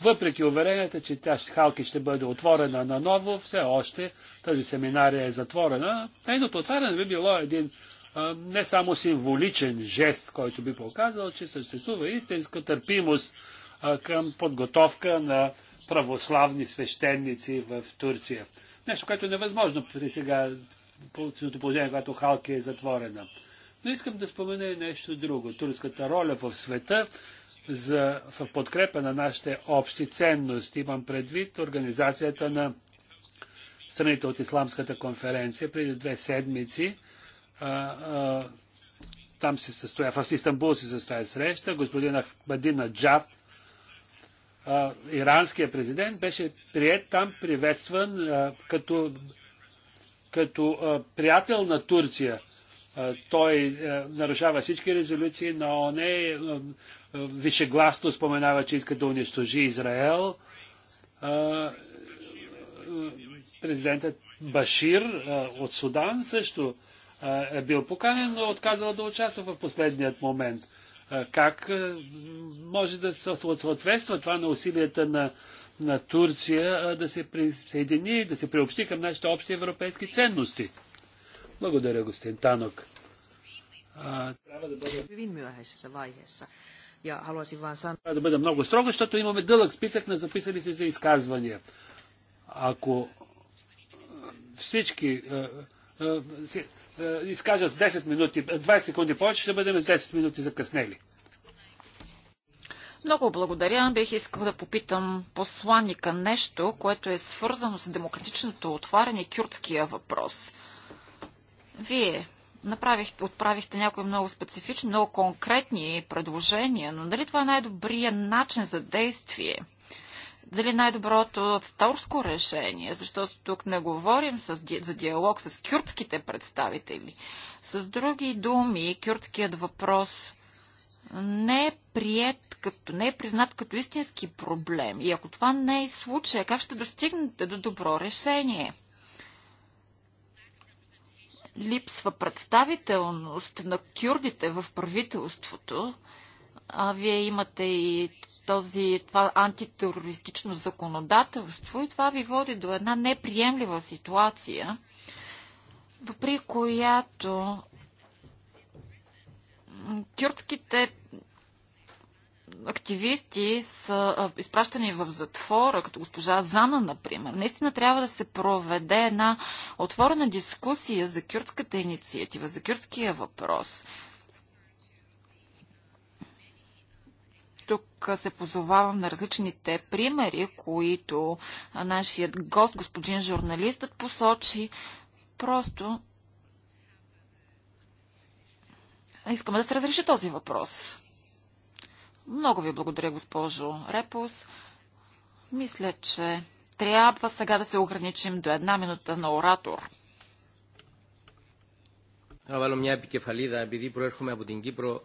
[SPEAKER 3] Въпреки уверенията, че тя халки ще бъде отворена наново, все още тази семинария е затворена. Нейното отваряне би било един е, не само символичен жест, който би показал, че съществува истинска търпимост към подготовка на православни свещеници в Турция. Нещо, което е невъзможно при сега положение, когато Халки е затворена. Но искам да спомена и нещо друго. Турската роля в света за, в подкрепа на нашите общи ценности. Имам предвид организацията на страните от Исламската конференция преди две седмици. А, а, там се състоя, в Истанбул се състоя среща. Господин Ахмадина Джаб, иранският президент, беше прият там, приветстван а, като като приятел на Турция. той нарушава всички резолюции на ОНЕ, вишегласно споменава, че иска да унищожи Израел. Президентът Башир от Судан също е бил поканен, но е отказал да участва в последният момент. Как може да се съответства това на усилията на на Турция да се присъедини, да се приобщи към нашите общи европейски ценности. Благодаря, господин Танок.
[SPEAKER 2] трябва да бъде...
[SPEAKER 3] бъда много строго, защото имаме дълъг списък на записали се за изказвания. Ако всички изкажат с 10 минути, 20 секунди повече, ще бъдем с 10 минути закъснели.
[SPEAKER 1] Много благодаря. Бих искал да попитам посланника нещо, което е свързано с демократичното отваряне и кюртския въпрос. Вие отправихте някои много специфични, много конкретни предложения, но дали това е най-добрият начин за действие? Дали е най-доброто вторско решение, защото тук не говорим с, за диалог с кюртските представители. С други думи, кюртският въпрос не е прият, като не е признат като истински проблем. И ако това не е случая, как ще достигнете до добро решение? Липсва представителност на кюрдите в правителството. А вие имате и този, това антитерористично законодателство и това ви води до една неприемлива ситуация, при която Кюртските активисти са изпращани в затвора, като госпожа Зана, например. Наистина трябва да се проведе една отворена дискусия за кюртската инициатива, за кюртския въпрос. Тук се позовавам на различните примери, които нашият гост, господин журналистът, посочи. Просто Искаме да се разреши този въпрос. Много ви благодаря, госпожо Репус. Мисля, че трябва сега да се ограничим до една минута на оратор. Να βάλω μια επικεφαλίδα, επειδή προέρχομαι από την Κύπρο,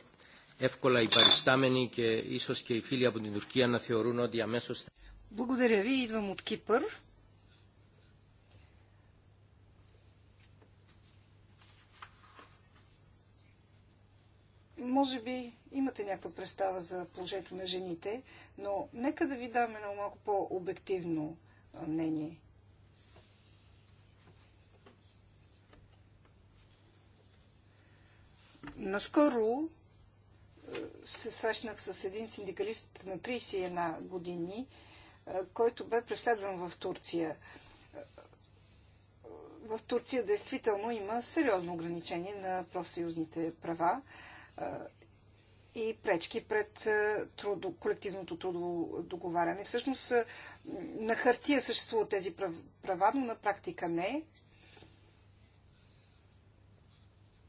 [SPEAKER 1] εύκολα οι παριστάμενοι και ίσως και οι φίλοι από την Τουρκία να θεωρούν ότι αμέσως...
[SPEAKER 2] Благодаря ви, идвам от Кипър. Може би имате някаква представа за положението на жените, но нека да ви дам едно малко по-обективно мнение. Наскоро се срещнах с един синдикалист на 31 години, който бе преследван в Турция. В Турция действително има сериозно ограничение на профсъюзните права и пречки пред трудо, колективното трудово договаряне. Всъщност на хартия съществуват тези права, но на практика не.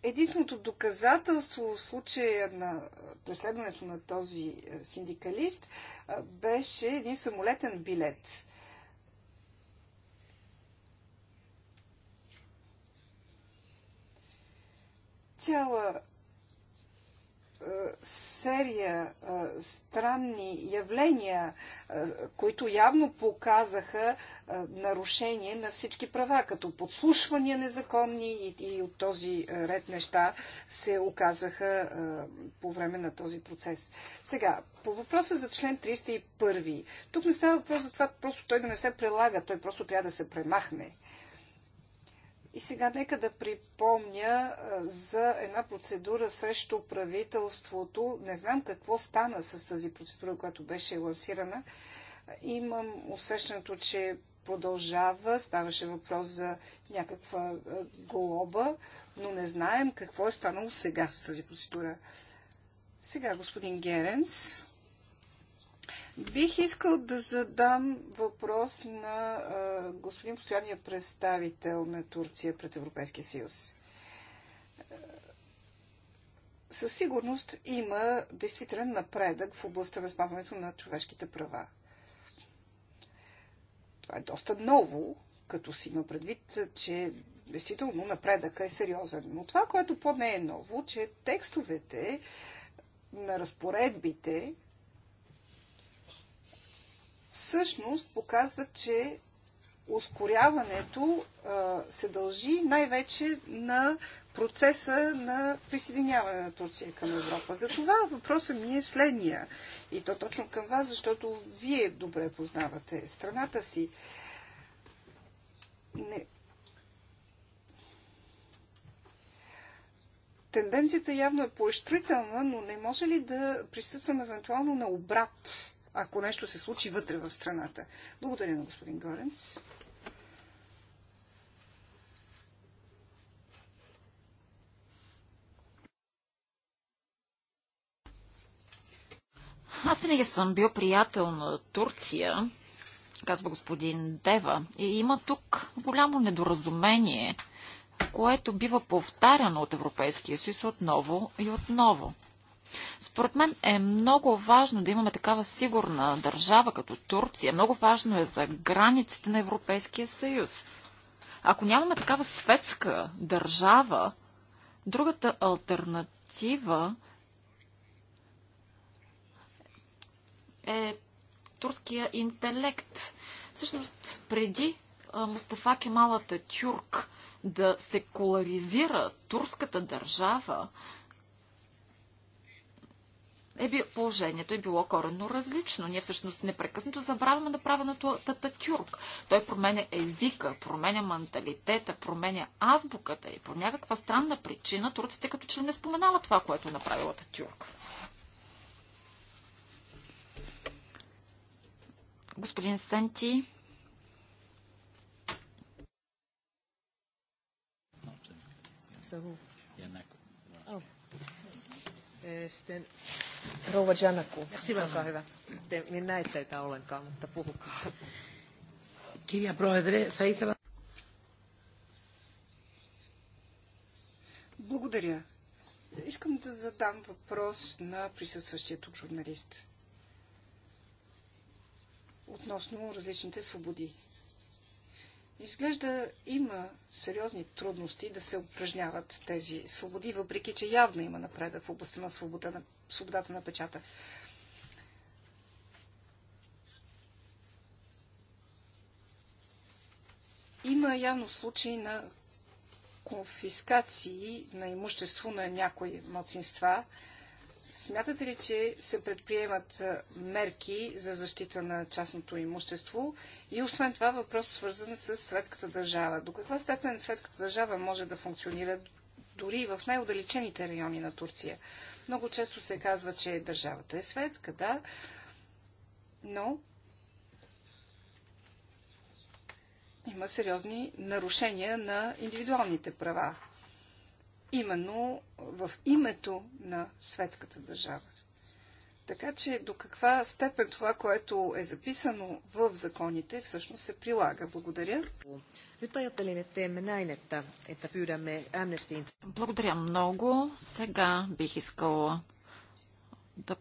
[SPEAKER 2] Единственото доказателство в случая на преследването на този синдикалист беше един самолетен билет. Цяла е, серия е, странни явления, е, които явно показаха нарушение на всички права, като подслушвания незаконни и от този ред неща се оказаха по време на този процес. Сега, по въпроса за член 301. Тук не става въпрос за това просто той да не се прилага, той просто трябва да се премахне. И сега нека да припомня за една процедура срещу правителството. Не знам какво стана с тази процедура, която беше лансирана. Имам усещането, че продължава. Ставаше въпрос за някаква глоба, но не знаем какво е станало сега с тази процедура. Сега господин Геренс. Бих искал да задам въпрос на а, господин постоянния представител на Турция пред Европейския съюз. Със сигурност има действителен напредък в областта на спазването на човешките права. Това е доста ново, като си има предвид, че действително напредъка е сериозен. Но това, което по-не е ново, че текстовете на разпоредбите всъщност показват, че ускоряването а, се дължи най-вече на процеса на присъединяване на Турция към Европа. За това въпросът ми е следния. И то точно към вас, защото вие добре познавате страната си. Не. Тенденцията явно е поощрителна, но не може ли да присъствам евентуално на обрат? ако нещо се случи вътре в страната. Благодаря на господин Горенц.
[SPEAKER 1] Аз винаги съм бил приятел на Турция, казва господин Дева, и има тук голямо недоразумение, което бива повтаряно от Европейския съюз отново и отново. Според мен е много важно да имаме такава сигурна държава като Турция. Много важно е за границите на Европейския съюз. Ако нямаме такава светска държава, другата альтернатива е турския интелект. Всъщност, преди Мустафа Кемалата Тюрк да секуларизира турската държава, е, положението е било коренно различно. Ние всъщност непрекъснато забравяме направеното тюрк. Той променя езика, променя менталитета, променя азбуката и по някаква странна причина турците като че не споменават това, което е направила Татюрк. Господин Сенти, So
[SPEAKER 2] Sitten Rouva Janaku, olkaa hyvä. Te, en näe teitä ollenkaan, mutta puhukaa.
[SPEAKER 1] Kirja Proedre, Saitala.
[SPEAKER 2] Благодаря. Искам да задам въпрос на присъстващия тук журналист относно различните свободи. Изглежда има сериозни трудности да се упражняват тези свободи, въпреки че явно има напредък в областта на, свобода, на свободата на печата. Има явно случаи на конфискации на имущество на някои младсинства – Смятате ли, че се предприемат мерки за защита на частното имущество? И освен това въпрос свързан с светската държава. До каква степен светската държава може да функционира дори и в най-удалечените райони на Турция? Много често се казва, че държавата е светска, да, но има сериозни нарушения на индивидуалните права именно в името на светската държава. Така че до каква степен това, което е записано в законите, всъщност се прилага. Благодаря.
[SPEAKER 1] Благодаря много. Сега бих искала да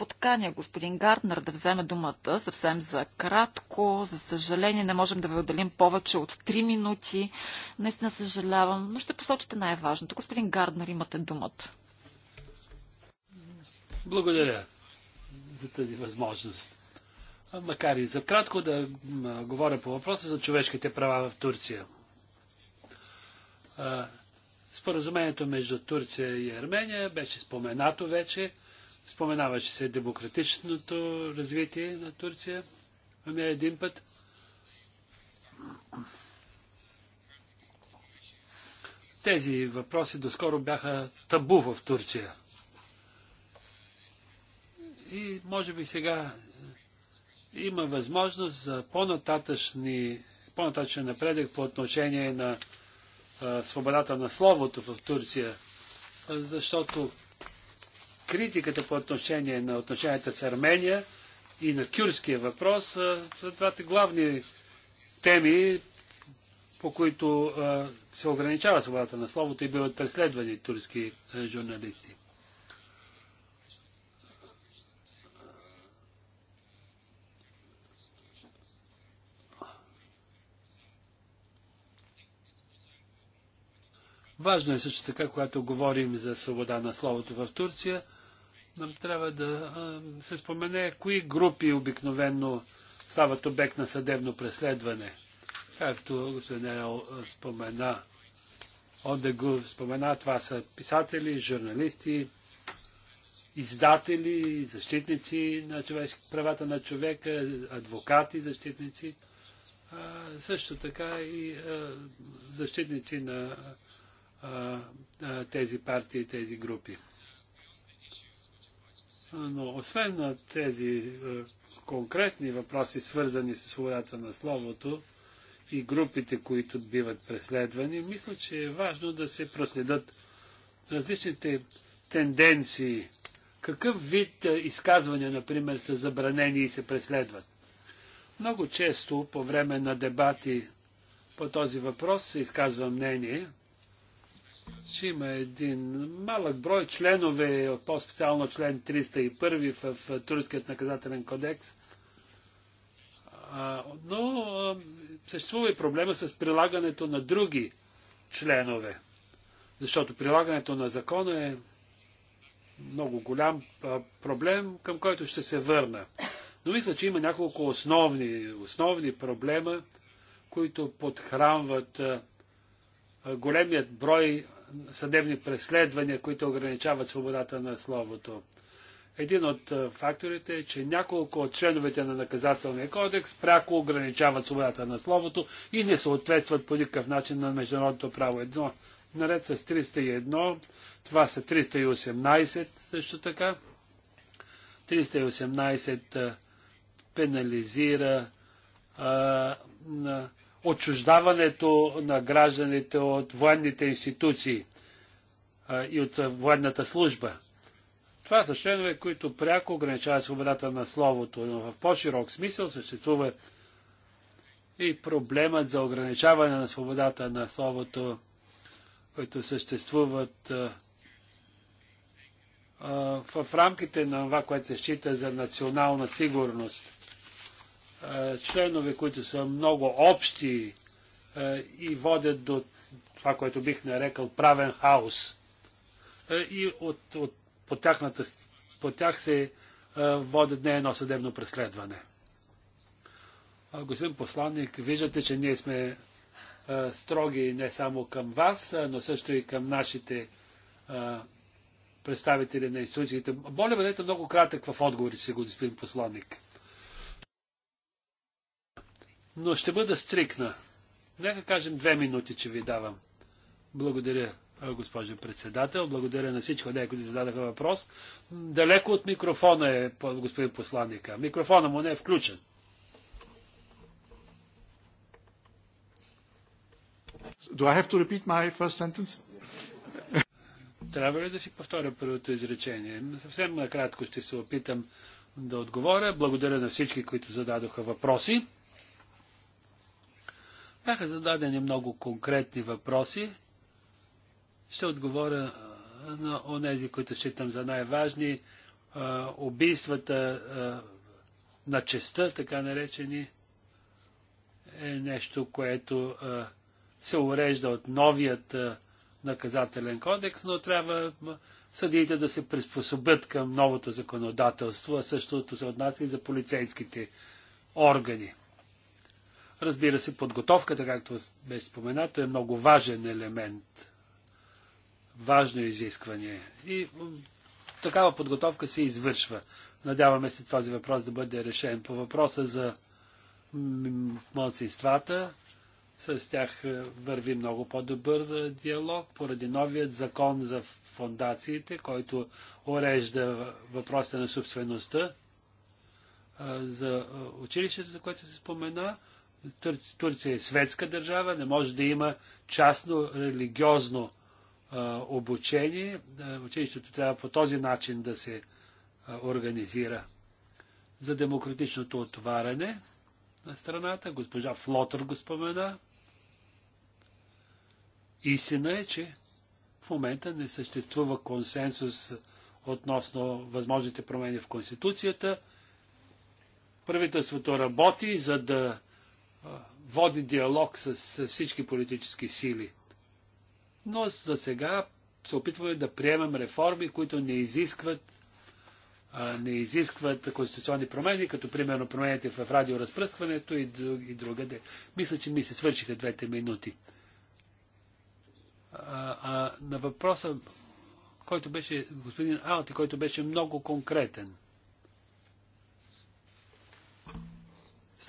[SPEAKER 1] подканя господин Гарднер да вземе думата съвсем за кратко. За съжаление не можем да ви отделим повече от 3 минути. Наистина съжалявам, но ще посочите най-важното. Господин Гарднер, имате думата.
[SPEAKER 3] Благодаря за тази възможност. Макар и за кратко да говоря по въпроса за човешките права в Турция. Споразумението между Турция и Армения беше споменато вече. Споменаваше се демократичното развитие на Турция, а не един път. Тези въпроси доскоро бяха табу в Турция. И може би сега има възможност за по-нататъчни, по-нататъчен напредък по отношение на а, свободата на словото в Турция, защото критиката по отношение на отношенията с Армения и на кюрския въпрос са двата главни теми, по които се ограничава свободата на словото и биват преследвани турски журналисти. Важно е също така, когато говорим за свобода на словото в Турция, Нам трябва да се спомене кои групи обикновено стават обект на съдебно преследване. Както господин Ел спомена, го спомена, това са писатели, журналисти, издатели, защитници на човеш... правата на човека, адвокати, защитници, а, също така и а, защитници на а, тези партии, тези групи. Но освен на тези е, конкретни въпроси, свързани с свободата на словото и групите, които биват преследвани, мисля, че е важно да се проследат различните тенденции. Какъв вид е, изказвания, например, са забранени и се преследват? Много често по време на дебати по този въпрос се изказва мнение – ще има един малък брой членове, по-специално член 301 в Турският наказателен кодекс. Но съществува и проблема с прилагането на други членове, защото прилагането на закона е много голям проблем, към който ще се върна. Но мисля, че има няколко основни, основни проблема, които подхранват големият брой съдебни преследвания, които ограничават свободата на словото. Един от факторите е, че няколко от членовете на наказателния кодекс пряко ограничават свободата на словото и не съответстват по никакъв начин на международното право. Едно наред с 301, това са 318 също така. 318 пенализира а, на отчуждаването на гражданите от военните институции а, и от военната служба. Това са членове, които пряко ограничават свободата на словото, но в по-широк смисъл съществува и проблемът за ограничаване на свободата на словото, които съществуват а, а, в рамките на това, което се счита за национална сигурност членове, които са много общи и водят до това, което бих нарекал правен хаос. И от, от, по, тяхната, по тях се водят не едно съдебно преследване. Господин посланник, виждате, че ние сме строги не само към вас, но също и към нашите представители на институциите. Моля, бъдете много кратък в отговорите си, господин посланник но ще бъда стрикна. Нека кажем две минути, че ви давам. Благодаря, госпожо председател. Благодаря на всички, които ви зададаха въпрос. Далеко от микрофона е господин посланника. Микрофона му не е включен. Do I have to repeat my first sentence? Трябва ли да си повторя първото изречение? Съвсем накратко ще се опитам да отговоря. Благодаря на всички, които зададоха въпроси. Бяха зададени много конкретни въпроси. Ще отговоря на онези, които считам за най-важни. Убийствата на честа, така наречени, е нещо, което се урежда от новият наказателен кодекс, но трябва съдиите да се приспособят към новото законодателство, а същото се отнася и за полицейските органи. Разбира се, подготовката, както бе споменато, е много важен елемент. Важно изискване. И такава подготовка се извършва. Надяваме се този въпрос да бъде решен. По въпроса за младсинствата, с тях е, върви много по-добър е, диалог поради новият закон за фондациите, който орежда въпросите на собствеността е, за училището, за което се спомена. Тур... Турция е светска държава, не може да има частно религиозно а, обучение. Училището трябва по този начин да се а, организира. За демократичното отваряне на страната, госпожа Флотър го спомена. Истина е, че в момента не съществува консенсус относно възможните промени в Конституцията. Правителството работи, за да води диалог с всички политически сили. Но за сега се опитваме да приемем реформи, които не изискват не изискват конституционни промени, като примерно промените в радиоразпръскването и, друг, и другаде. Мисля, че ми се свършиха двете минути. А, а на въпроса, който беше господин Алти, който беше много конкретен –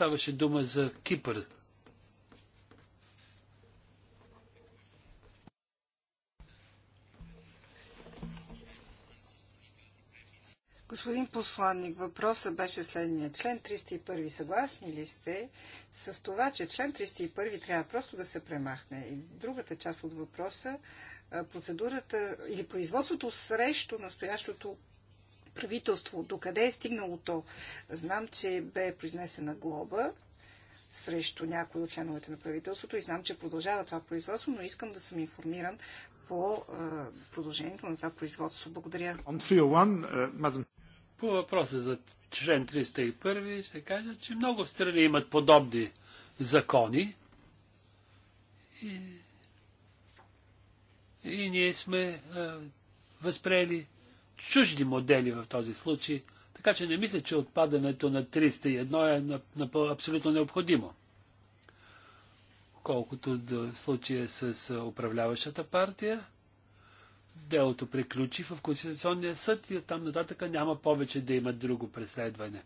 [SPEAKER 3] Ставаше дума за Кипър.
[SPEAKER 2] Господин посланник, въпросът беше следния. Член 301 съгласни ли сте с това, че член 301 трябва просто да се премахне? И другата част от въпроса, процедурата или производството срещу настоящото правителство. Докъде е стигнало то? Знам, че бе произнесена глоба срещу някои от членовете на правителството и знам, че продължава това производство, но искам да съм информиран по продължението на това производство. Благодаря.
[SPEAKER 3] Oh uh, по въпроса за член 301 ще кажа, че много страни имат подобни закони и, и ние сме възприели чужди модели в този случай, така че не мисля, че отпадането на 301 е абсолютно необходимо. Колкото до случая с управляващата партия, делото приключи в Конституционния съд и оттам нататък няма повече да има друго преследване.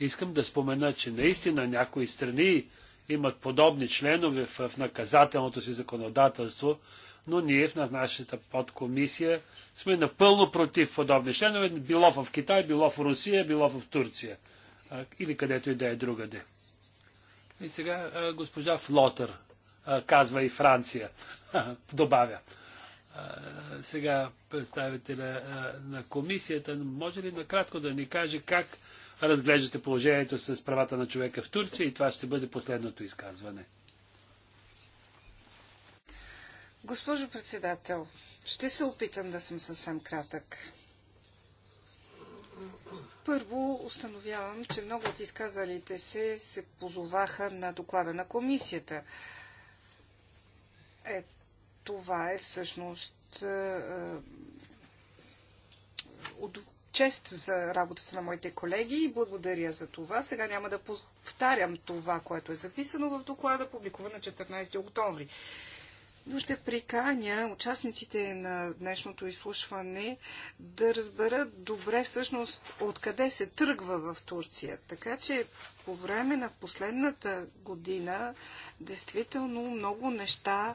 [SPEAKER 3] Искам да спомена, че наистина някои страни имат подобни членове в наказателното си законодателство, но ние в нашата подкомисия сме напълно против подобни членове, било в Китай, било в Русия, било в Турция или където и да е другаде. И сега госпожа Флотър казва и Франция, добавя. Сега представителя на комисията, може ли накратко да ни каже как разглеждате положението с правата на човека в Турция и това ще бъде последното изказване?
[SPEAKER 2] Госпожо председател, ще се опитам да съм съвсем кратък. Първо установявам, че много от изказалите се се позоваха на доклада на комисията. Е, това е всъщност е, е от чест за работата на моите колеги и благодаря за това. Сега няма да повтарям това, което е записано в доклада, публикуван на 14 октомври. Но ще приканя участниците на днешното изслушване да разберат добре всъщност откъде се тръгва в Турция. Така че по време на последната година действително много неща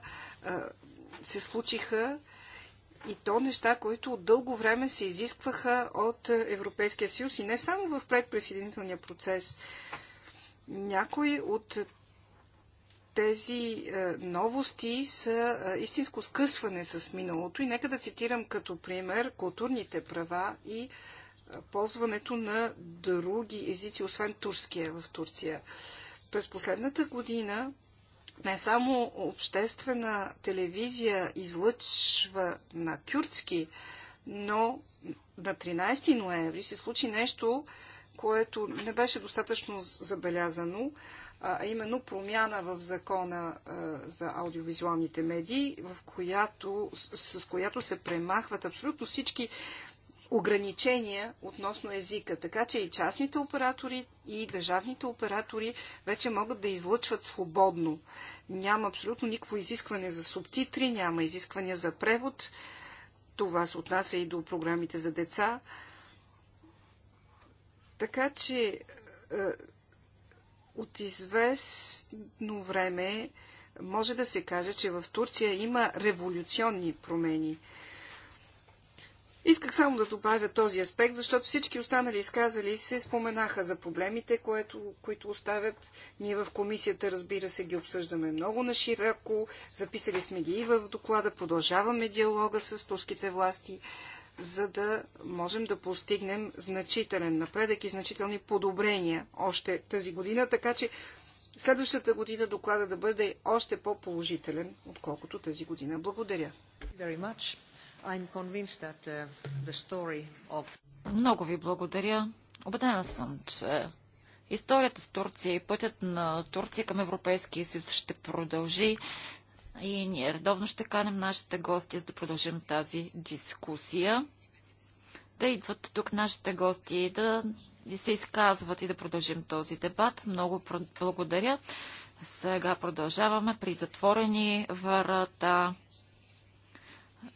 [SPEAKER 2] се случиха и то неща, които от дълго време се изискваха от Европейския съюз и не само в предприсъединителния процес. Някои от тези е, новости са е, истинско скъсване с миналото и нека да цитирам като пример културните права и е, ползването на други езици, освен турския в Турция. През последната година не само обществена телевизия излъчва на кюртски, но на 13 ноември се случи нещо, което не беше достатъчно забелязано а именно промяна в закона за аудиовизуалните медии, в която, с, с която се премахват абсолютно всички ограничения относно езика. Така че и частните оператори, и държавните оператори вече могат да излъчват свободно. Няма абсолютно никакво изискване за субтитри, няма изискване за превод. Това се отнася и до програмите за деца. Така че от известно време може да се каже, че в Турция има революционни промени. Исках само да добавя този аспект, защото всички останали изказали се споменаха за проблемите, което, които оставят. Ние в комисията, разбира се, ги обсъждаме много нашироко. Записали сме ги и в доклада. Продължаваме диалога с турските власти за да можем да постигнем значителен напредък и значителни подобрения още тази година, така че следващата година доклада да бъде още по-положителен, отколкото тази година. Благодаря. Uh,
[SPEAKER 1] Много ви благодаря. Обедена съм, че историята с Турция и пътят на Турция към Европейския съюз ще продължи и ние редовно ще канем нашите гости, за да продължим тази дискусия. Да идват тук нашите гости и да и се изказват и да продължим този дебат. Много благодаря. Сега продължаваме при затворени врата.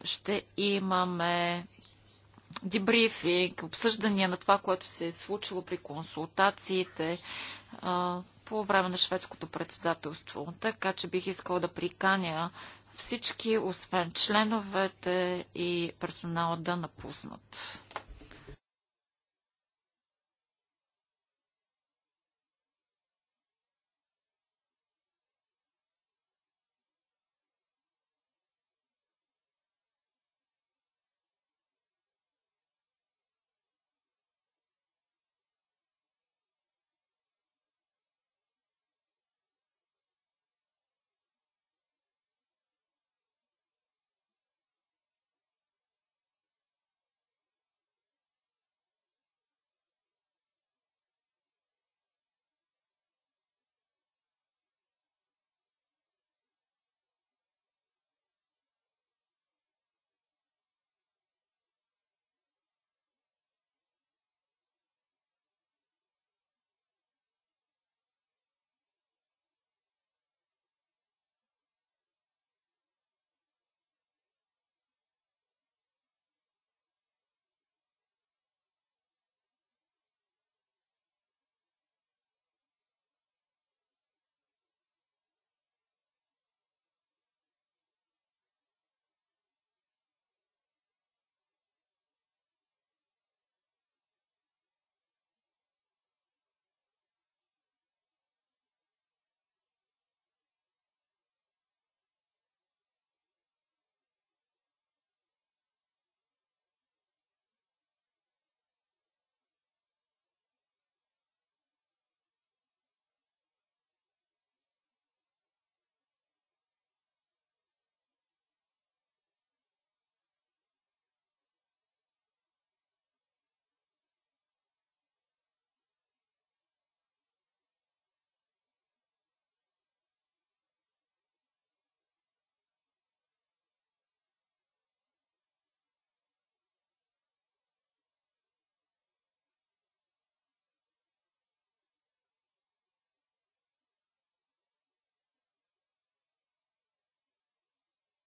[SPEAKER 1] Ще имаме дебрифинг, обсъждания на това, което се е случило при консултациите по време на шведското председателство. Така че бих искала да приканя всички, освен членовете и персонала, да напуснат.